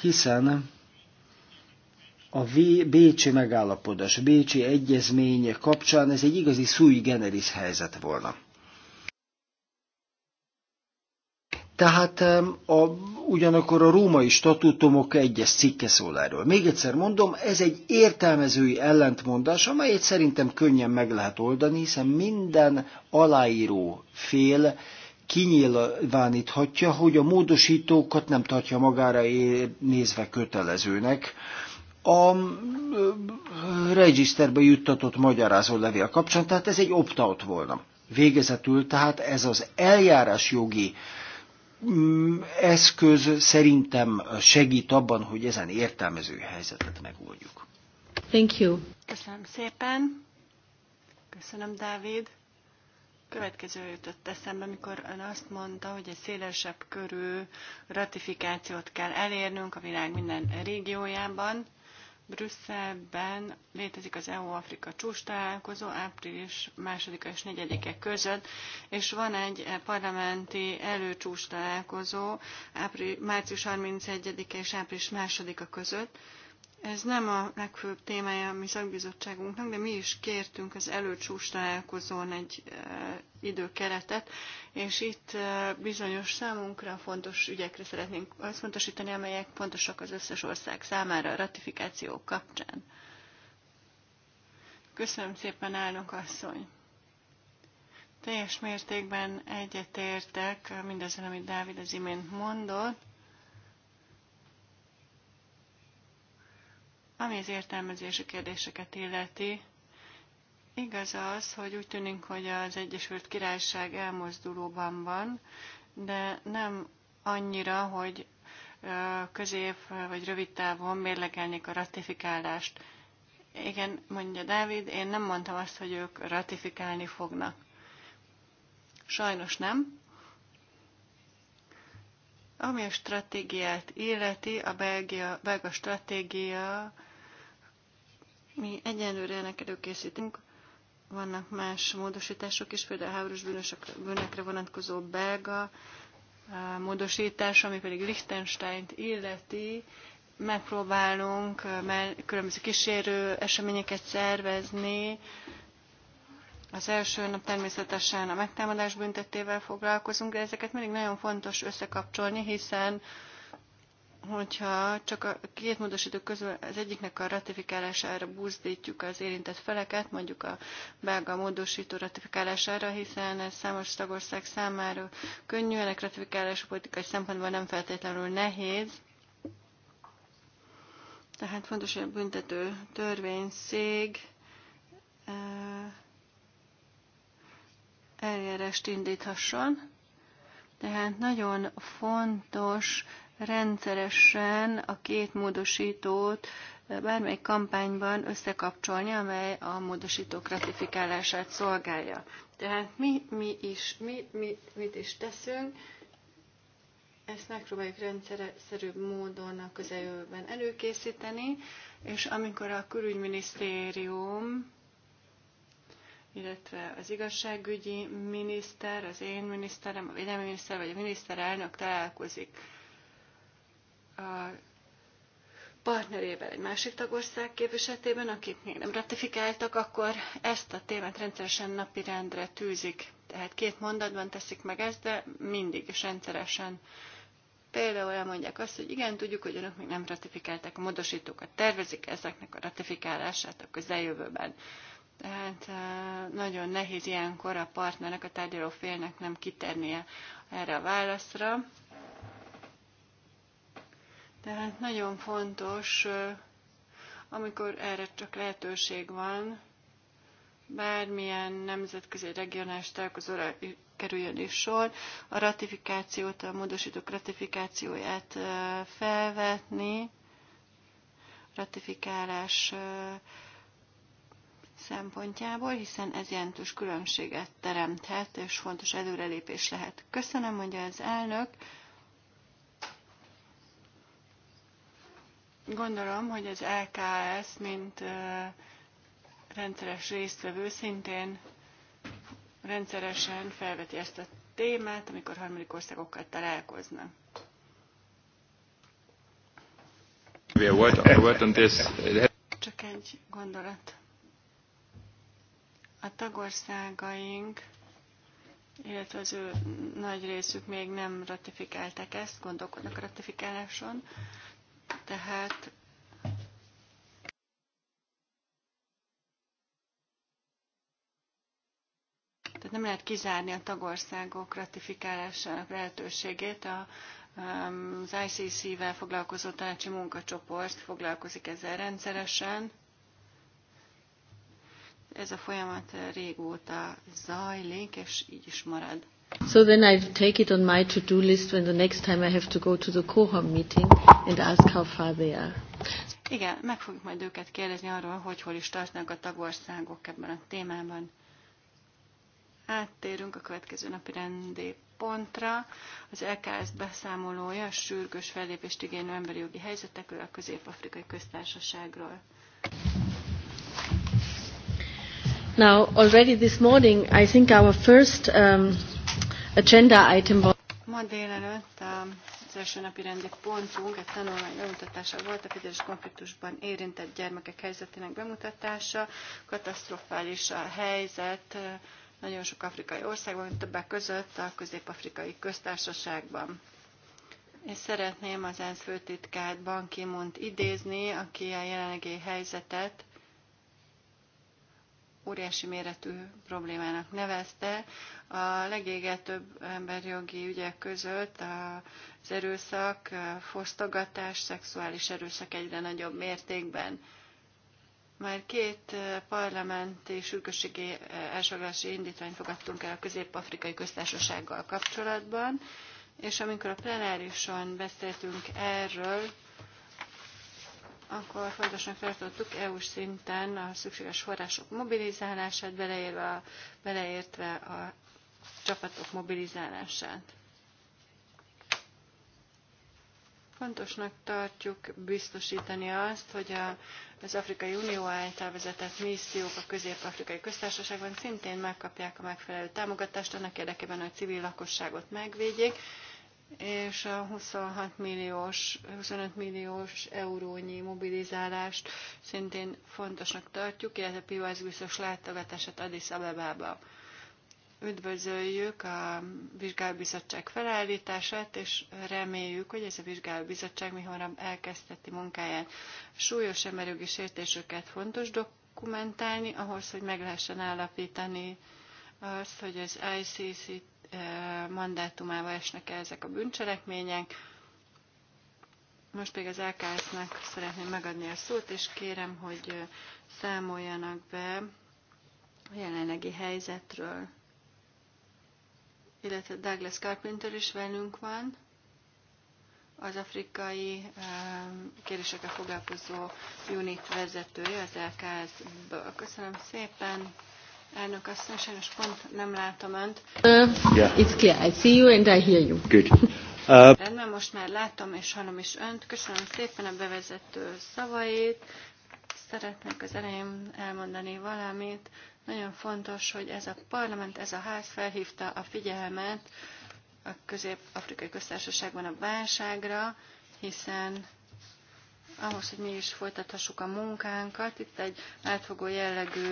hiszen a v- Bécsi megállapodás, Bécsi egyezmény kapcsán ez egy igazi sui generis helyzet volna. Tehát a, ugyanakkor a római statutumok egyes cikke szól erről. Még egyszer mondom, ez egy értelmezői ellentmondás, amelyet szerintem könnyen meg lehet oldani, hiszen minden aláíró fél kinyilváníthatja, hogy a módosítókat nem tartja magára nézve kötelezőnek. A regiszterbe juttatott magyarázó levél kapcsán, tehát ez egy opt-out volna. Végezetül tehát ez az eljárás jogi mm, eszköz szerintem segít abban, hogy ezen értelmező helyzetet megoldjuk. Thank you. Köszönöm szépen. Köszönöm, Dávid. Következő jutott eszembe, amikor ön azt mondta, hogy egy szélesebb körű ratifikációt kell elérnünk a világ minden régiójában. Brüsszelben létezik az EU-Afrika csúcs találkozó április 2 és 4-e között, és van egy parlamenti előcsúcs találkozó április, március 31-e és április 2-a között. Ez nem a legfőbb témája a mi szakbizottságunknak, de mi is kértünk az előcsúcs találkozón egy időkeretet, és itt bizonyos számunkra fontos ügyekre szeretnénk összpontosítani, amelyek fontosak az összes ország számára a ratifikáció kapcsán. Köszönöm szépen, elnök asszony! Teljes mértékben egyetértek mindezzel, amit Dávid az imént mondott Ami az értelmezési kérdéseket illeti, igaz az, hogy úgy tűnik, hogy az Egyesült Királyság elmozdulóban van, de nem annyira, hogy közép vagy rövid távon mérlegelnék a ratifikálást. Igen, mondja Dávid, én nem mondtam azt, hogy ők ratifikálni fognak. Sajnos nem. Ami a stratégiát illeti, a belgia, belga stratégia mi egyenlőre ennek előkészítünk. Vannak más módosítások is, például a háborús bűnökre vonatkozó belga módosítás, ami pedig Liechtenstein-t illeti. Megpróbálunk különböző kísérő eseményeket szervezni, az első nap természetesen a megtámadás büntetével foglalkozunk, de ezeket mindig nagyon fontos összekapcsolni, hiszen hogyha csak a két módosító közül az egyiknek a ratifikálására buzdítjuk az érintett feleket, mondjuk a belga módosító ratifikálására, hiszen ez számos tagország számára könnyű, ennek ratifikálása politikai szempontból nem feltétlenül nehéz. Tehát fontos, hogy a büntető törvényszég eh, eljárást indíthasson. Tehát nagyon fontos rendszeresen a két módosítót eh, bármely kampányban összekapcsolni, amely a módosítók ratifikálását szolgálja. Tehát mi, mi is, mi, mi, mit is teszünk, ezt megpróbáljuk rendszerszerűbb módon a közeljövőben előkészíteni, és amikor a külügyminisztérium, illetve az igazságügyi miniszter, az én miniszterem, a védelmi miniszter vagy a miniszterelnök találkozik a partnerével egy másik tagország képviseletében, akik még nem ratifikáltak, akkor ezt a témát rendszeresen napirendre tűzik. Tehát két mondatban teszik meg ezt, de mindig is rendszeresen. Például elmondják azt, hogy igen, tudjuk, hogy önök még nem ratifikálták a módosítókat, tervezik ezeknek a ratifikálását a közeljövőben. Tehát eh, nagyon nehéz ilyenkor a partnernek, a tárgyaló félnek nem kiternie erre a válaszra. Tehát nagyon fontos, amikor erre csak lehetőség van, bármilyen nemzetközi regionális találkozóra kerüljön is sor, a ratifikációt, a módosítók ratifikációját felvetni, ratifikálás szempontjából, hiszen ez jelentős különbséget teremthet, és fontos előrelépés lehet. Köszönöm, mondja az elnök. Gondolom, hogy az LKS, mint rendszeres résztvevő szintén rendszeresen felveti ezt a témát, amikor harmadik országokkal találkoznak. Csak egy gondolat. A tagországaink, illetve az ő nagy részük még nem ratifikálták ezt, gondolkodnak a ratifikáláson. Tehát Tehát nem lehet kizárni a tagországok ratifikálásának lehetőségét. A, az ICC-vel foglalkozó tanácsi munkacsoport foglalkozik ezzel rendszeresen. Ez a folyamat régóta zajlik, és így is marad. So then I take it on my to-do list when the next time I have to go to the COHOM meeting and ask how far they are. Igen, meg fogjuk majd őket kérdezni arról, hogy hol is tartnak a tagországok ebben a témában. Áttérünk a következő napi rendi pontra. Az LKS beszámolója sürgős fellépést igénylő emberi jogi helyzetekről a Közép-Afrikai Köztársaságról. Now, already this morning, I think our first um, agenda item volt. Ma délelőtt um, az első napi rendi pontunk egy tanulmány bemutatása volt, a fegyveres konfliktusban érintett gyermekek helyzetének bemutatása. Katasztrofális a helyzet uh, nagyon sok afrikai országban, többek között a közép-afrikai köztársaságban. Én szeretném az ENSZ főtitkát Ban ki idézni, aki a jelenlegi helyzetet óriási méretű problémának nevezte. A legégetőbb emberjogi ügyek között az erőszak, fosztogatás, szexuális erőszak egyre nagyobb mértékben. Már két parlamenti sürgősségi elsőgási indítványt fogadtunk el a Közép-Afrikai Köztársasággal kapcsolatban, és amikor a plenárison beszéltünk erről, akkor fontosnak tartottuk EU-s szinten a szükséges források mobilizálását, beleértve a, beleértve a csapatok mobilizálását. Fontosnak tartjuk biztosítani azt, hogy a, az Afrikai Unió által vezetett missziók a Közép-Afrikai Köztársaságban szintén megkapják a megfelelő támogatást annak érdekében, hogy civil lakosságot megvédjék, és a 26 milliós, 25 milliós eurónyi mobilizálást szintén fontosnak tartjuk, illetve Pivasz biztos látogatását Addis Abebába. Üdvözöljük a vizsgálóbizottság felállítását, és reméljük, hogy ez a vizsgálóbizottság mi hamarabb elkezdheti munkáját. Súlyos emberjogi sértéseket fontos dokumentálni, ahhoz, hogy meg lehessen állapítani azt, hogy az ICC mandátumába esnek -e ezek a bűncselekmények. Most pedig az LKS-nek szeretném megadni a szót, és kérem, hogy számoljanak be a jelenlegi helyzetről. Illetve Douglas Carpenter is velünk van, az afrikai kérdésekkel foglalkozó unit vezetője az LKS-ből. Köszönöm szépen! Elnök asszony, sajnos pont nem látom önt. Uh, yeah. It's clear. I see you and I hear you. Good. Uh, Rendben, most már látom és hallom is önt. Köszönöm szépen a bevezető szavait. Szeretnék az elején elmondani valamit. Nagyon fontos, hogy ez a parlament, ez a ház felhívta a figyelmet a Közép-Afrikai Köztársaságban a válságra, hiszen ahhoz, hogy mi is folytathassuk a munkánkat. Itt egy átfogó jellegű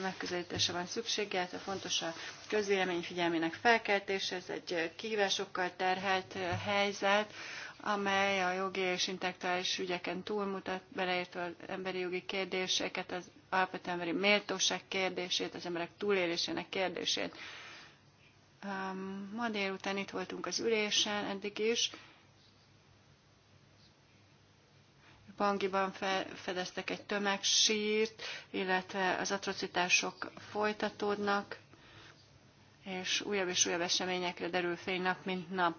megközelítése van szükség, tehát fontos a közvélemény figyelmének felkeltése, ez egy kihívásokkal terhelt helyzet, amely a jogi és intellektuális ügyeken túlmutat, beleértve az emberi jogi kérdéseket, az alapvető emberi méltóság kérdését, az emberek túlélésének kérdését. Ma délután itt voltunk az ülésen eddig is, Bangiban fedeztek egy tömegsírt, illetve az atrocitások folytatódnak, és újabb és újabb eseményekre derül fény nap, mint nap.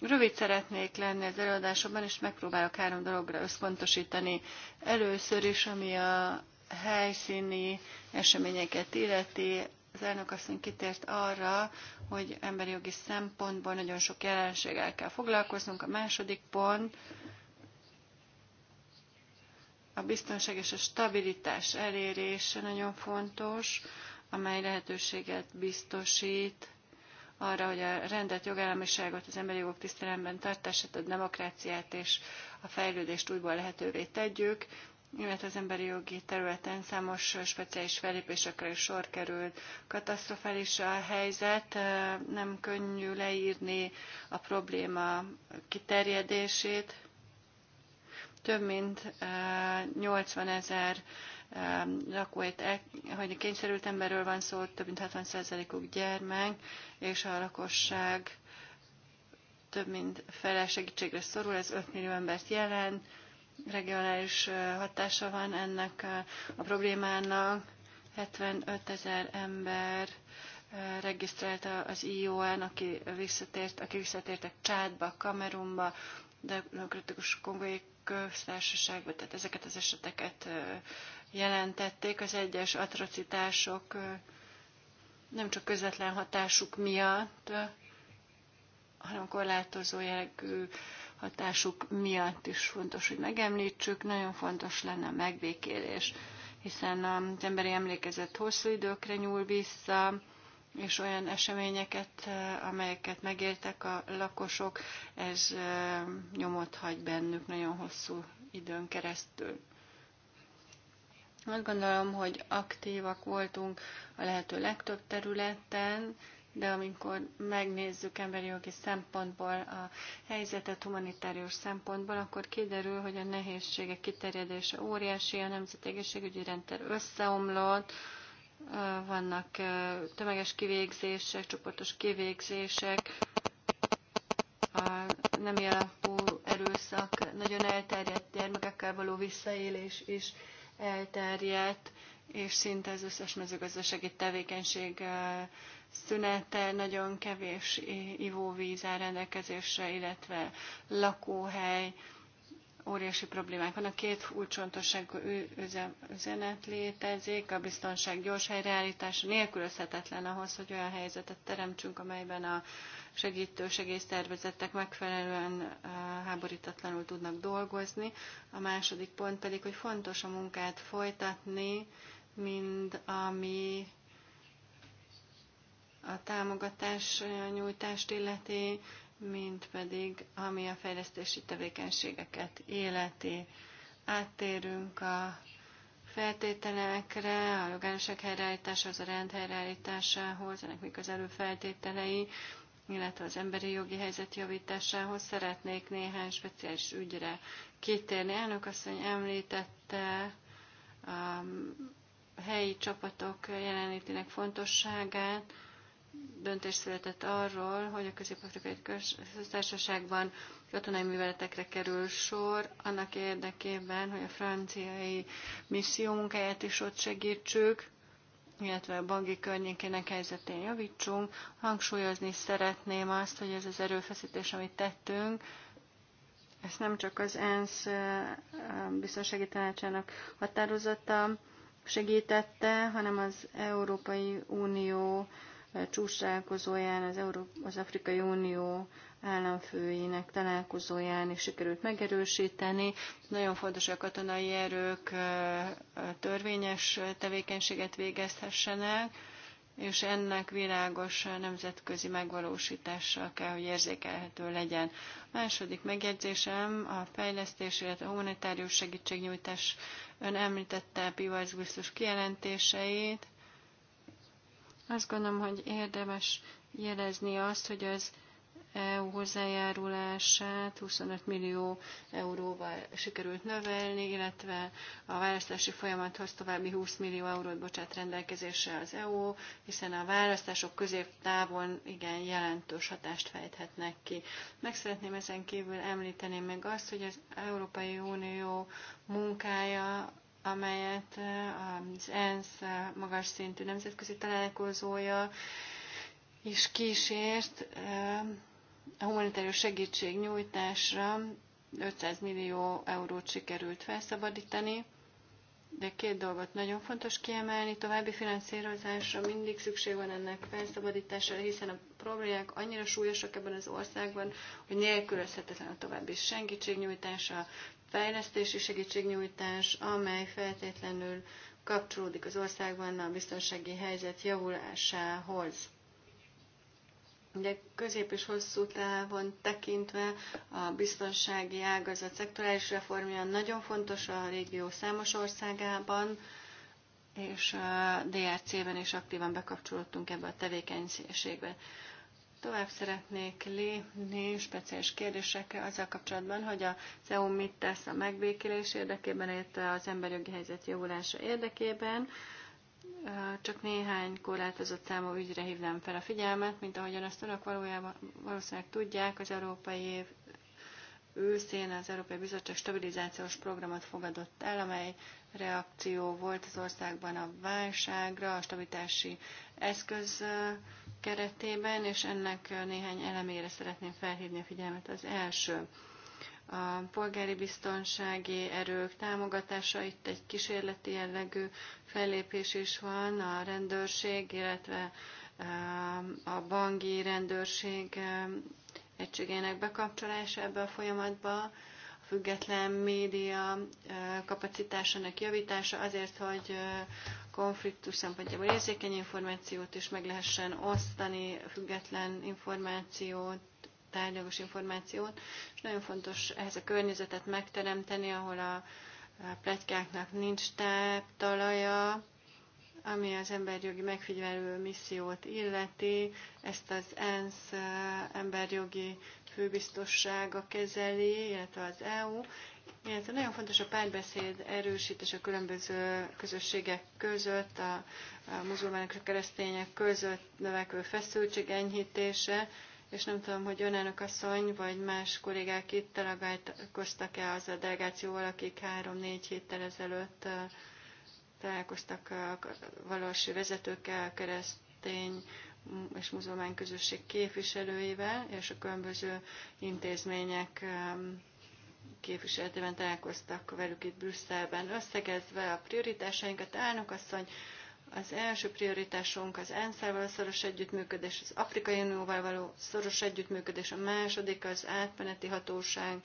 Rövid szeretnék lenni az előadásomban, és megpróbálok három dologra összpontosítani. Először is, ami a helyszíni eseményeket illeti, az elnök asszony kitért arra, hogy emberi jogi szempontból nagyon sok jelenséggel kell foglalkoznunk. A második pont, a biztonság és a stabilitás elérése nagyon fontos, amely lehetőséget biztosít arra, hogy a rendet, jogállamiságot, az emberi jogok tisztelemben tartását, a demokráciát és a fejlődést újból lehetővé tegyük, illetve az emberi jogi területen számos speciális felépésekre is sor került. Katasztrofális a helyzet, nem könnyű leírni a probléma kiterjedését, több mint 80 ezer lakóért, e, hogy kényszerült emberről van szó, több mint 60%-uk gyermek, és a lakosság több mint fele segítségre szorul, ez 5 millió embert jelent, regionális hatása van ennek a problémának, 75 ezer ember regisztrálta az ION, aki visszatért, aki visszatértek Csádba, kamerumba demokratikus kongói köztársaságba, tehát ezeket az eseteket jelentették, az egyes atrocitások nem csak közvetlen hatásuk miatt, hanem korlátozó jellegű hatásuk miatt is fontos, hogy megemlítsük. Nagyon fontos lenne a megbékélés, hiszen az emberi emlékezet hosszú időkre nyúl vissza, és olyan eseményeket, eh, amelyeket megéltek a lakosok, ez eh, nyomot hagy bennük nagyon hosszú időn keresztül. Azt gondolom, hogy aktívak voltunk a lehető legtöbb területen, de amikor megnézzük emberi jogi szempontból a helyzetet, humanitárius szempontból, akkor kiderül, hogy a nehézségek kiterjedése óriási, a nemzeti egészségügyi rendszer összeomlott, vannak tömeges kivégzések, csoportos kivégzések, a nem jelapú erőszak nagyon elterjedt, gyermekekkel való visszaélés is elterjedt, és szinte az összes mezőgazdasági tevékenység szünete, nagyon kevés ivóvíz áll rendelkezésre, illetve lakóhely, óriási problémák vannak. Két kulcsontosságú üzenet létezik, a biztonság gyors helyreállítása nélkülözhetetlen ahhoz, hogy olyan helyzetet teremtsünk, amelyben a segítő segélyszervezetek megfelelően háborítatlanul tudnak dolgozni. A második pont pedig, hogy fontos a munkát folytatni, mind ami a támogatás nyújtást illeti, mint pedig ami a fejlesztési tevékenységeket életi. Áttérünk a feltételekre, a jogállóság helyreállításához, a rend helyreállításához, ennek mik az előfeltételei, illetve az emberi jogi helyzet javításához szeretnék néhány speciális ügyre kitérni. Elnök asszony említette a um, helyi csapatok jelenlétének fontosságát, döntés született arról, hogy a közép-afrikai köztársaságban katonai műveletekre kerül sor, annak érdekében, hogy a franciai misszió munkáját is ott segítsük, illetve a bangi környékének helyzetén javítsunk. Hangsúlyozni szeretném azt, hogy ez az erőfeszítés, amit tettünk, ez nem csak az ENSZ biztonsági tanácsának határozata segítette, hanem az Európai Unió csúcs az, az Afrikai Unió államfőinek találkozóján is sikerült megerősíteni. Nagyon fontos, hogy a katonai erők törvényes tevékenységet végezhessenek, és ennek világos nemzetközi megvalósítással kell, hogy érzékelhető legyen. A második megjegyzésem a fejlesztés, illetve a humanitárius segítségnyújtás ön említette Pivac biztos kijelentéseit, azt gondolom, hogy érdemes jelezni azt, hogy az EU hozzájárulását 25 millió euróval sikerült növelni, illetve a választási folyamathoz további 20 millió eurót bocsát rendelkezésre az EU, hiszen a választások középtávon igen jelentős hatást fejthetnek ki. Meg szeretném ezen kívül említeni még azt, hogy az Európai Unió munkája amelyet az ENSZ magas szintű nemzetközi találkozója is kísért a humanitárius segítségnyújtásra 500 millió eurót sikerült felszabadítani, de két dolgot nagyon fontos kiemelni. További finanszírozásra mindig szükség van ennek felszabadítására, hiszen a problémák annyira súlyosak ebben az országban, hogy nélkülözhetetlen a további segítségnyújtása, fejlesztési segítségnyújtás, amely feltétlenül kapcsolódik az országban a biztonsági helyzet javulásához. De közép és hosszú távon tekintve a biztonsági ágazat szektorális reformja nagyon fontos a régió számos országában, és a DRC-ben is aktívan bekapcsolódtunk ebbe a tevékenységbe. Tovább szeretnék lépni speciális kérdésekre azzal kapcsolatban, hogy az EU mit tesz a megbékélés érdekében, illetve az emberjogi helyzet javulása érdekében. Csak néhány korlátozott számú ügyre hívnám fel a figyelmet, mint ahogyan azt önök valójában valószínűleg tudják, az Európai Év őszén az Európai Bizottság stabilizációs programot fogadott el, amely reakció volt az országban a válságra, a stabilitási eszköz keretében, és ennek néhány elemére szeretném felhívni a figyelmet. Az első, a polgári biztonsági erők támogatása, itt egy kísérleti jellegű fellépés is van, a rendőrség, illetve um, a bangi rendőrség um, egységének bekapcsolása ebbe a folyamatba, független média kapacitásának javítása azért, hogy konfliktus szempontjából érzékeny információt is meg lehessen osztani, független információt, tárgyalagos információt, és nagyon fontos ehhez a környezetet megteremteni, ahol a pletykáknak nincs táptalaja, ami az emberjogi megfigyelő missziót illeti, ezt az ENSZ emberjogi főbiztossága kezeli, illetve az EU, illetve nagyon fontos a párbeszéd erősítés a különböző közösségek között, a, a muzulmánok és a keresztények között növekvő feszültség enyhítése, és nem tudom, hogy önának asszony vagy más kollégák itt találkoztak-e az a delegációval, akik három-négy héttel ezelőtt találkoztak a valósi vezetőkkel, a keresztény és muzulmán közösség képviselőivel és a különböző intézmények képviseletében találkoztak velük itt Brüsszelben. Összegezve a prioritásainkat, elnök asszony, az első prioritásunk az ensz való szoros együttműködés, az Afrikai Unióval való szoros együttműködés, a második az átmeneti hatóság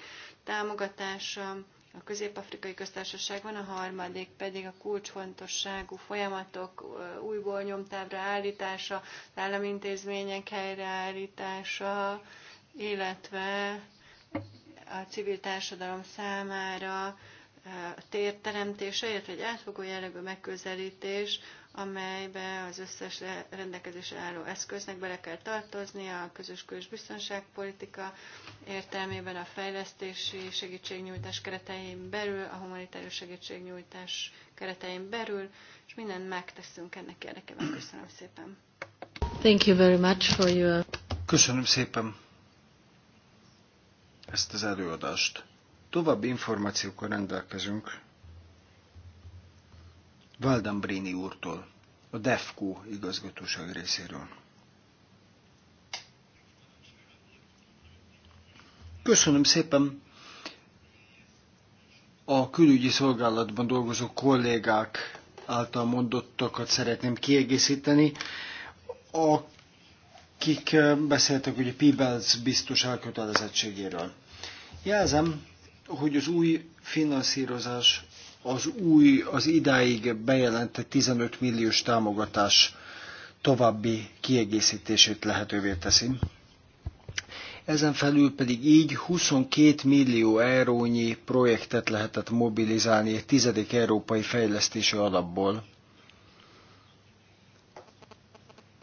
támogatása, a közép-afrikai köztársaságban, a harmadik pedig a kulcsfontosságú folyamatok újból nyomtávra állítása, az államintézmények helyreállítása, illetve a civil társadalom számára térteremtése, illetve egy átfogó jellegű megközelítés amelybe az összes rendelkezésre álló eszköznek bele kell tartoznia a közös közös biztonságpolitika értelmében a fejlesztési segítségnyújtás keretein belül, a humanitárius segítségnyújtás keretein belül, és mindent megteszünk ennek érdekében. Köszönöm szépen. Thank you very much for your... Köszönöm szépen ezt az előadást. További információkkal rendelkezünk Valdambrini úrtól, a DEFCO igazgatóság részéről. Köszönöm szépen a külügyi szolgálatban dolgozó kollégák által mondottakat szeretném kiegészíteni. a Akik eh, beszéltek ugye Pibelc biztos elkötelezettségéről. Jelzem, hogy az új finanszírozás az új, az idáig bejelentett 15 milliós támogatás további kiegészítését lehetővé teszi. Ezen felül pedig így 22 millió eurónyi projektet lehetett mobilizálni egy tizedik európai fejlesztési alapból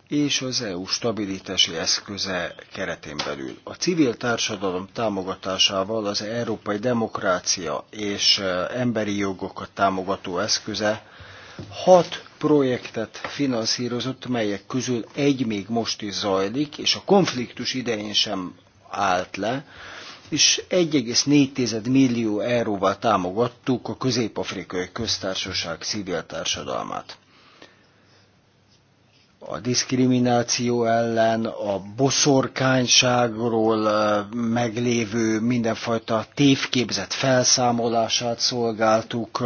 és az EU stabilitási eszköze keretén belül. A civil társadalom támogatásával az európai demokrácia és e, emberi jogokat támogató eszköze hat projektet finanszírozott, melyek közül egy még most is zajlik, és a konfliktus idején sem állt le, és 1,4 millió euróval támogattuk a Közép-Afrikai Köztársaság civil társadalmát a diszkrimináció ellen, a boszorkányságról meglévő mindenfajta tévképzet felszámolását szolgáltuk,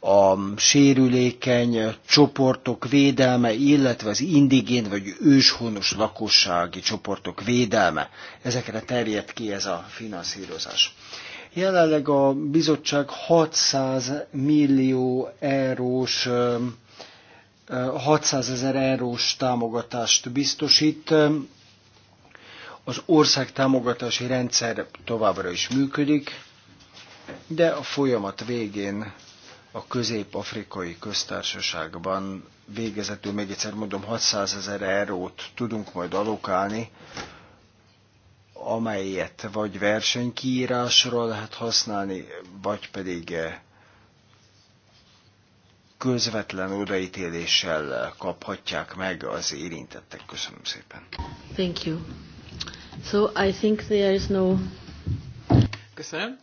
a sérülékeny csoportok védelme, illetve az indigén vagy őshonos lakossági csoportok védelme. Ezekre terjed ki ez a finanszírozás. Jelenleg a bizottság 600 millió eurós 600 ezer eurós támogatást biztosít. Az ország támogatási rendszer továbbra is működik, de a folyamat végén a Közép-Afrikai Köztársaságban végezetül, még egyszer mondom, 600 ezer eurót tudunk majd alokálni, amelyet vagy versenykiírásra lehet használni, vagy pedig eh, közvetlen odaítéléssel kaphatják meg az érintettek. Köszönöm szépen. Thank you. So I think there is no... Köszönöm.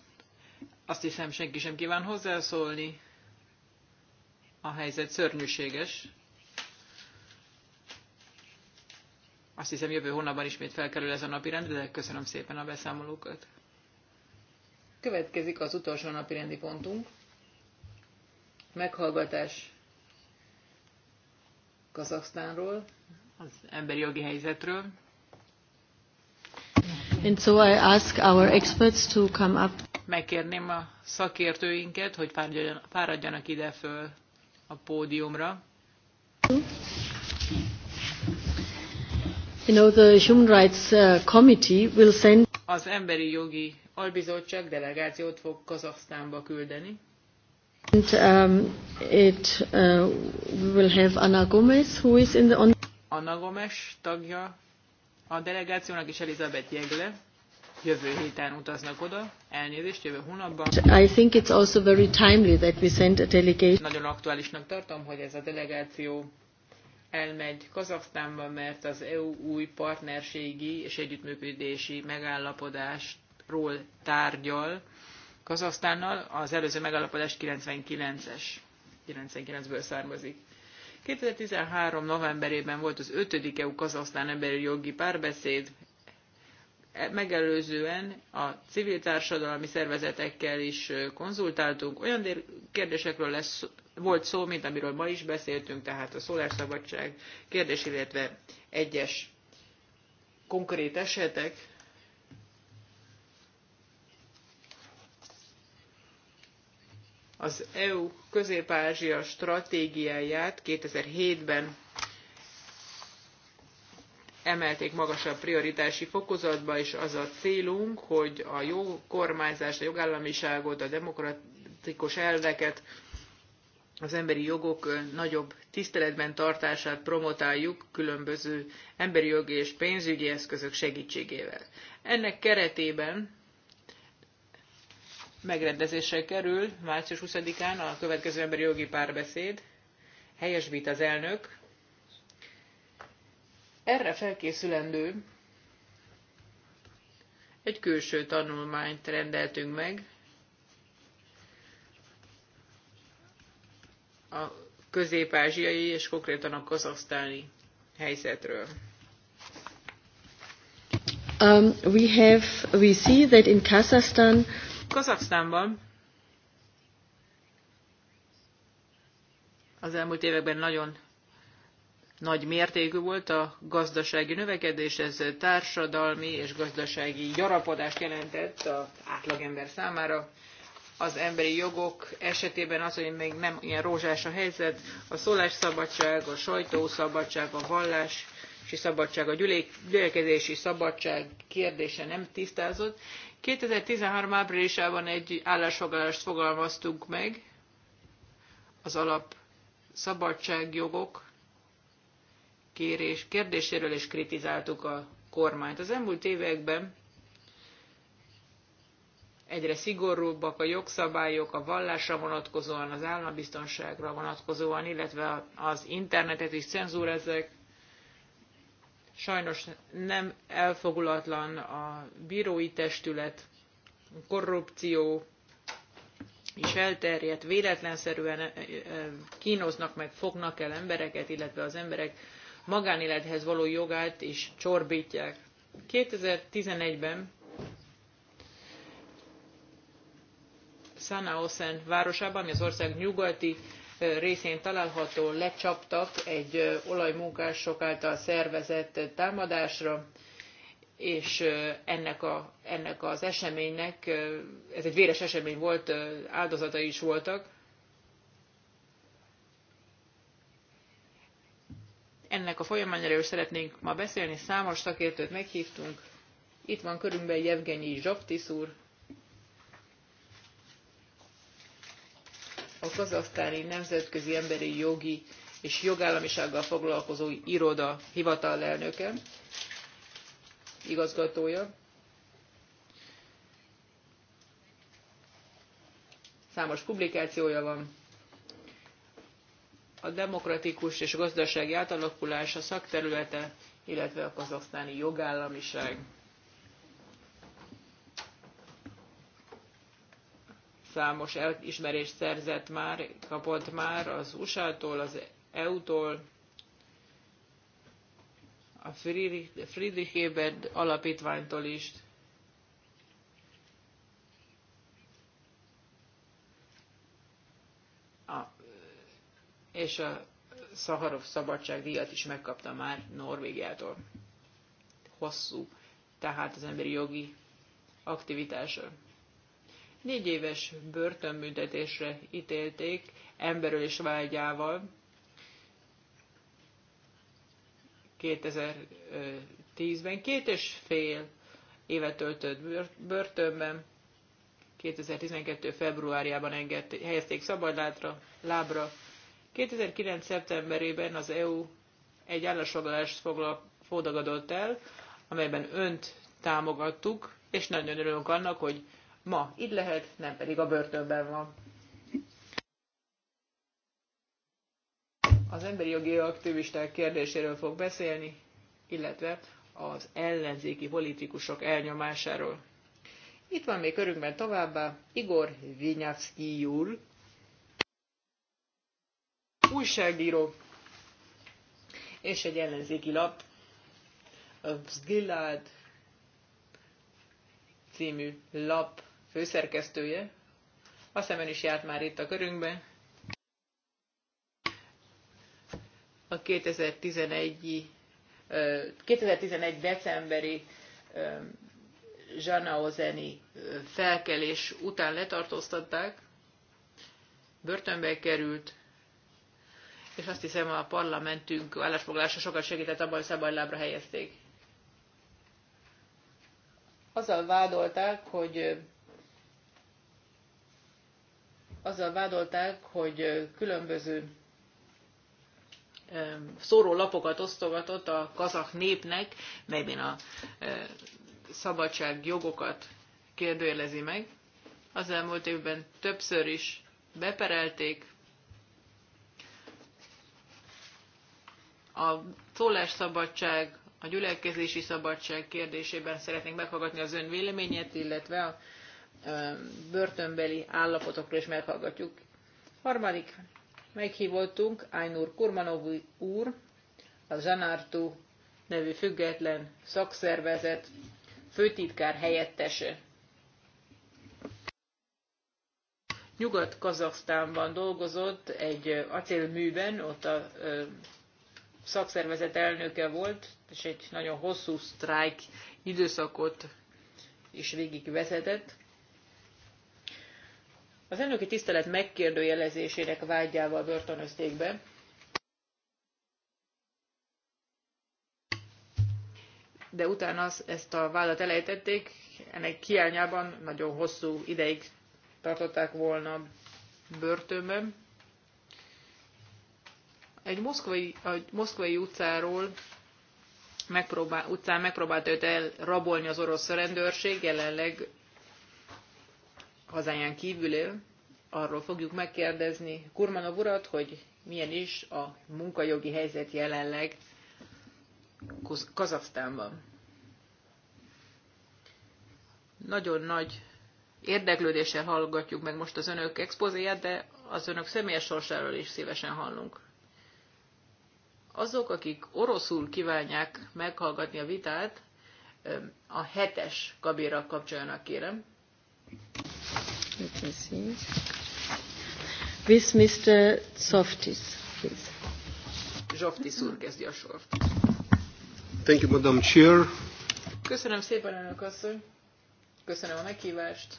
Azt hiszem, senki sem kíván hozzászólni. A helyzet szörnyűséges. Azt hiszem, jövő hónapban ismét felkerül ez a napi de köszönöm szépen a beszámolókat. Következik az utolsó napi rendi pontunk meghallgatás Kazaksztánról, az emberi jogi helyzetről. And so I ask our experts to come up. Megkérném a szakértőinket, hogy fáradjanak ide föl a pódiumra. You know, the Human Rights uh, Committee will send az Emberi Jogi Albizottság delegációt fog Kazaksztánba küldeni. And, um, it uh, will have Anna Gomez, who is in the on Anna Gomez tagja a delegációnak is Elizabeth Jegle. Jövő héten utaznak oda, elnézést jövő hónapban. I think it's also very timely that we send a delegation. Nagyon aktuálisnak tartom, hogy ez a delegáció elmegy Kazaksztánba, mert az EU új partnerségi és együttműködési megállapodásról tárgyal Kazasztánnal, az előző megállapodás 99-es, 99-ből származik. 2013. novemberében volt az 5. EU-Kazasztán emberi jogi párbeszéd, e, megelőzően a civil társadalmi szervezetekkel is konzultáltunk. Olyan kérdésekről lesz, volt szó, mint amiről ma is beszéltünk, tehát a szólásszabadság kérdés, illetve egyes konkrét esetek, az EU közép-ázsia stratégiáját 2007-ben emelték magasabb prioritási fokozatba, és az a célunk, hogy a jó kormányzást, a jogállamiságot, a demokratikus elveket, az emberi jogok nagyobb tiszteletben tartását promotáljuk különböző emberi jogi és pénzügyi eszközök segítségével. Ennek keretében megrendezésre kerül március 20-án a következő emberi jogi párbeszéd. Helyesbít az elnök. Erre felkészülendő egy külső tanulmányt rendeltünk meg a közép-ázsiai és konkrétan a kazasztáni helyzetről. Um, we have, we see that in Kazakhstan Kazaksztánban az elmúlt években nagyon nagy mértékű volt a gazdasági növekedés, ez társadalmi és gazdasági gyarapodást jelentett az átlagember számára. Az emberi jogok esetében az, hogy még nem ilyen rózsás a helyzet, a szólásszabadság, a sajtószabadság, a vallás, szabadság, a gyülekezési szabadság kérdése nem tisztázott, 2013 áprilisában egy állásfoglalást fogalmaztunk meg az alap szabadságjogok kérés, kérdéséről is kritizáltuk a kormányt. Az elmúlt években egyre szigorúbbak a jogszabályok a vallásra vonatkozóan, az állambiztonságra vonatkozóan, illetve az internetet is cenzúrezzek, Sajnos nem elfogulatlan a bírói testület, korrupció is elterjedt, véletlenszerűen kínoznak meg, fognak el embereket, illetve az emberek magánélethez való jogát is csorbítják. 2011-ben Sanaosen városában, ami az ország nyugati részén található lecsaptak egy olajmunkások által szervezett támadásra, és ennek, a, ennek az eseménynek, ez egy véres esemény volt, áldozatai is voltak. Ennek a folyamányáról is szeretnénk ma beszélni, számos szakértőt meghívtunk. Itt van körünkben Jevgenyi Zsaptis úr, a kazasztáni nemzetközi emberi jogi és jogállamisággal foglalkozó iroda hivatalelnöke, igazgatója. Számos publikációja van. A demokratikus és gazdasági átalakulás a szakterülete, illetve a kazaksztáni jogállamiság. számos elismerést szerzett már, kapott már az USA-tól, az EU-tól, a Friedrich Ebert alapítványtól is. A, és a Szaharov szabadságdíjat is megkapta már Norvégiától. Hosszú, tehát az emberi jogi aktivitásról négy éves börtönbüntetésre ítélték emberölés vágyával 2010-ben. Két és fél évet töltött börtönben. 2012. februárjában enged, helyezték szabadlátra, lábra. 2009. szeptemberében az EU egy állásfoglalást fogadott el, amelyben önt támogattuk, és nagyon örülünk annak, hogy ma itt lehet, nem pedig a börtönben van. Az emberi jogi aktivisták kérdéséről fog beszélni, illetve az ellenzéki politikusok elnyomásáról. Itt van még körünkben továbbá Igor Vinyavszki Júl, újságíró és egy ellenzéki lap, a Vzgilád című lap főszerkesztője. Azt hiszem, is járt már itt a körünkben. A 2011, 2011 decemberi Zsanaozeni felkelés után letartóztatták, börtönbe került, és azt hiszem a parlamentünk állásfoglalása sokat segített abban, hogy szabadlábra helyezték. Azzal vádolták, hogy azzal vádolták, hogy különböző szórólapokat osztogatott a kazak népnek, melyben a szabadság jogokat kérdőjelezi meg. Az elmúlt évben többször is beperelték a szólásszabadság, a gyülekezési szabadság kérdésében szeretnénk meghallgatni az ön véleményét, illetve a börtönbeli állapotokról is meghallgatjuk. Harmadik meghívottunk Aynur Kurmanov úr, a Zanártú nevű független szakszervezet főtitkár helyettese. Nyugat-Kazaksztánban dolgozott egy acélműben, ott a szakszervezet elnöke volt, és egy nagyon hosszú sztrájk időszakot is végigvezetett. Az elnöki tisztelet megkérdőjelezésének vágyával börtönözték be. De utána az, ezt a vádat elejtették, ennek hiányában nagyon hosszú ideig tartották volna börtönben. Egy moszkvai, a moszkvai utcáról megpróbál, utcán megpróbált őt elrabolni az orosz rendőrség, jelenleg hazáján kívülő, arról fogjuk megkérdezni Kurmanov urat, hogy milyen is a munkajogi helyzet jelenleg Kazasztánban. Nagyon nagy érdeklődéssel hallgatjuk meg most az önök expozéját, de az önök személyes sorsáról is szívesen hallunk. Azok, akik oroszul kívánják meghallgatni a vitát, a hetes kabéra kapcsoljanak, kérem let me see, with Mr. Softis, please. Zsoftis úr kezdi a sort. Thank you, Madam Chair. Köszönöm szépen, elnök asszony. Köszönöm a meghívást.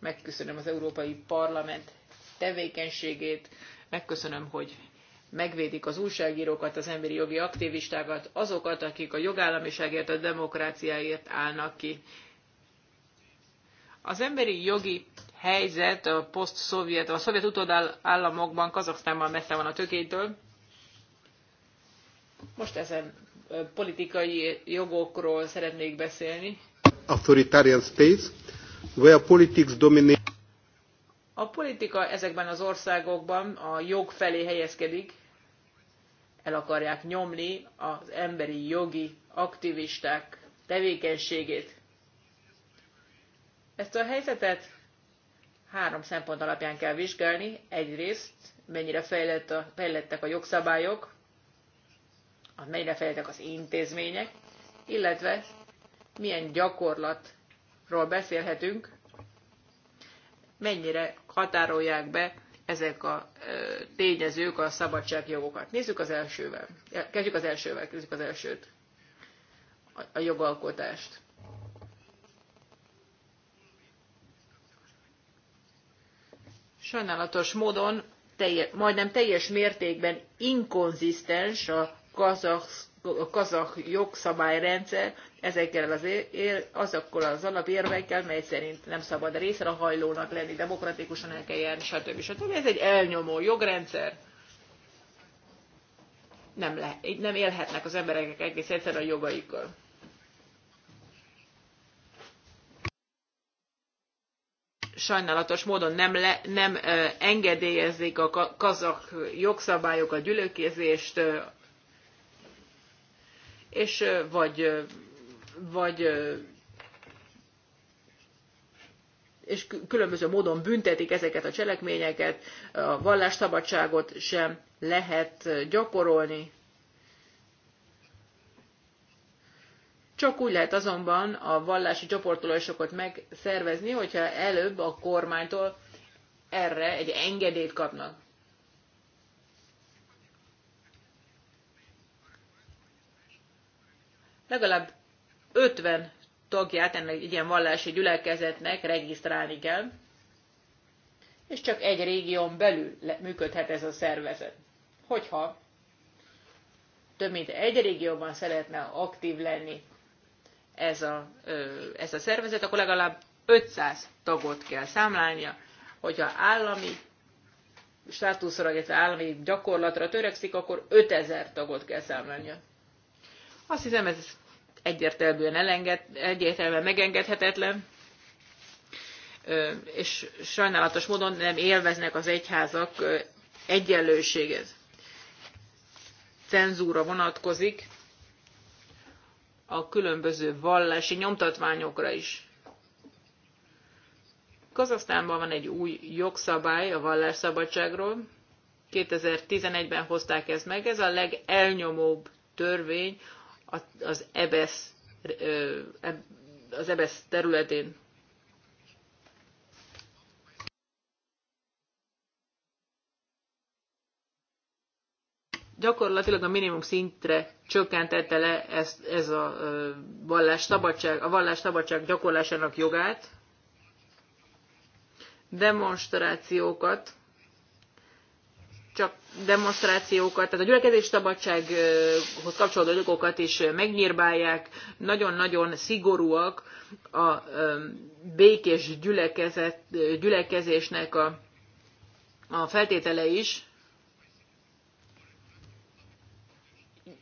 Megköszönöm az Európai Parlament tevékenységét. Megköszönöm, hogy megvédik az újságírókat, az emberi jogi aktivistákat, azokat, akik a jogállamiságért, a demokráciáért állnak ki. Az emberi jogi helyzet a poszt-szovjet, a szovjet utódállamokban, Kazaksztánban messze van a tökétől. Most ezen politikai jogokról szeretnék beszélni. Authoritarian space, where politics dominate. A politika ezekben az országokban a jog felé helyezkedik, el akarják nyomni az emberi jogi aktivisták tevékenységét. Ezt a helyzetet három szempont alapján kell vizsgálni. Egyrészt, mennyire fejlett a, fejlettek a jogszabályok, mennyire fejlettek az intézmények, illetve milyen gyakorlatról beszélhetünk, mennyire határolják be ezek a tényezők a szabadságjogokat. Nézzük az elsővel. Kezdjük az elsővel, kezdjük az elsőt. A, a jogalkotást. sajnálatos módon telje, majdnem teljes mértékben inkonzisztens a kazak, a kazak jogszabályrendszer ezekkel az, ér, azokkal az alapérvekkel, mely szerint nem szabad részre hajlónak lenni, demokratikusan el kell járni, stb. stb. Ez egy elnyomó jogrendszer. Nem, le, nem élhetnek az emberek egész egyszerűen a jogaikkal. sajnálatos módon nem, le, nem engedélyezik a kazak jogszabályok a gyülekezést, és vagy, vagy és különböző módon büntetik ezeket a cselekményeket, a vallásszabadságot sem lehet gyakorolni. Csak úgy lehet azonban a vallási csoportolásokat megszervezni, hogyha előbb a kormánytól erre egy engedélyt kapnak. Legalább 50 tagját ennek egy ilyen vallási gyülekezetnek regisztrálni kell, és csak egy régión belül működhet ez a szervezet. Hogyha több mint egy régióban szeretne aktív lenni ez a, ez a szervezet, akkor legalább 500 tagot kell számlálnia, hogyha állami státuszra, illetve állami gyakorlatra törekszik, akkor 5000 tagot kell számlálnia. Azt hiszem, ez egyértelműen, elenged, egyértelműen megengedhetetlen, és sajnálatos módon nem élveznek az egyházak egyenlőséget. Cenzúra vonatkozik a különböző vallási nyomtatványokra is. Kazasztánban van egy új jogszabály a vallásszabadságról. 2011-ben hozták ezt meg. Ez a legelnyomóbb törvény az EBESZ, az EBESZ területén gyakorlatilag a minimum szintre csökkentette le ezt, ez a vallás szabadság, a vallás szabadság gyakorlásának jogát, demonstrációkat, csak demonstrációkat, tehát a gyülekezés szabadsághoz kapcsolódó jogokat is megnyírbálják, nagyon-nagyon szigorúak a békés gyülekezet, gyülekezésnek a, a feltétele is,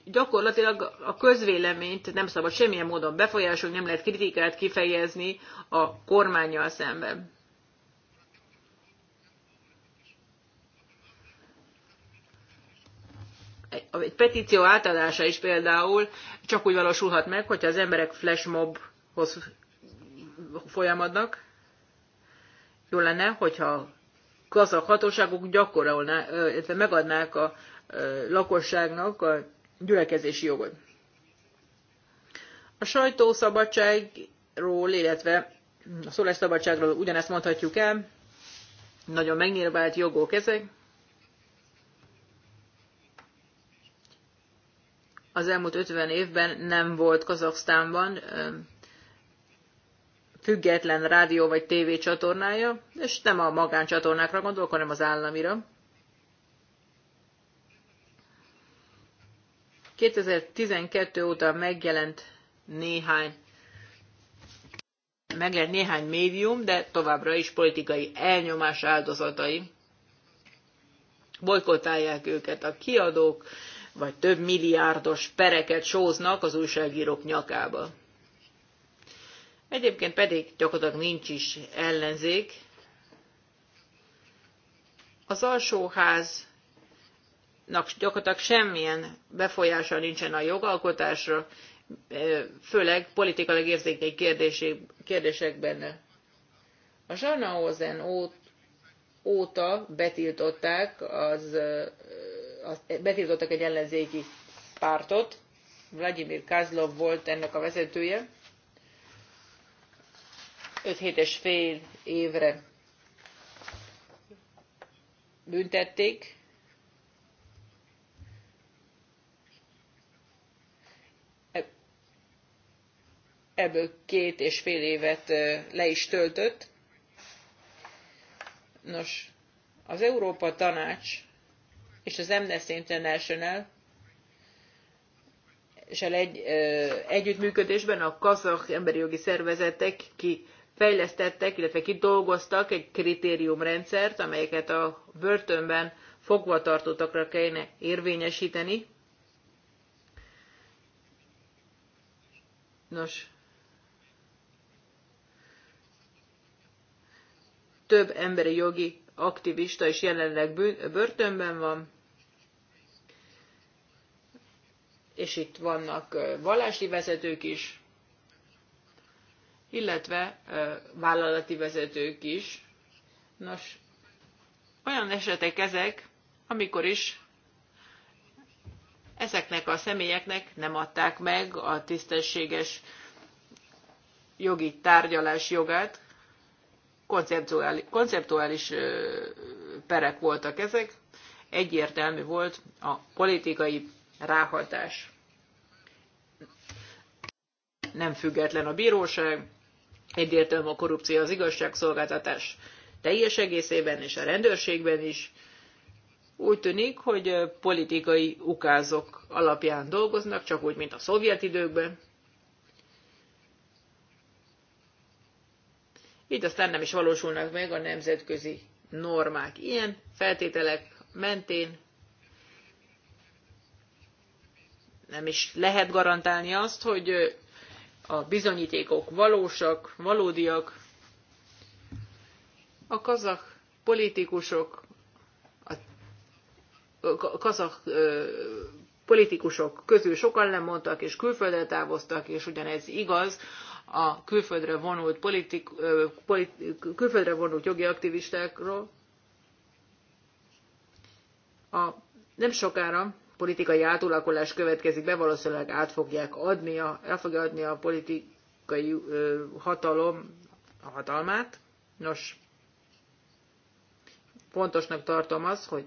gyakorlatilag a közvéleményt nem szabad semmilyen módon befolyásolni, nem lehet kritikát kifejezni a kormányjal szemben. Egy petíció átadása is például csak úgy valósulhat meg, hogyha az emberek flashmobhoz folyamadnak. Jó lenne, hogyha a hatóságok gyakorolnák, megadnák a lakosságnak a gyülekezési jogot. A sajtószabadságról, illetve a szólásszabadságról ugyanezt mondhatjuk el, nagyon megnyilvált jogok ezek. Az elmúlt 50 évben nem volt Kazaksztánban független rádió vagy csatornája, és nem a magáncsatornákra gondolok, hanem az államira. 2012 óta megjelent néhány megjelent néhány médium, de továbbra is politikai elnyomás áldozatai. Bolykottálják őket a kiadók, vagy több milliárdos pereket sóznak az újságírók nyakába. Egyébként pedig gyakorlatilag nincs is ellenzék. Az alsóház gyakorlatilag semmilyen befolyása nincsen a jogalkotásra, főleg politikailag érzékeny kérdésekben. A Sarnhausen óta betiltották, az, az, betiltottak egy ellenzéki pártot, Vladimir Kazlov volt ennek a vezetője, 5 hét és fél évre büntették, ebből két és fél évet le is töltött. Nos, az Európa Tanács és az Amnesty International és egy, együttműködésben a kazakh emberi jogi szervezetek kifejlesztettek, illetve kidolgoztak egy kritériumrendszert, amelyeket a börtönben fogvatartottakra kellene érvényesíteni. Nos, több emberi jogi aktivista is jelenleg börtönben van, és itt vannak vallási vezetők is, illetve vállalati vezetők is. Nos, olyan esetek ezek, amikor is ezeknek a személyeknek nem adták meg a tisztességes jogi tárgyalás jogát, konceptuális, konceptuális perek voltak ezek, egyértelmű volt a politikai ráhatás. Nem független a bíróság, egyértelmű a korrupció az igazságszolgáltatás teljes egészében és a rendőrségben is. Úgy tűnik, hogy politikai ukázok alapján dolgoznak, csak úgy, mint a szovjet időkben. így aztán nem is valósulnak meg a nemzetközi normák. Ilyen feltételek mentén nem is lehet garantálni azt, hogy a bizonyítékok valósak, valódiak. A kazak politikusok, a kazak politikusok közül sokan lemondtak, és külföldre távoztak, és ugyanez igaz a külföldre vonult, politik, politik, külföldre vonult jogi aktivistákról. A, nem sokára politikai átulakulás következik be, valószínűleg át fogják adni a, el fogja adni a politikai ö, hatalom a hatalmát. Nos, fontosnak tartom az, hogy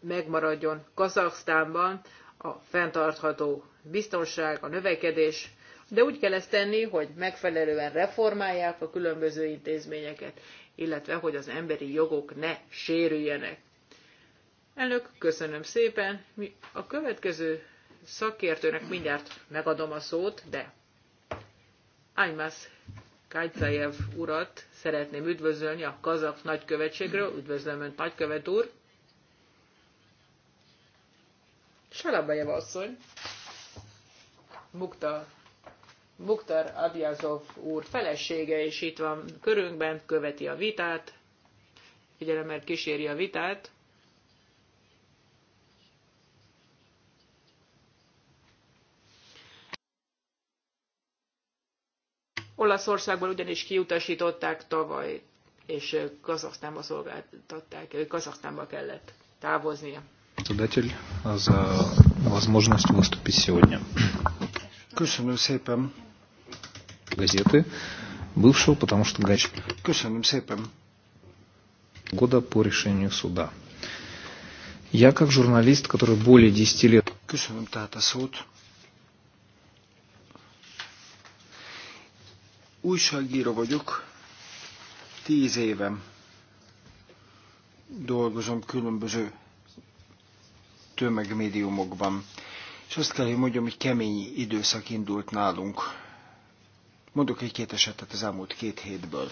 megmaradjon Kazaksztánban a fenntartható biztonság, a növekedés, de úgy kell ezt tenni, hogy megfelelően reformálják a különböző intézményeket, illetve hogy az emberi jogok ne sérüljenek. Elnök, köszönöm szépen. Mi a következő szakértőnek mindjárt megadom a szót, de Aymas Kajcajev urat szeretném üdvözölni a kazak nagykövetségről. Üdvözlöm Önt, nagykövet úr! Salabajev asszony, Mukta Buktar Abjazov úr felesége is itt van körünkben, követi a vitát, mert kíséri a vitát. Olaszországban ugyanis kiutasították tavaly, és Kazaksztánba szolgáltatták, Kazaksztánba kellett távoznia. возможность выступить сегодня. Köszönöm szépen газеты, бывшего, потому что Гач... Köszönöm szépen. Года по решению суда. Я как журналист, который более 10 лет... Köszönöm tehát a szót. Újságíró vagyok, tíz évem dolgozom különböző tömegmédiumokban. És azt kell, hogy mondjam, hogy kemény időszak indult nálunk Mondok egy-két esetet az elmúlt két hétből.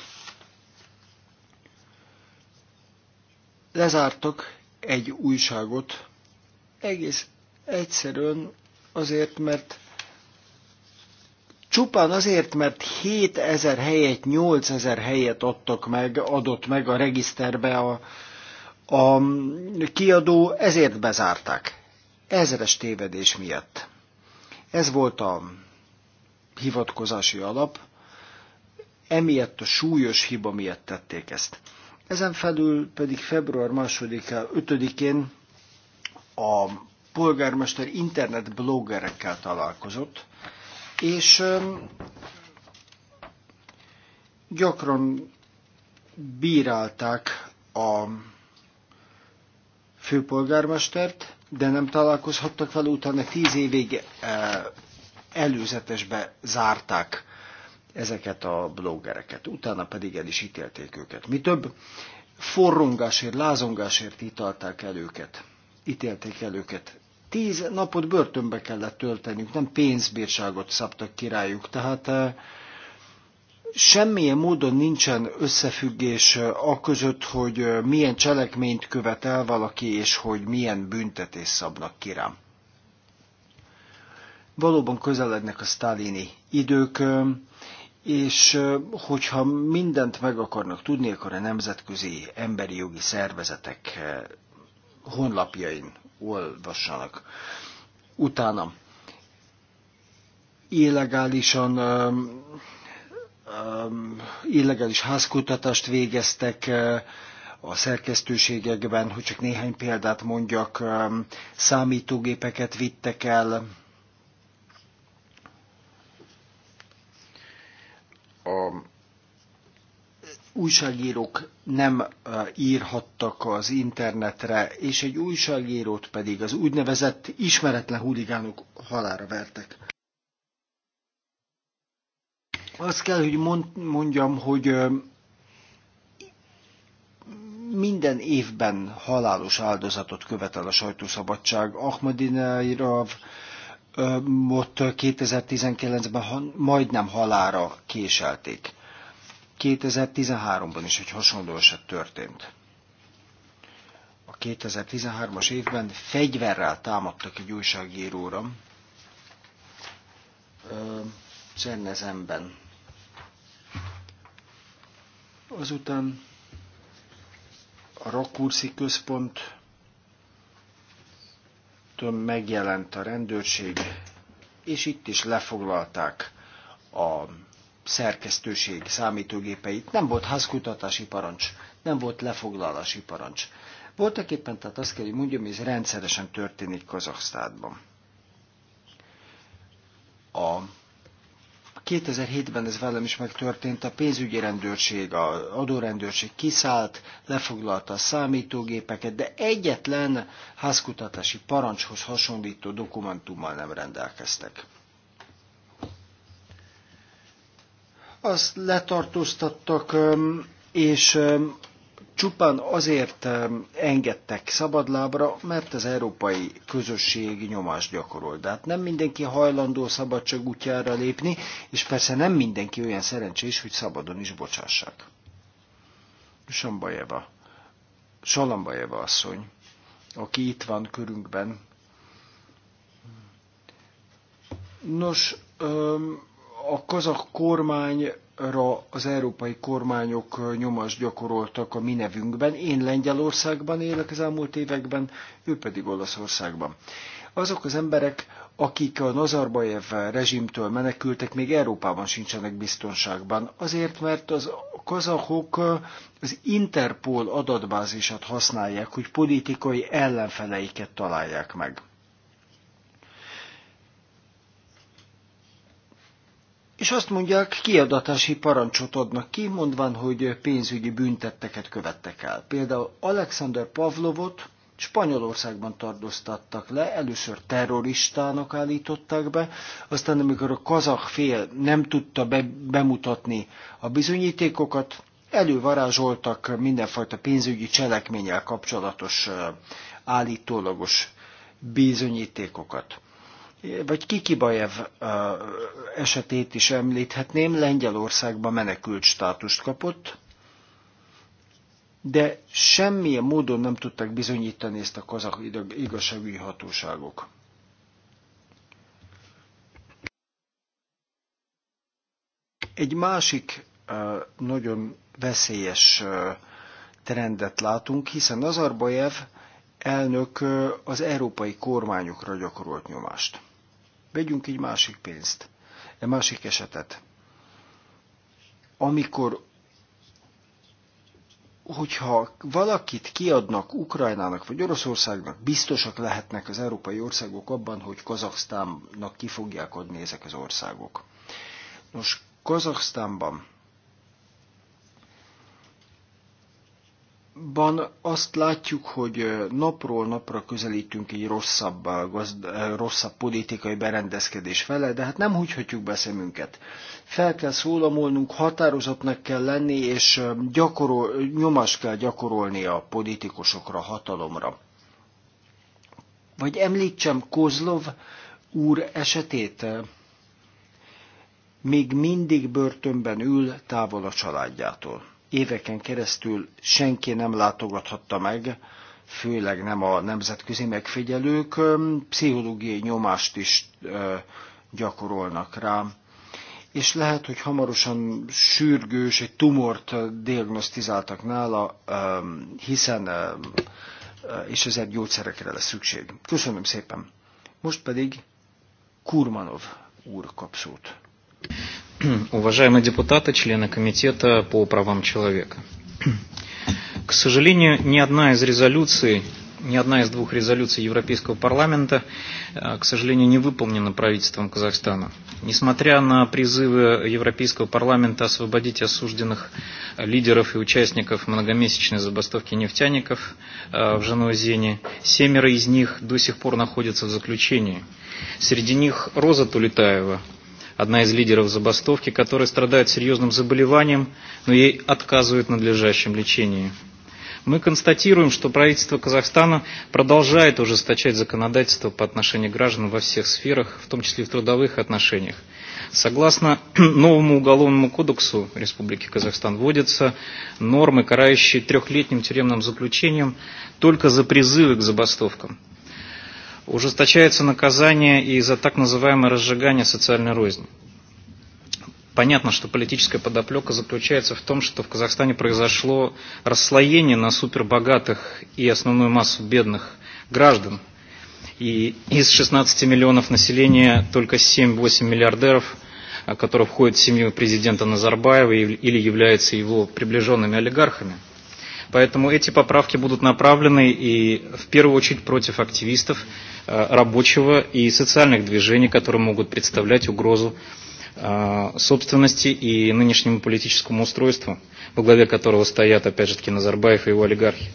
Lezártak egy újságot, egész egyszerűen azért, mert Csupán azért, mert 7000 helyet, 8000 helyet adtak meg, adott meg a regiszterbe a, a kiadó, ezért bezárták. Ezeres tévedés miatt. Ez volt a hivatkozási alap, emiatt a súlyos hiba miatt tették ezt. Ezen felül pedig február 2 5-én a polgármester internet bloggerekkel találkozott, és gyakran bírálták a főpolgármestert, de nem találkozhattak vele, utána tíz évig eh, előzetesbe zárták ezeket a bloggereket, utána pedig el is ítélték őket. Mi több, forrongásért, lázongásért ítalták el őket, ítélték el őket. Tíz napot börtönbe kellett tölteniük, nem pénzbírságot szabtak királyuk, tehát eh, semmilyen módon nincsen összefüggés eh, a között, hogy eh, milyen cselekményt követ el valaki, és hogy milyen büntetés szabnak kirám. Valóban közelednek a sztálini idők, és hogyha mindent meg akarnak tudni, akkor a nemzetközi emberi jogi szervezetek honlapjain olvassanak. Utána illegálisan illegális házkutatást végeztek a szerkesztőségekben, hogy csak néhány példát mondjak, számítógépeket vittek el, a újságírók nem írhattak az internetre, és egy újságírót pedig az úgynevezett ismeretlen huligánok halára vertek. Azt kell, hogy mondjam, hogy minden évben halálos áldozatot követel a sajtószabadság. Ahmadinejrav, ott 2019-ben majdnem halára késelték. 2013-ban is egy hasonló eset történt. A 2013-as évben fegyverrel támadtak egy újságíróra, Csernezemben. Azután a Rakurszi Központ megjelent a rendőrség, és itt is lefoglalták a szerkesztőség számítógépeit. Nem volt házkutatási parancs, nem volt lefoglalási parancs. Voltak éppen, tehát azt kell, hogy mondjam, hogy ez rendszeresen történik Kazaksztádban. A 2007-ben ez velem is megtörtént, a pénzügyi rendőrség, a adórendőrség kiszállt, lefoglalta a számítógépeket, de egyetlen házkutatási parancshoz hasonlító dokumentummal nem rendelkeztek. Azt letartóztattak, és Csupán azért engedtek szabadlábra, mert az európai közösség nyomást gyakorol. De hát nem mindenki hajlandó szabadság útjára lépni, és persze nem mindenki olyan szerencsés, hogy szabadon is bocsássák. Sambajeva, Salambajeva asszony, aki itt van körünkben. Nos, a kazak kormány ra az európai kormányok nyomást gyakoroltak a mi nevünkben. Én Lengyelországban élek az elmúlt években, ő pedig Olaszországban. Azok az emberek, akik a Nazarbayev rezsimtől menekültek, még Európában sincsenek biztonságban. Azért, mert az kazahok az Interpol adatbázisát használják, hogy politikai ellenfeleiket találják meg. és azt mondják, kiadatási parancsot adnak ki, mondván, hogy pénzügyi büntetteket követtek el. Például Alexander Pavlovot Spanyolországban tartóztattak le, először terroristának állították be, aztán amikor a kazak fél nem tudta be, bemutatni a bizonyítékokat, elővarázsoltak mindenfajta pénzügyi cselekménnyel kapcsolatos állítólagos bizonyítékokat vagy Kikibajev esetét is említhetném, Lengyelországban menekült státust kapott, de semmilyen módon nem tudták bizonyítani ezt a kazak igazságügyi hatóságok. Egy másik nagyon veszélyes trendet látunk, hiszen Nazarbayev elnök az európai kormányokra gyakorolt nyomást. Vegyünk egy másik pénzt, egy másik esetet. Amikor hogyha valakit kiadnak Ukrajnának vagy Oroszországnak, biztosak lehetnek az európai országok abban, hogy Kazaksztánnak ki fogják adni ezek az országok. Nos, Kazaksztánban Ban azt látjuk, hogy napról napra közelítünk egy rosszabb, gazd, rosszabb politikai berendezkedés fele, de hát nem húgyhatjuk be szemünket. Fel kell szólamolnunk, határozatnak kell lenni, és gyakorol, nyomás kell gyakorolni a politikusokra, hatalomra. Vagy említsem Kozlov úr esetét, még mindig börtönben ül távol a családjától éveken keresztül senki nem látogathatta meg, főleg nem a nemzetközi megfigyelők, pszichológiai nyomást is gyakorolnak rá. És lehet, hogy hamarosan sürgős, egy tumort diagnosztizáltak nála, hiszen és ezért gyógyszerekre lesz szükség. Köszönöm szépen. Most pedig Kurmanov úr kapszót уважаемые депутаты, члены Комитета по правам человека. К сожалению, ни одна из резолюций, ни одна из двух резолюций Европейского парламента, к сожалению, не выполнена правительством Казахстана. Несмотря на призывы Европейского парламента освободить осужденных лидеров и участников многомесячной забастовки нефтяников в Жанозене, семеро из них до сих пор находятся в заключении. Среди них Роза Тулетаева – одна из лидеров забастовки, которая страдает серьезным заболеванием, но ей отказывают в надлежащем лечении. Мы констатируем, что правительство Казахстана продолжает ужесточать законодательство по отношению граждан во всех сферах, в том числе и в трудовых отношениях. Согласно новому уголовному кодексу Республики Казахстан вводятся нормы, карающие трехлетним тюремным заключением только за призывы к забастовкам. Ужесточается наказание и за так называемое разжигание социальной розни. Понятно, что политическая подоплека заключается в том, что в Казахстане произошло расслоение на супербогатых и основную массу бедных граждан. И из 16 миллионов населения только 7-8 миллиардеров, которые входят в семью президента Назарбаева или являются его приближенными олигархами – Поэтому эти поправки будут направлены и в первую очередь против активистов рабочего и социальных движений, которые могут представлять угрозу собственности и нынешнему политическому устройству, во главе которого стоят, опять же таки, Назарбаев и его олигархи.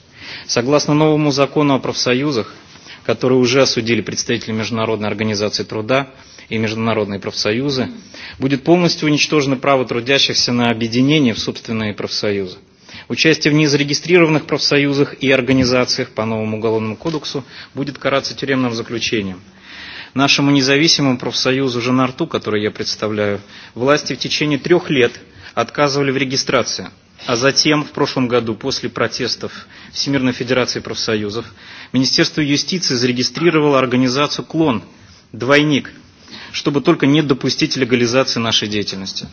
Согласно новому закону о профсоюзах, который уже осудили представители Международной организации труда и международные профсоюзы, будет полностью уничтожено право трудящихся на объединение в собственные профсоюзы. Участие в незарегистрированных профсоюзах и организациях по новому уголовному кодексу будет караться тюремным заключением. Нашему независимому профсоюзу «Женарту», который я представляю, власти в течение трех лет отказывали в регистрации. А затем, в прошлом году, после протестов Всемирной Федерации профсоюзов, Министерство юстиции зарегистрировало организацию «Клон», «Двойник», чтобы только не допустить легализации нашей деятельности.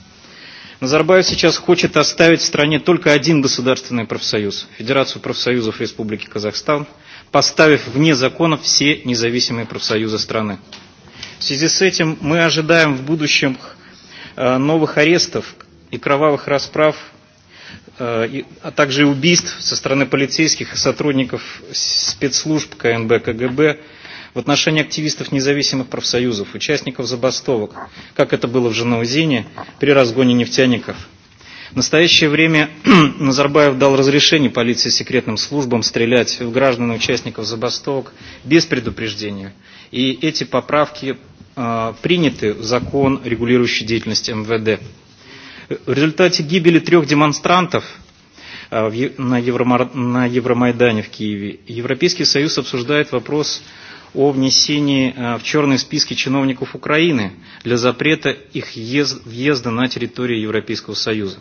Назарбаев сейчас хочет оставить в стране только один государственный профсоюз – Федерацию профсоюзов Республики Казахстан, поставив вне закона все независимые профсоюзы страны. В связи с этим мы ожидаем в будущем новых арестов и кровавых расправ, а также убийств со стороны полицейских и сотрудников спецслужб КНБ, КГБ – в отношении активистов независимых профсоюзов, участников забастовок, как это было в Жанаузине при разгоне нефтяников. В настоящее время Назарбаев дал разрешение полиции секретным службам стрелять в граждан и участников забастовок без предупреждения. И эти поправки э, приняты в закон, регулирующий деятельность МВД. В результате гибели трех демонстрантов в, на, Евромар, на Евромайдане в Киеве Европейский Союз обсуждает вопрос о внесении в черные списки чиновников Украины для запрета их въезда на территорию Европейского Союза.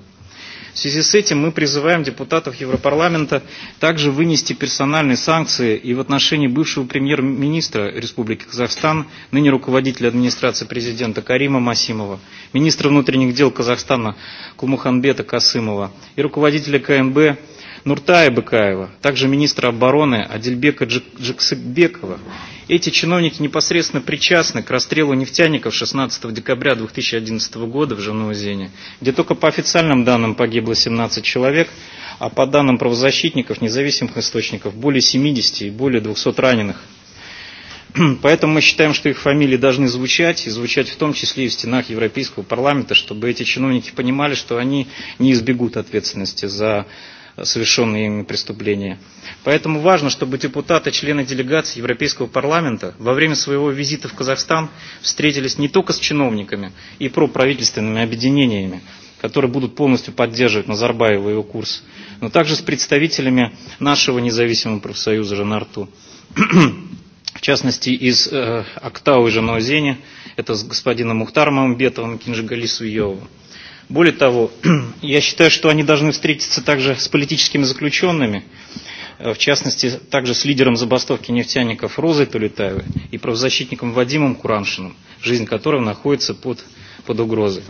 В связи с этим мы призываем депутатов Европарламента также вынести персональные санкции и в отношении бывшего премьер-министра Республики Казахстан, ныне руководителя администрации президента Карима Масимова, министра внутренних дел Казахстана Кумуханбета Касымова и руководителя КНБ Нуртая Быкаева, также министра обороны Адильбека Джексыкбекова. Эти чиновники непосредственно причастны к расстрелу нефтяников 16 декабря 2011 года в Жанаузене, где только по официальным данным погибло 17 человек, а по данным правозащитников, независимых источников, более 70 и более 200 раненых. Поэтому мы считаем, что их фамилии должны звучать, и звучать в том числе и в стенах Европейского парламента, чтобы эти чиновники понимали, что они не избегут ответственности за совершенные ими преступления. Поэтому важно, чтобы депутаты, члены делегации Европейского парламента во время своего визита в Казахстан встретились не только с чиновниками и проправительственными объединениями, которые будут полностью поддерживать Назарбаева и его курс, но также с представителями нашего независимого профсоюза Жанарту. в частности, из э, Актау и Жануазени, это с господином Мухтаром Амбетовым, и Кинжигалису Более того, я считаю, что они должны встретиться также с политическими заключенными, в частности, также с лидером забастовки нефтяников Розой Тулетаевой и правозащитником Вадимом Кураншиным, жизнь которого находится под, под угрозой.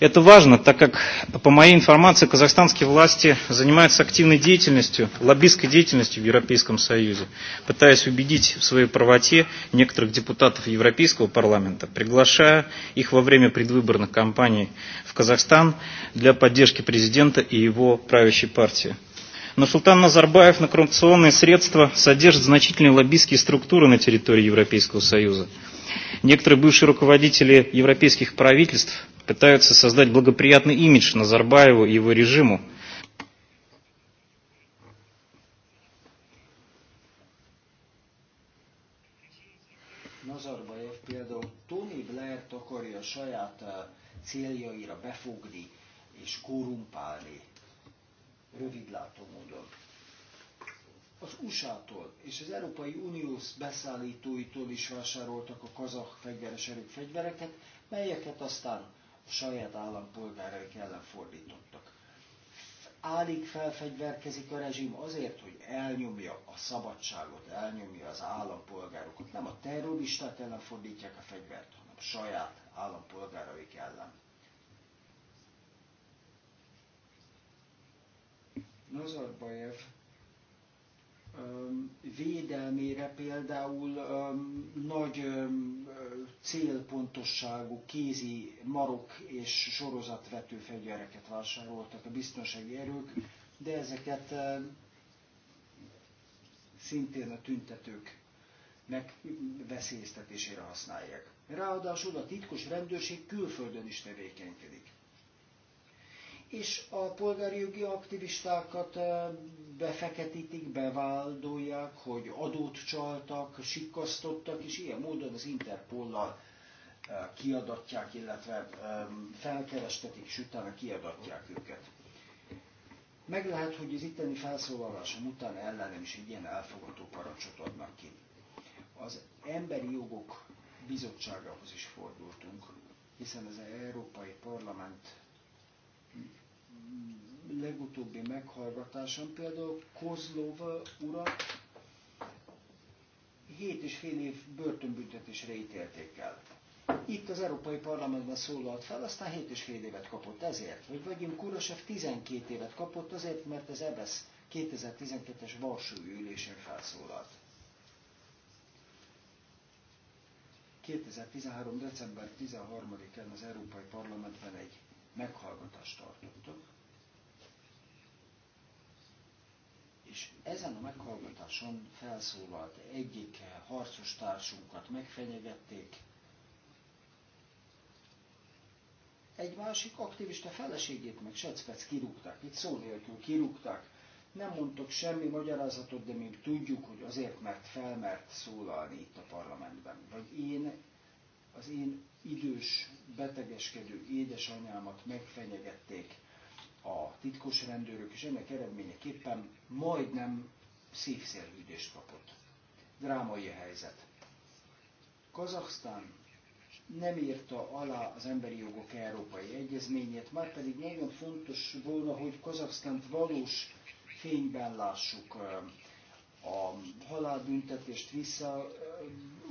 Это важно, так как, по моей информации, казахстанские власти занимаются активной деятельностью, лоббистской деятельностью в Европейском Союзе, пытаясь убедить в своей правоте некоторых депутатов Европейского парламента, приглашая их во время предвыборных кампаний в Казахстан для поддержки президента и его правящей партии. Но Султан Назарбаев на коррупционные средства содержит значительные лоббистские структуры на территории Европейского Союза – Некоторые бывшие руководители европейских правительств пытаются создать благоприятный имидж Назарбаеву и его режиму. Назарбаев, például Tony blair akarja saját céljaira befogni és korumpálni. Rövidlátó módon az USA-tól és az Európai Unió beszállítóitól is vásároltak a kazakh fegyveres erők fegyvereket, melyeket aztán a saját állampolgáraik ellen fordítottak. Állig felfegyverkezik a rezsim azért, hogy elnyomja a szabadságot, elnyomja az állampolgárokat. Nem a terroristák ellen fordítják a fegyvert, hanem a saját állampolgáraik ellen. Nazarbayev védelmére például nagy célpontosságú kézi marok és sorozatvető fegyvereket vásároltak a biztonsági erők, de ezeket szintén a tüntetők megveszélyeztetésére használják. Ráadásul a titkos rendőrség külföldön is tevékenykedik és a polgári jogi aktivistákat befeketítik, beváldolják, hogy adót csaltak, sikkasztottak, és ilyen módon az Interpollal kiadatják, illetve felkerestetik, és utána kiadatják őket. Meg lehet, hogy az itteni felszólalásom után ellenem is egy ilyen elfogadó parancsot adnak ki. Az Emberi Jogok Bizottságához is fordultunk, hiszen az Európai Parlament legutóbbi meghallgatásom például Kozlov urat fél év börtönbüntetésre ítélték el. Itt az Európai Parlamentben szólalt fel, aztán fél évet kapott ezért. Vagy Vegyim Kurosev 12 évet kapott azért, mert az EBSZ 2012-es Varsó ülésén felszólalt. 2013. december 13-án az Európai Parlamentben egy meghallgatást tartottak, és ezen a meghallgatáson felszólalt egyik harcos társunkat megfenyegették, egy másik aktivista feleségét meg secpec kirúgták, itt szó nélkül kirúgták. Nem mondtok semmi magyarázatot, de még tudjuk, hogy azért, mert felmert szólalni itt a parlamentben. Vagy én, az én idős, betegeskedő édesanyámat megfenyegették, a titkos rendőrök, és ennek eredményeképpen majdnem szívszélhűdést kapott. Drámai a helyzet. Kazaksztán nem írta alá az emberi jogok európai egyezményét, már pedig nagyon fontos volna, hogy Kazaksztánt valós fényben lássuk. A halálbüntetést vissza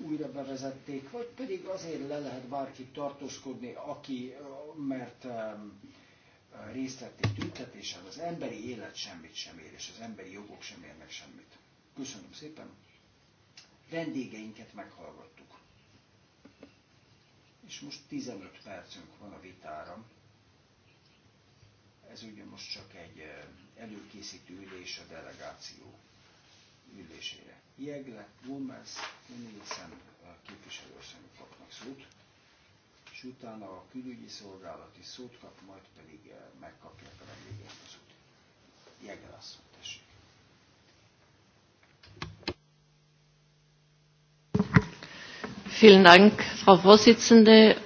újra bevezették, vagy pedig azért le lehet bárkit tartózkodni, aki, mert részt vették tüntetésen, az emberi élet semmit sem ér, és az emberi jogok sem érnek semmit. Köszönöm szépen. Vendégeinket meghallgattuk. És most 15 percünk van a vitára. Ez ugye most csak egy eh, előkészítő ülés a delegáció ülésére. Jegle, Gomez, Nielsen képviselőasszonyok kapnak szót és utána a külügyi szolgálati szót kap, majd pedig eh, megkapják a vendégek az út. Jegel asszony, tessék. Vielen Dank, Frau Vorsitzende.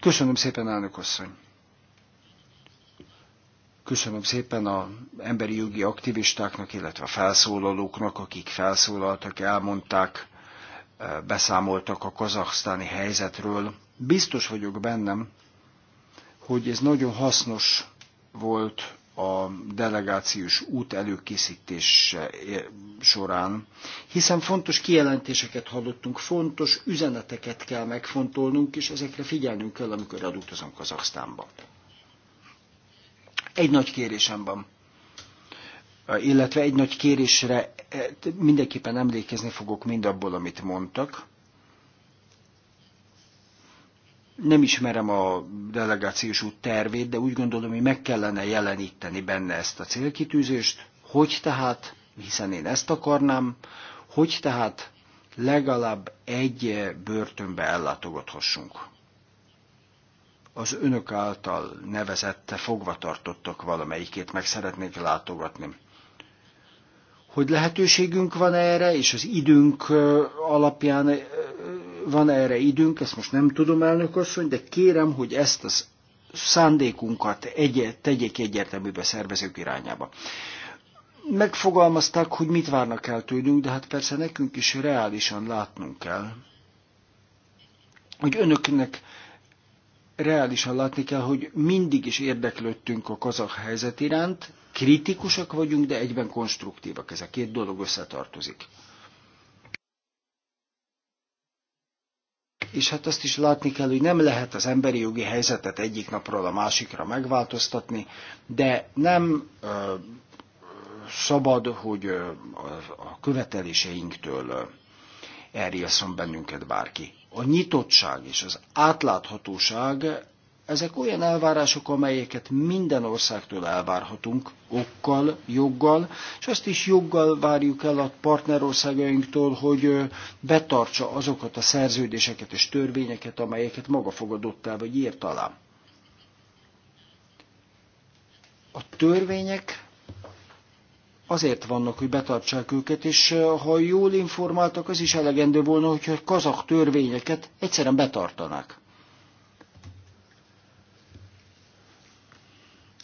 Köszönöm szépen, elnök asszony. Köszönöm szépen a emberi jogi aktivistáknak, illetve a felszólalóknak, akik felszólaltak, elmondták, eh, beszámoltak a kazahsztáni helyzetről Biztos vagyok bennem, hogy ez nagyon hasznos volt a delegációs út előkészítése során, hiszen fontos kijelentéseket hallottunk, fontos üzeneteket kell megfontolnunk, és ezekre figyelnünk kell, amikor elutazunk Kazaksztánba. Egy nagy kérésem van, illetve egy nagy kérésre eh, mindenképpen emlékezni fogok mindabból, amit mondtak, nem ismerem a delegációs út tervét, de úgy gondolom, hogy meg kellene jeleníteni benne ezt a célkitűzést, hogy tehát, hiszen én ezt akarnám, hogy tehát legalább egy börtönbe ellátogathassunk. Az önök által nevezette fogvatartottak valamelyikét meg szeretnék látogatni. Hogy lehetőségünk van erre, és az időnk alapján van erre időnk, ezt most nem tudom, elnök asszony, de kérem, hogy ezt a szándékunkat egy, tegyék egyértelműbe szervezők irányába. Megfogalmazták, hogy mit várnak el tőlünk, de hát persze nekünk is reálisan látnunk kell, hogy önöknek reálisan látni kell, hogy mindig is érdeklődtünk a kazak helyzet iránt, kritikusak vagyunk, de egyben konstruktívak. Ez a két dolog összetartozik. és hát azt is látni kell, hogy nem lehet az emberi jogi helyzetet egyik napról a másikra megváltoztatni, de nem ö, szabad, hogy ö, a követeléseinktől ö, elriasszon bennünket bárki. A nyitottság és az átláthatóság ezek olyan elvárások, amelyeket minden országtól elvárhatunk, okkal, joggal, és azt is joggal várjuk el a partnerországainktól, hogy betartsa azokat a szerződéseket és törvényeket, amelyeket maga fogadott el, vagy írt alá. A törvények azért vannak, hogy betartsák őket, és ha jól informáltak, az is elegendő volna, hogyha kazak törvényeket egyszerűen betartanák.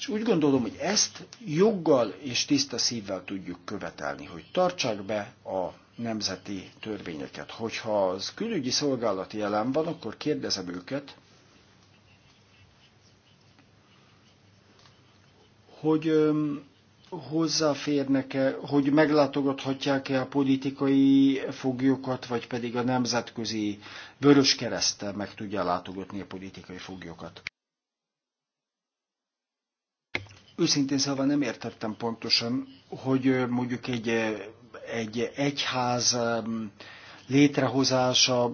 És úgy gondolom, hogy ezt joggal és tiszta szívvel tudjuk követelni, hogy tartsák be a nemzeti törvényeket. Hogyha az külügyi szolgálat jelen van, akkor kérdezem őket, hogy hozzáférnek-e, hogy meglátogathatják-e a politikai foglyokat, vagy pedig a nemzetközi keresztel meg tudja látogatni a politikai foglyokat. Őszintén szólva nem értettem pontosan, hogy mondjuk egy, egy egyház létrehozása,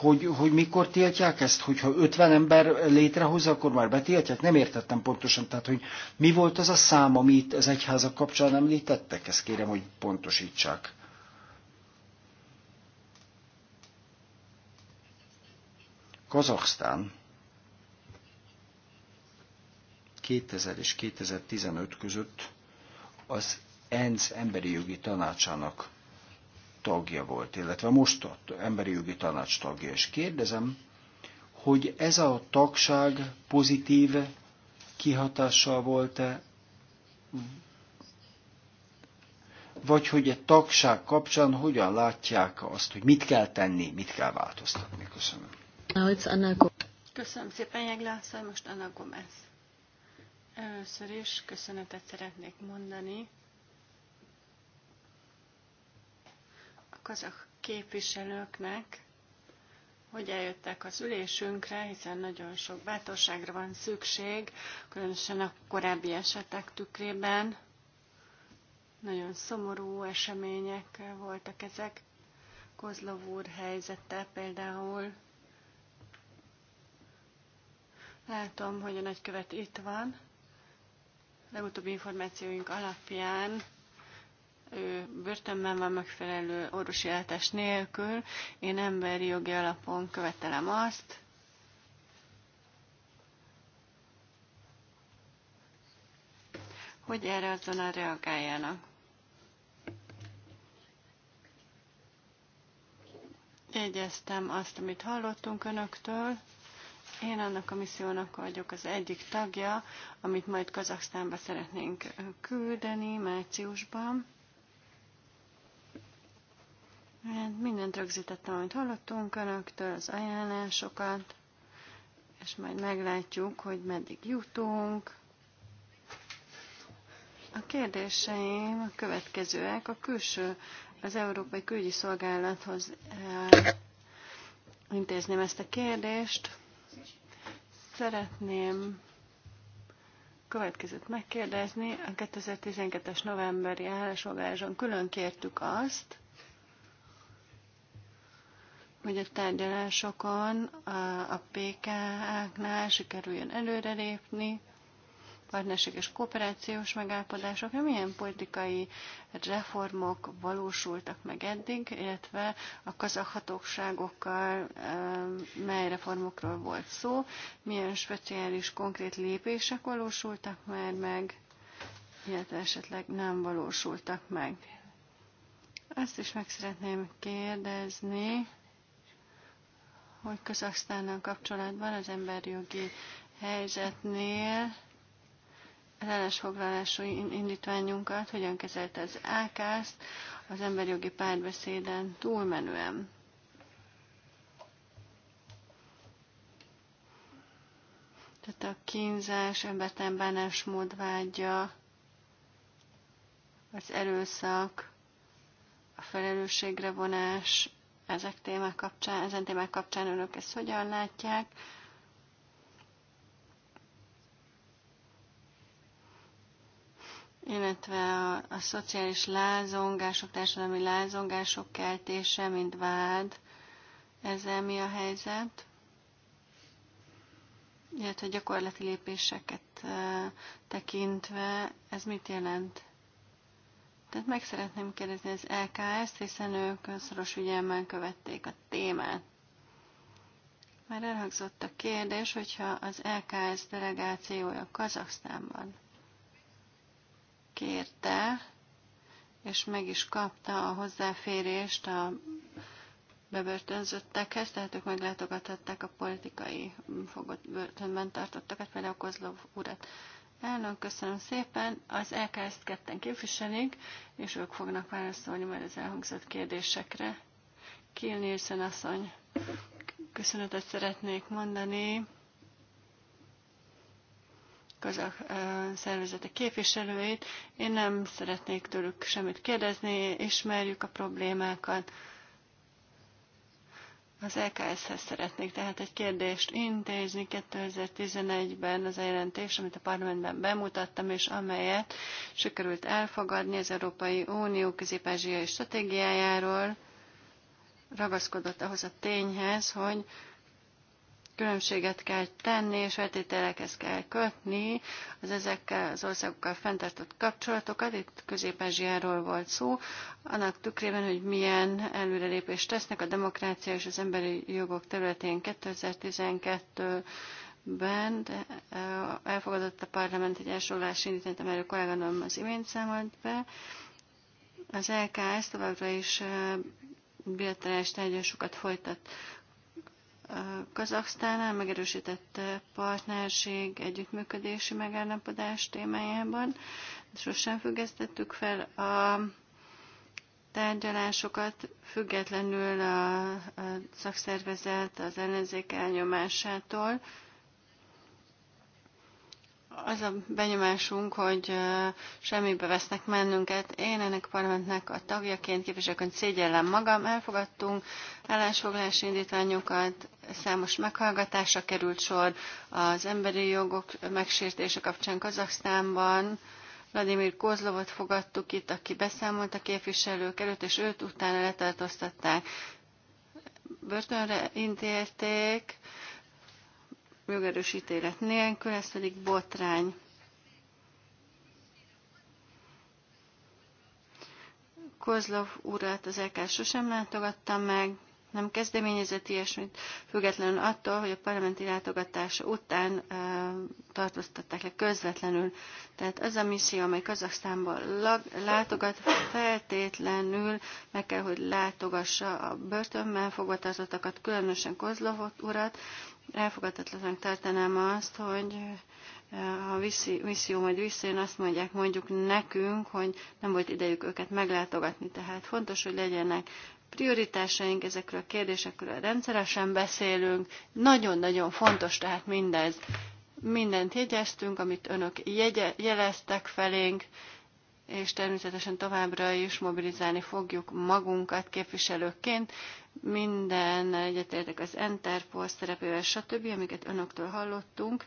hogy, hogy mikor tiltják ezt? Hogyha 50 ember létrehoz, akkor már betiltják? Nem értettem pontosan. Tehát, hogy mi volt az a szám, amit az egyházak kapcsán említettek? Ezt kérem, hogy pontosítsák. Kazaksztán. 2000 és 2015 között az ENSZ emberi jogi tanácsának tagja volt, illetve most a emberi jogi tanács tagja. És kérdezem, hogy ez a tagság pozitív kihatással volt-e, vagy hogy a tagság kapcsán hogyan látják azt, hogy mit kell tenni, mit kell változtatni. Köszönöm. Köszönöm szépen, Jegle, most Anna Gomez. Először is köszönetet szeretnék mondani a kazak képviselőknek, hogy eljöttek az ülésünkre, hiszen nagyon sok bátorságra van szükség, különösen a korábbi esetek tükrében. Nagyon szomorú események voltak ezek. Kozlov úr helyzete például. Látom, hogy a nagykövet itt van legutóbbi információink alapján ő börtönben van megfelelő orvosi ellátás nélkül. Én emberi jogi alapon követelem azt, hogy erre azon a reagáljanak. Jegyeztem azt, amit hallottunk önöktől. Én annak a missziónak vagyok az egyik tagja, amit majd Kazaksztánba szeretnénk küldeni márciusban. Hát mindent rögzítettem, amit hallottunk önöktől, az ajánlásokat, és majd meglátjuk, hogy meddig jutunk. A kérdéseim a következőek. A külső, az Európai Külügyi Szolgálathoz intézném ezt a kérdést. Szeretném következőt megkérdezni. A 2012-es novemberi állásfoglaláson külön kértük azt, hogy a tárgyalásokon a pkk nál sikerüljön előrelépni, partnerség és kooperációs megállapodások, milyen politikai reformok valósultak meg eddig, illetve a kazahhatóságokkal eh, mely reformokról volt szó, milyen speciális konkrét lépések valósultak már meg, illetve esetleg nem valósultak meg. Azt is meg szeretném kérdezni, hogy Kazaksztánnal kapcsolatban az emberjogi helyzetnél az állásfoglalású indítványunkat, hogyan kezelte az ákász az emberjogi párbeszéden túlmenően. Tehát a kínzás, embertelen bánásmód vágya, az erőszak, a felelősségre vonás, ezek témák kapcsán, ezen témák kapcsán önök ezt hogyan látják? illetve a, a szociális lázongások, társadalmi lázongások keltése, mint vád, ezzel mi a helyzet? Illetve gyakorlati lépéseket tekintve ez mit jelent? Tehát meg szeretném kérdezni az LKS-t, hiszen ők szoros ügyelmen követték a témát. Már elhangzott a kérdés, hogyha az LKS delegációja Kazaksztánban kérte, és meg is kapta a hozzáférést a bebörtönzöttekhez, tehát ők meglátogathatták a politikai fogott börtönben tartottakat, például Kozlov urat. Elnök, köszönöm szépen. Az LKS-t e ketten képviselik, és ők fognak válaszolni majd az elhangzott kérdésekre. Kill Nielsen asszony, köszönetet szeretnék mondani kazak szervezetek képviselőit. Én nem szeretnék tőlük semmit kérdezni, ismerjük a problémákat. Az LKS-hez szeretnék tehát egy kérdést intézni. 2011-ben az a jelentés, amit a parlamentben bemutattam, és amelyet sikerült elfogadni az Európai Unió közép-ázsiai stratégiájáról, ragaszkodott ahhoz a tényhez, hogy különbséget kell tenni, és feltételekhez kell kötni az ezekkel az országokkal fenntartott kapcsolatokat. Itt közép volt szó, annak tükrében, hogy milyen előrelépést tesznek a demokrácia és az emberi jogok területén 2012 ben elfogadott a parlament egy elsorolás indítványt, amelyről kolléganom az imént számolt be. Az LKS továbbra is bilaterális tárgyalásokat folytat Kazaksztánnal megerősített partnerség együttműködési megállapodás témájában. Sosem függesztettük fel a tárgyalásokat, függetlenül a szakszervezet az ellenzék elnyomásától az a benyomásunk, hogy semmibe vesznek mennünket. Én ennek a parlamentnek a tagjaként képviselőként szégyellem magam. Elfogadtunk állásfoglalási indítványokat, számos meghallgatásra került sor az emberi jogok megsértése kapcsán Kazaksztánban. Vladimir Kozlovot fogadtuk itt, aki beszámolt a képviselők előtt, és őt utána letartóztatták. Börtönre intélték, jogerős ítélet nélkül, ez pedig botrány. Kozlov urat az EK sosem látogatta meg, nem kezdeményezett ilyesmit, függetlenül attól, hogy a parlamenti látogatása után e, tartóztatták le közvetlenül. Tehát az a misszió, amely Kazaksztánban látogat, feltétlenül meg kell, hogy látogassa a börtönben fogvatartottakat, különösen Kozlov urat, elfogadhatatlanak tartanám azt, hogy ha viszi, misszió majd visszajön, azt mondják mondjuk nekünk, hogy nem volt idejük őket meglátogatni. Tehát fontos, hogy legyenek prioritásaink, ezekről a kérdésekről rendszeresen beszélünk. Nagyon-nagyon fontos tehát mindez. Mindent jegyeztünk, amit önök jegye, jeleztek felénk, és természetesen továbbra is mobilizálni fogjuk magunkat képviselőként, minden egyetértek az Enterpol szerepével, stb., amiket önöktől hallottunk.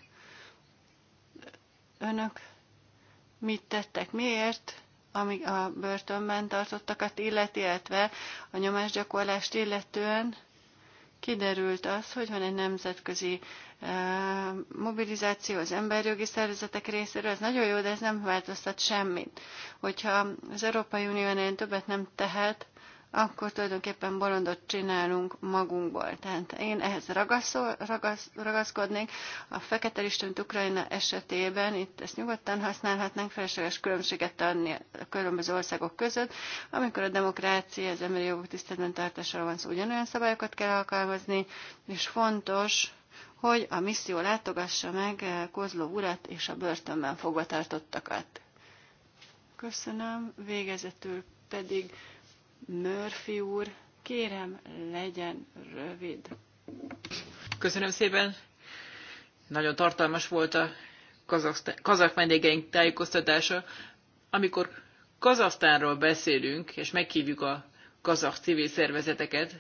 Önök mit tettek, miért, amíg a börtönben tartottakat illeti, illetve a nyomásgyakorlást illetően, kiderült az, hogy van egy nemzetközi eh, mobilizáció az emberjogi szervezetek részéről, ez nagyon jó, de ez nem változtat semmit. Hogyha az Európai Unió ennél többet nem tehet, akkor tulajdonképpen bolondot csinálunk magunkból. Tehát én ehhez ragaszol, ragasz, ragaszkodnék. A fekete lista, mint Ukrajna esetében, itt ezt nyugodtan használhatnánk, felesleges különbséget tenni a különböző országok között. Amikor a demokrácia, az emberi jogok tiszteletben tartásáról van szó, ugyanolyan szabályokat kell alkalmazni, és fontos, hogy a misszió látogassa meg Kozló urat és a börtönben tartottakat. Köszönöm, végezetül pedig Murphy úr, kérem, legyen rövid. Köszönöm szépen. Nagyon tartalmas volt a kazak vendégeink tájékoztatása. Amikor Kazasztánról beszélünk, és meghívjuk a kazak civil szervezeteket,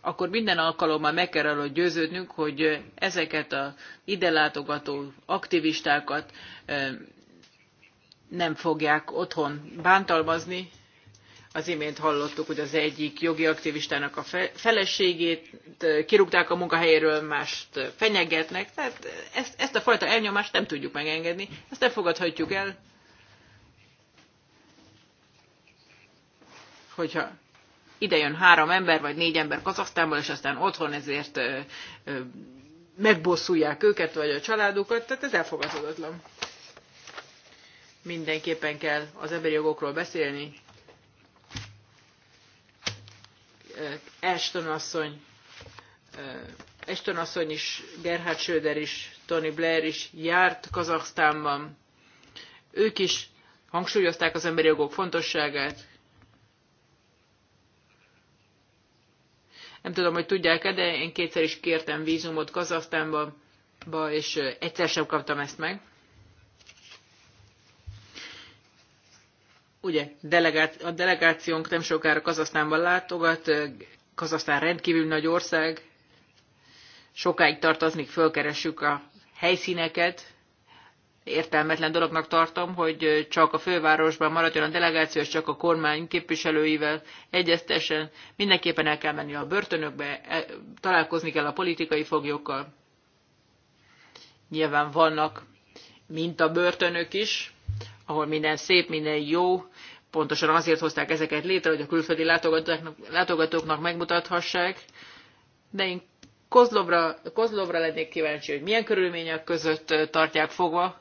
akkor minden alkalommal meg kell arról győződnünk, hogy ezeket az ide látogató aktivistákat nem fogják otthon bántalmazni. Az imént hallottuk, hogy az egyik jogi aktivistának a feleségét kirúgták a munkahelyéről, mást fenyegetnek. Tehát ezt, ezt a fajta elnyomást nem tudjuk megengedni, ezt nem fogadhatjuk el. Hogyha ide jön három ember, vagy négy ember Kazasztánból, és aztán otthon ezért megbosszulják őket, vagy a családukat, tehát ez elfogadhatatlan mindenképpen kell az emberi jogokról beszélni. Ashton asszony, Ashton asszony is, Gerhard Schröder is, Tony Blair is járt Kazaksztánban. Ők is hangsúlyozták az emberi jogok fontosságát. Nem tudom, hogy tudják-e, de én kétszer is kértem vízumot Kazasztánba, és egyszer sem kaptam ezt meg. Ugye delegát, a delegációnk nem sokára Kazasztánban látogat, Kazasztán rendkívül nagy ország, sokáig tartozni, fölkeressük a helyszíneket. Értelmetlen dolognak tartom, hogy csak a fővárosban maradjon a delegáció, és csak a kormány képviselőivel egyeztesen. Mindenképpen el kell menni a börtönökbe, e, találkozni kell a politikai foglyokkal. Nyilván vannak mint a börtönök is, ahol minden szép, minden jó, pontosan azért hozták ezeket létre, hogy a külföldi látogatóknak, látogatóknak megmutathassák, de én Kozlovra, Kozlovra lennék kíváncsi, hogy milyen körülmények között tartják fogva,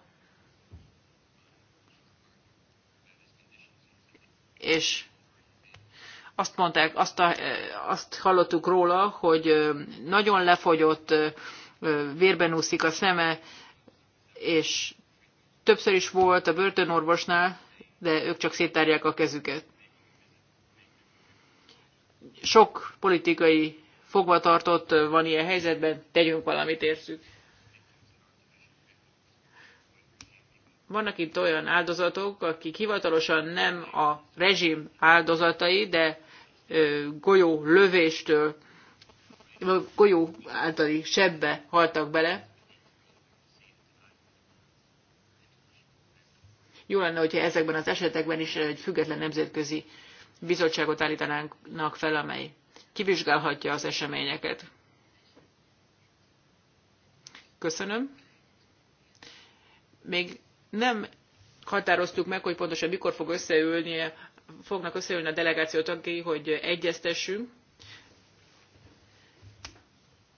és azt mondták, azt, a, azt hallottuk róla, hogy nagyon lefogyott, vérben úszik a szeme, és többször is volt a börtönorvosnál, de ők csak széttárják a kezüket. Sok politikai fogvatartott van ilyen helyzetben, tegyünk valamit érszük. Vannak itt olyan áldozatok, akik hivatalosan nem a rezsim áldozatai, de golyó lövéstől, golyó általi sebbe haltak bele. Jó lenne, hogyha ezekben az esetekben is egy független nemzetközi bizottságot állítanának fel, amely kivizsgálhatja az eseményeket. Köszönöm. Még nem határoztuk meg, hogy pontosan mikor fog összeülni, fognak összeülni a delegáció tagjai, hogy egyeztessünk.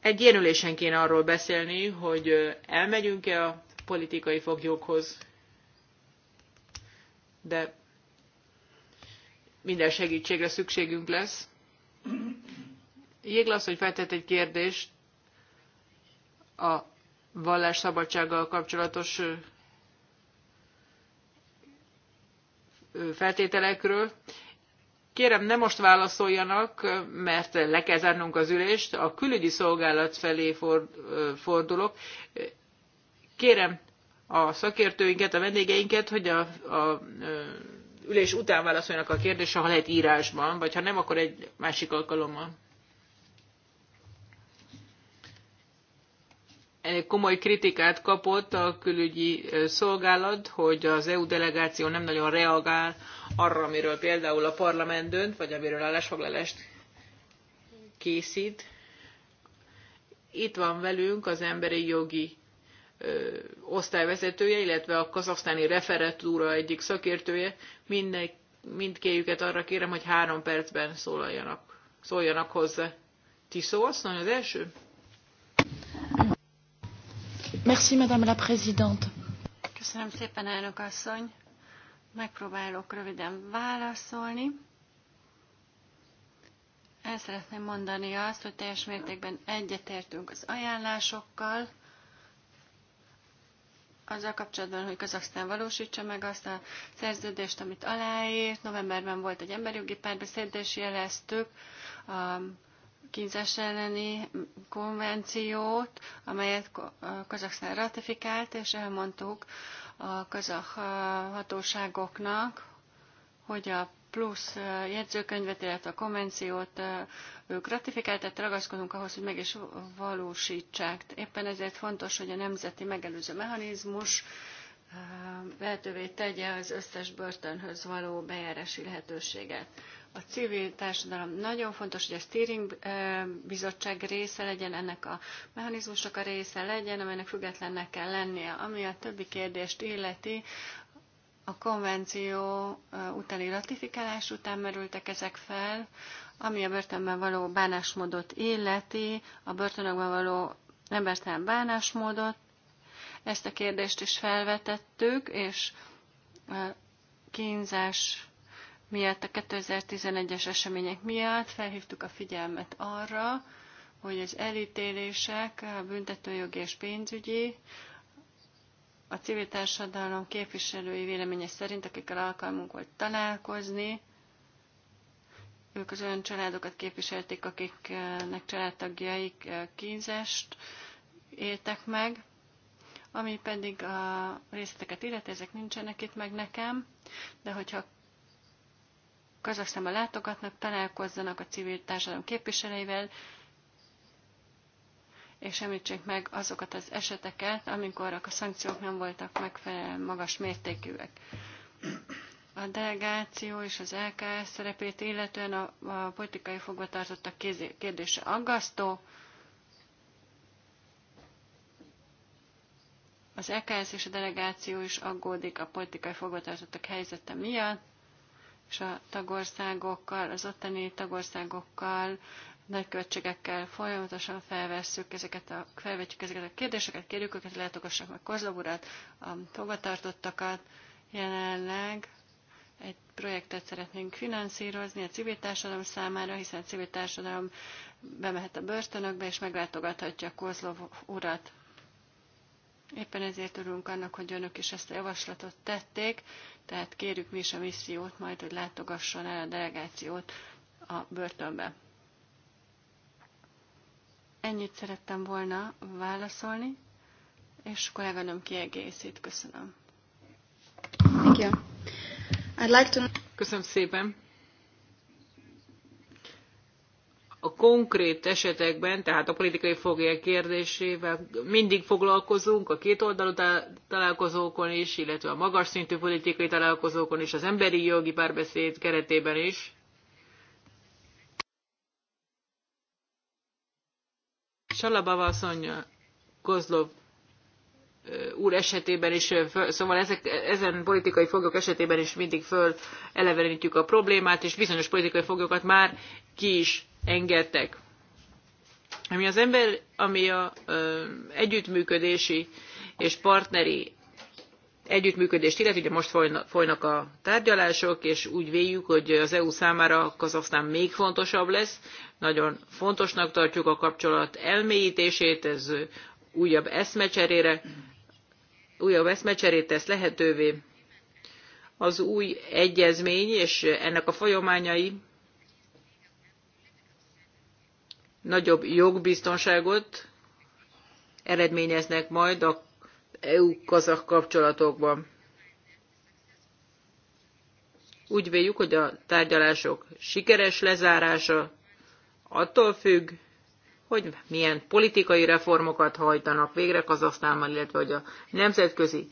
Egy ilyen ülésen kéne arról beszélni, hogy elmegyünk-e a politikai foglyokhoz, de minden segítségre szükségünk lesz. Jéglasz, hogy feltett egy kérdést a szabadsággal kapcsolatos feltételekről. Kérem, ne most válaszoljanak, mert le kell zárnunk az ülést. A külügyi szolgálat felé fordulok. Kérem, a szakértőinket, a vendégeinket, hogy a, a ülés után válaszoljanak a kérdésre, ha lehet írásban, vagy ha nem, akkor egy másik alkalommal. komoly kritikát kapott a külügyi szolgálat, hogy az EU delegáció nem nagyon reagál arra, amiről például a parlament dönt, vagy amiről állásfoglalást készít. Itt van velünk az emberi jogi osztályvezetője, illetve a kazaksztáni referatúra egyik szakértője, mindegy, mindkéjüket arra kérem, hogy három percben szólaljanak, szóljanak hozzá. Ti szólsz, nagyon az első? Merci, Madame la Présidente. Köszönöm szépen, elnök asszony. Megpróbálok röviden válaszolni. El szeretném mondani azt, hogy teljes mértékben egyetértünk az ajánlásokkal, azzal kapcsolatban, hogy Kazaksztán valósítsa meg azt a szerződést, amit aláírt. Novemberben volt egy emberjogi párbeszéd, és jeleztük a kínzás elleni konvenciót, amelyet Kazaksztán ratifikált, és elmondtuk a kazakh hatóságoknak, hogy a plusz jegyzőkönyvet, illetve a konvenciót ők ratifikálták, ragaszkodunk ahhoz, hogy meg is valósítsák. Éppen ezért fontos, hogy a nemzeti megelőző mechanizmus lehetővé tegye az összes börtönhöz való bejárási lehetőséget. A civil társadalom nagyon fontos, hogy a steering bizottság része legyen, ennek a mechanizmusnak a része legyen, amelynek függetlennek kell lennie. Ami a többi kérdést illeti, a konvenció utáni ratifikálás után merültek ezek fel, ami a börtönben való bánásmódot illeti, a börtönökben való embertelen bánásmódot. Ezt a kérdést is felvetettük, és a kínzás miatt, a 2011-es események miatt felhívtuk a figyelmet arra, hogy az elítélések, a büntetőjogi és pénzügyi, a civil társadalom képviselői véleménye szerint, akikkel alkalmunk volt találkozni, ők az olyan családokat képviselték, akiknek családtagjaik eh, kínzást éltek meg, ami pedig a részleteket illeti, ezek nincsenek itt meg nekem, de hogyha a látogatnak, találkozzanak a civil társadalom képviselőivel, és említsék meg azokat az eseteket, amikor a szankciók nem voltak megfelelően magas mértékűek. A delegáció és az LKS szerepét illetően a, a politikai fogvatartottak kérdése aggasztó. Az LKS és a delegáció is aggódik a politikai fogvatartottak helyzete miatt, és a tagországokkal, az ottani tagországokkal nagykövetségekkel folyamatosan felvesszük ezeket a, felvetjük ezeket a kérdéseket, kérjük őket, látogassak meg Kozlov urat, a fogvatartottakat. Jelenleg egy projektet szeretnénk finanszírozni a civil társadalom számára, hiszen a civil társadalom bemehet a börtönökbe, és meglátogathatja Kozlov urat. Éppen ezért örülünk annak, hogy önök is ezt a javaslatot tették, tehát kérjük mi is a missziót majd, hogy látogasson el a delegációt a börtönbe. Ennyit szerettem volna válaszolni, és kolléganőm kiegészít. Köszönöm. Thank you. I'd like to... Köszönöm szépen. A konkrét esetekben, tehát a politikai foglyek kérdésével mindig foglalkozunk, a két oldalú találkozókon is, illetve a magas szintű politikai találkozókon is, az emberi jogi párbeszéd keretében is Salabava asszony, Kozlov úr esetében is, szóval ezek, ezen politikai foglyok esetében is mindig föl elevenítjük a problémát, és bizonyos politikai foglyokat már ki is engedtek. Ami az ember, ami a ö, együttműködési és partneri együttműködést illeti, ugye most folynak a tárgyalások, és úgy véljük, hogy az EU számára Kazasztán még fontosabb lesz. Nagyon fontosnak tartjuk a kapcsolat elmélyítését, ez újabb eszmecserére, újabb eszmecserét tesz lehetővé. Az új egyezmény és ennek a folyamányai nagyobb jogbiztonságot eredményeznek majd a EU-kazak kapcsolatokban. Úgy véljük, hogy a tárgyalások sikeres lezárása attól függ, hogy milyen politikai reformokat hajtanak végre Kazasztánban, illetve hogy a nemzetközi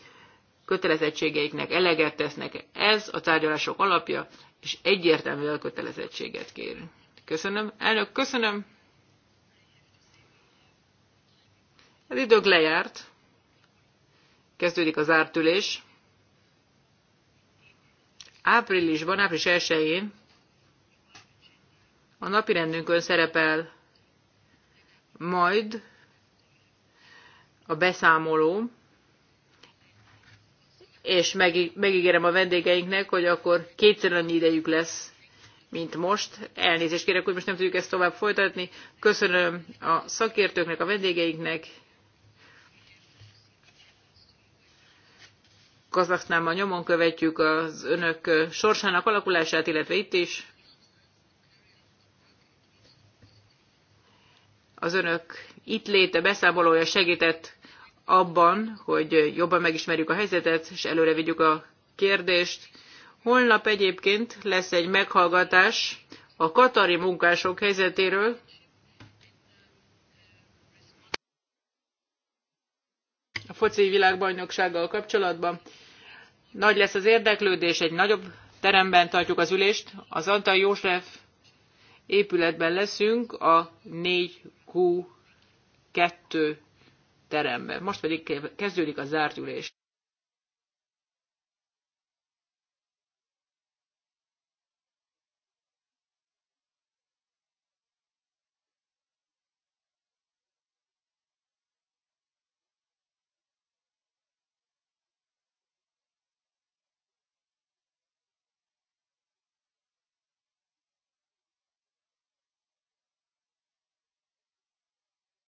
kötelezettségeiknek eleget tesznek. Ez a tárgyalások alapja, és egyértelmű elkötelezettséget kér. Köszönöm. Elnök, köszönöm. Az idők lejárt kezdődik az ártülés. Áprilisban, április 1-én a napirendünkön szerepel majd a beszámoló, és megígérem a vendégeinknek, hogy akkor kétszer annyi idejük lesz, mint most. Elnézést kérek, hogy most nem tudjuk ezt tovább folytatni. Köszönöm a szakértőknek, a vendégeinknek, Kazaksztánban nyomon követjük az önök sorsának alakulását, illetve itt is. Az önök itt léte beszámolója segített abban, hogy jobban megismerjük a helyzetet, és előre vigyük a kérdést. Holnap egyébként lesz egy meghallgatás a katari munkások helyzetéről, a foci világbajnoksággal kapcsolatban. Nagy lesz az érdeklődés, egy nagyobb teremben tartjuk az ülést. Az Antal József épületben leszünk a 4Q2 teremben. Most pedig kezdődik a zárt ülés.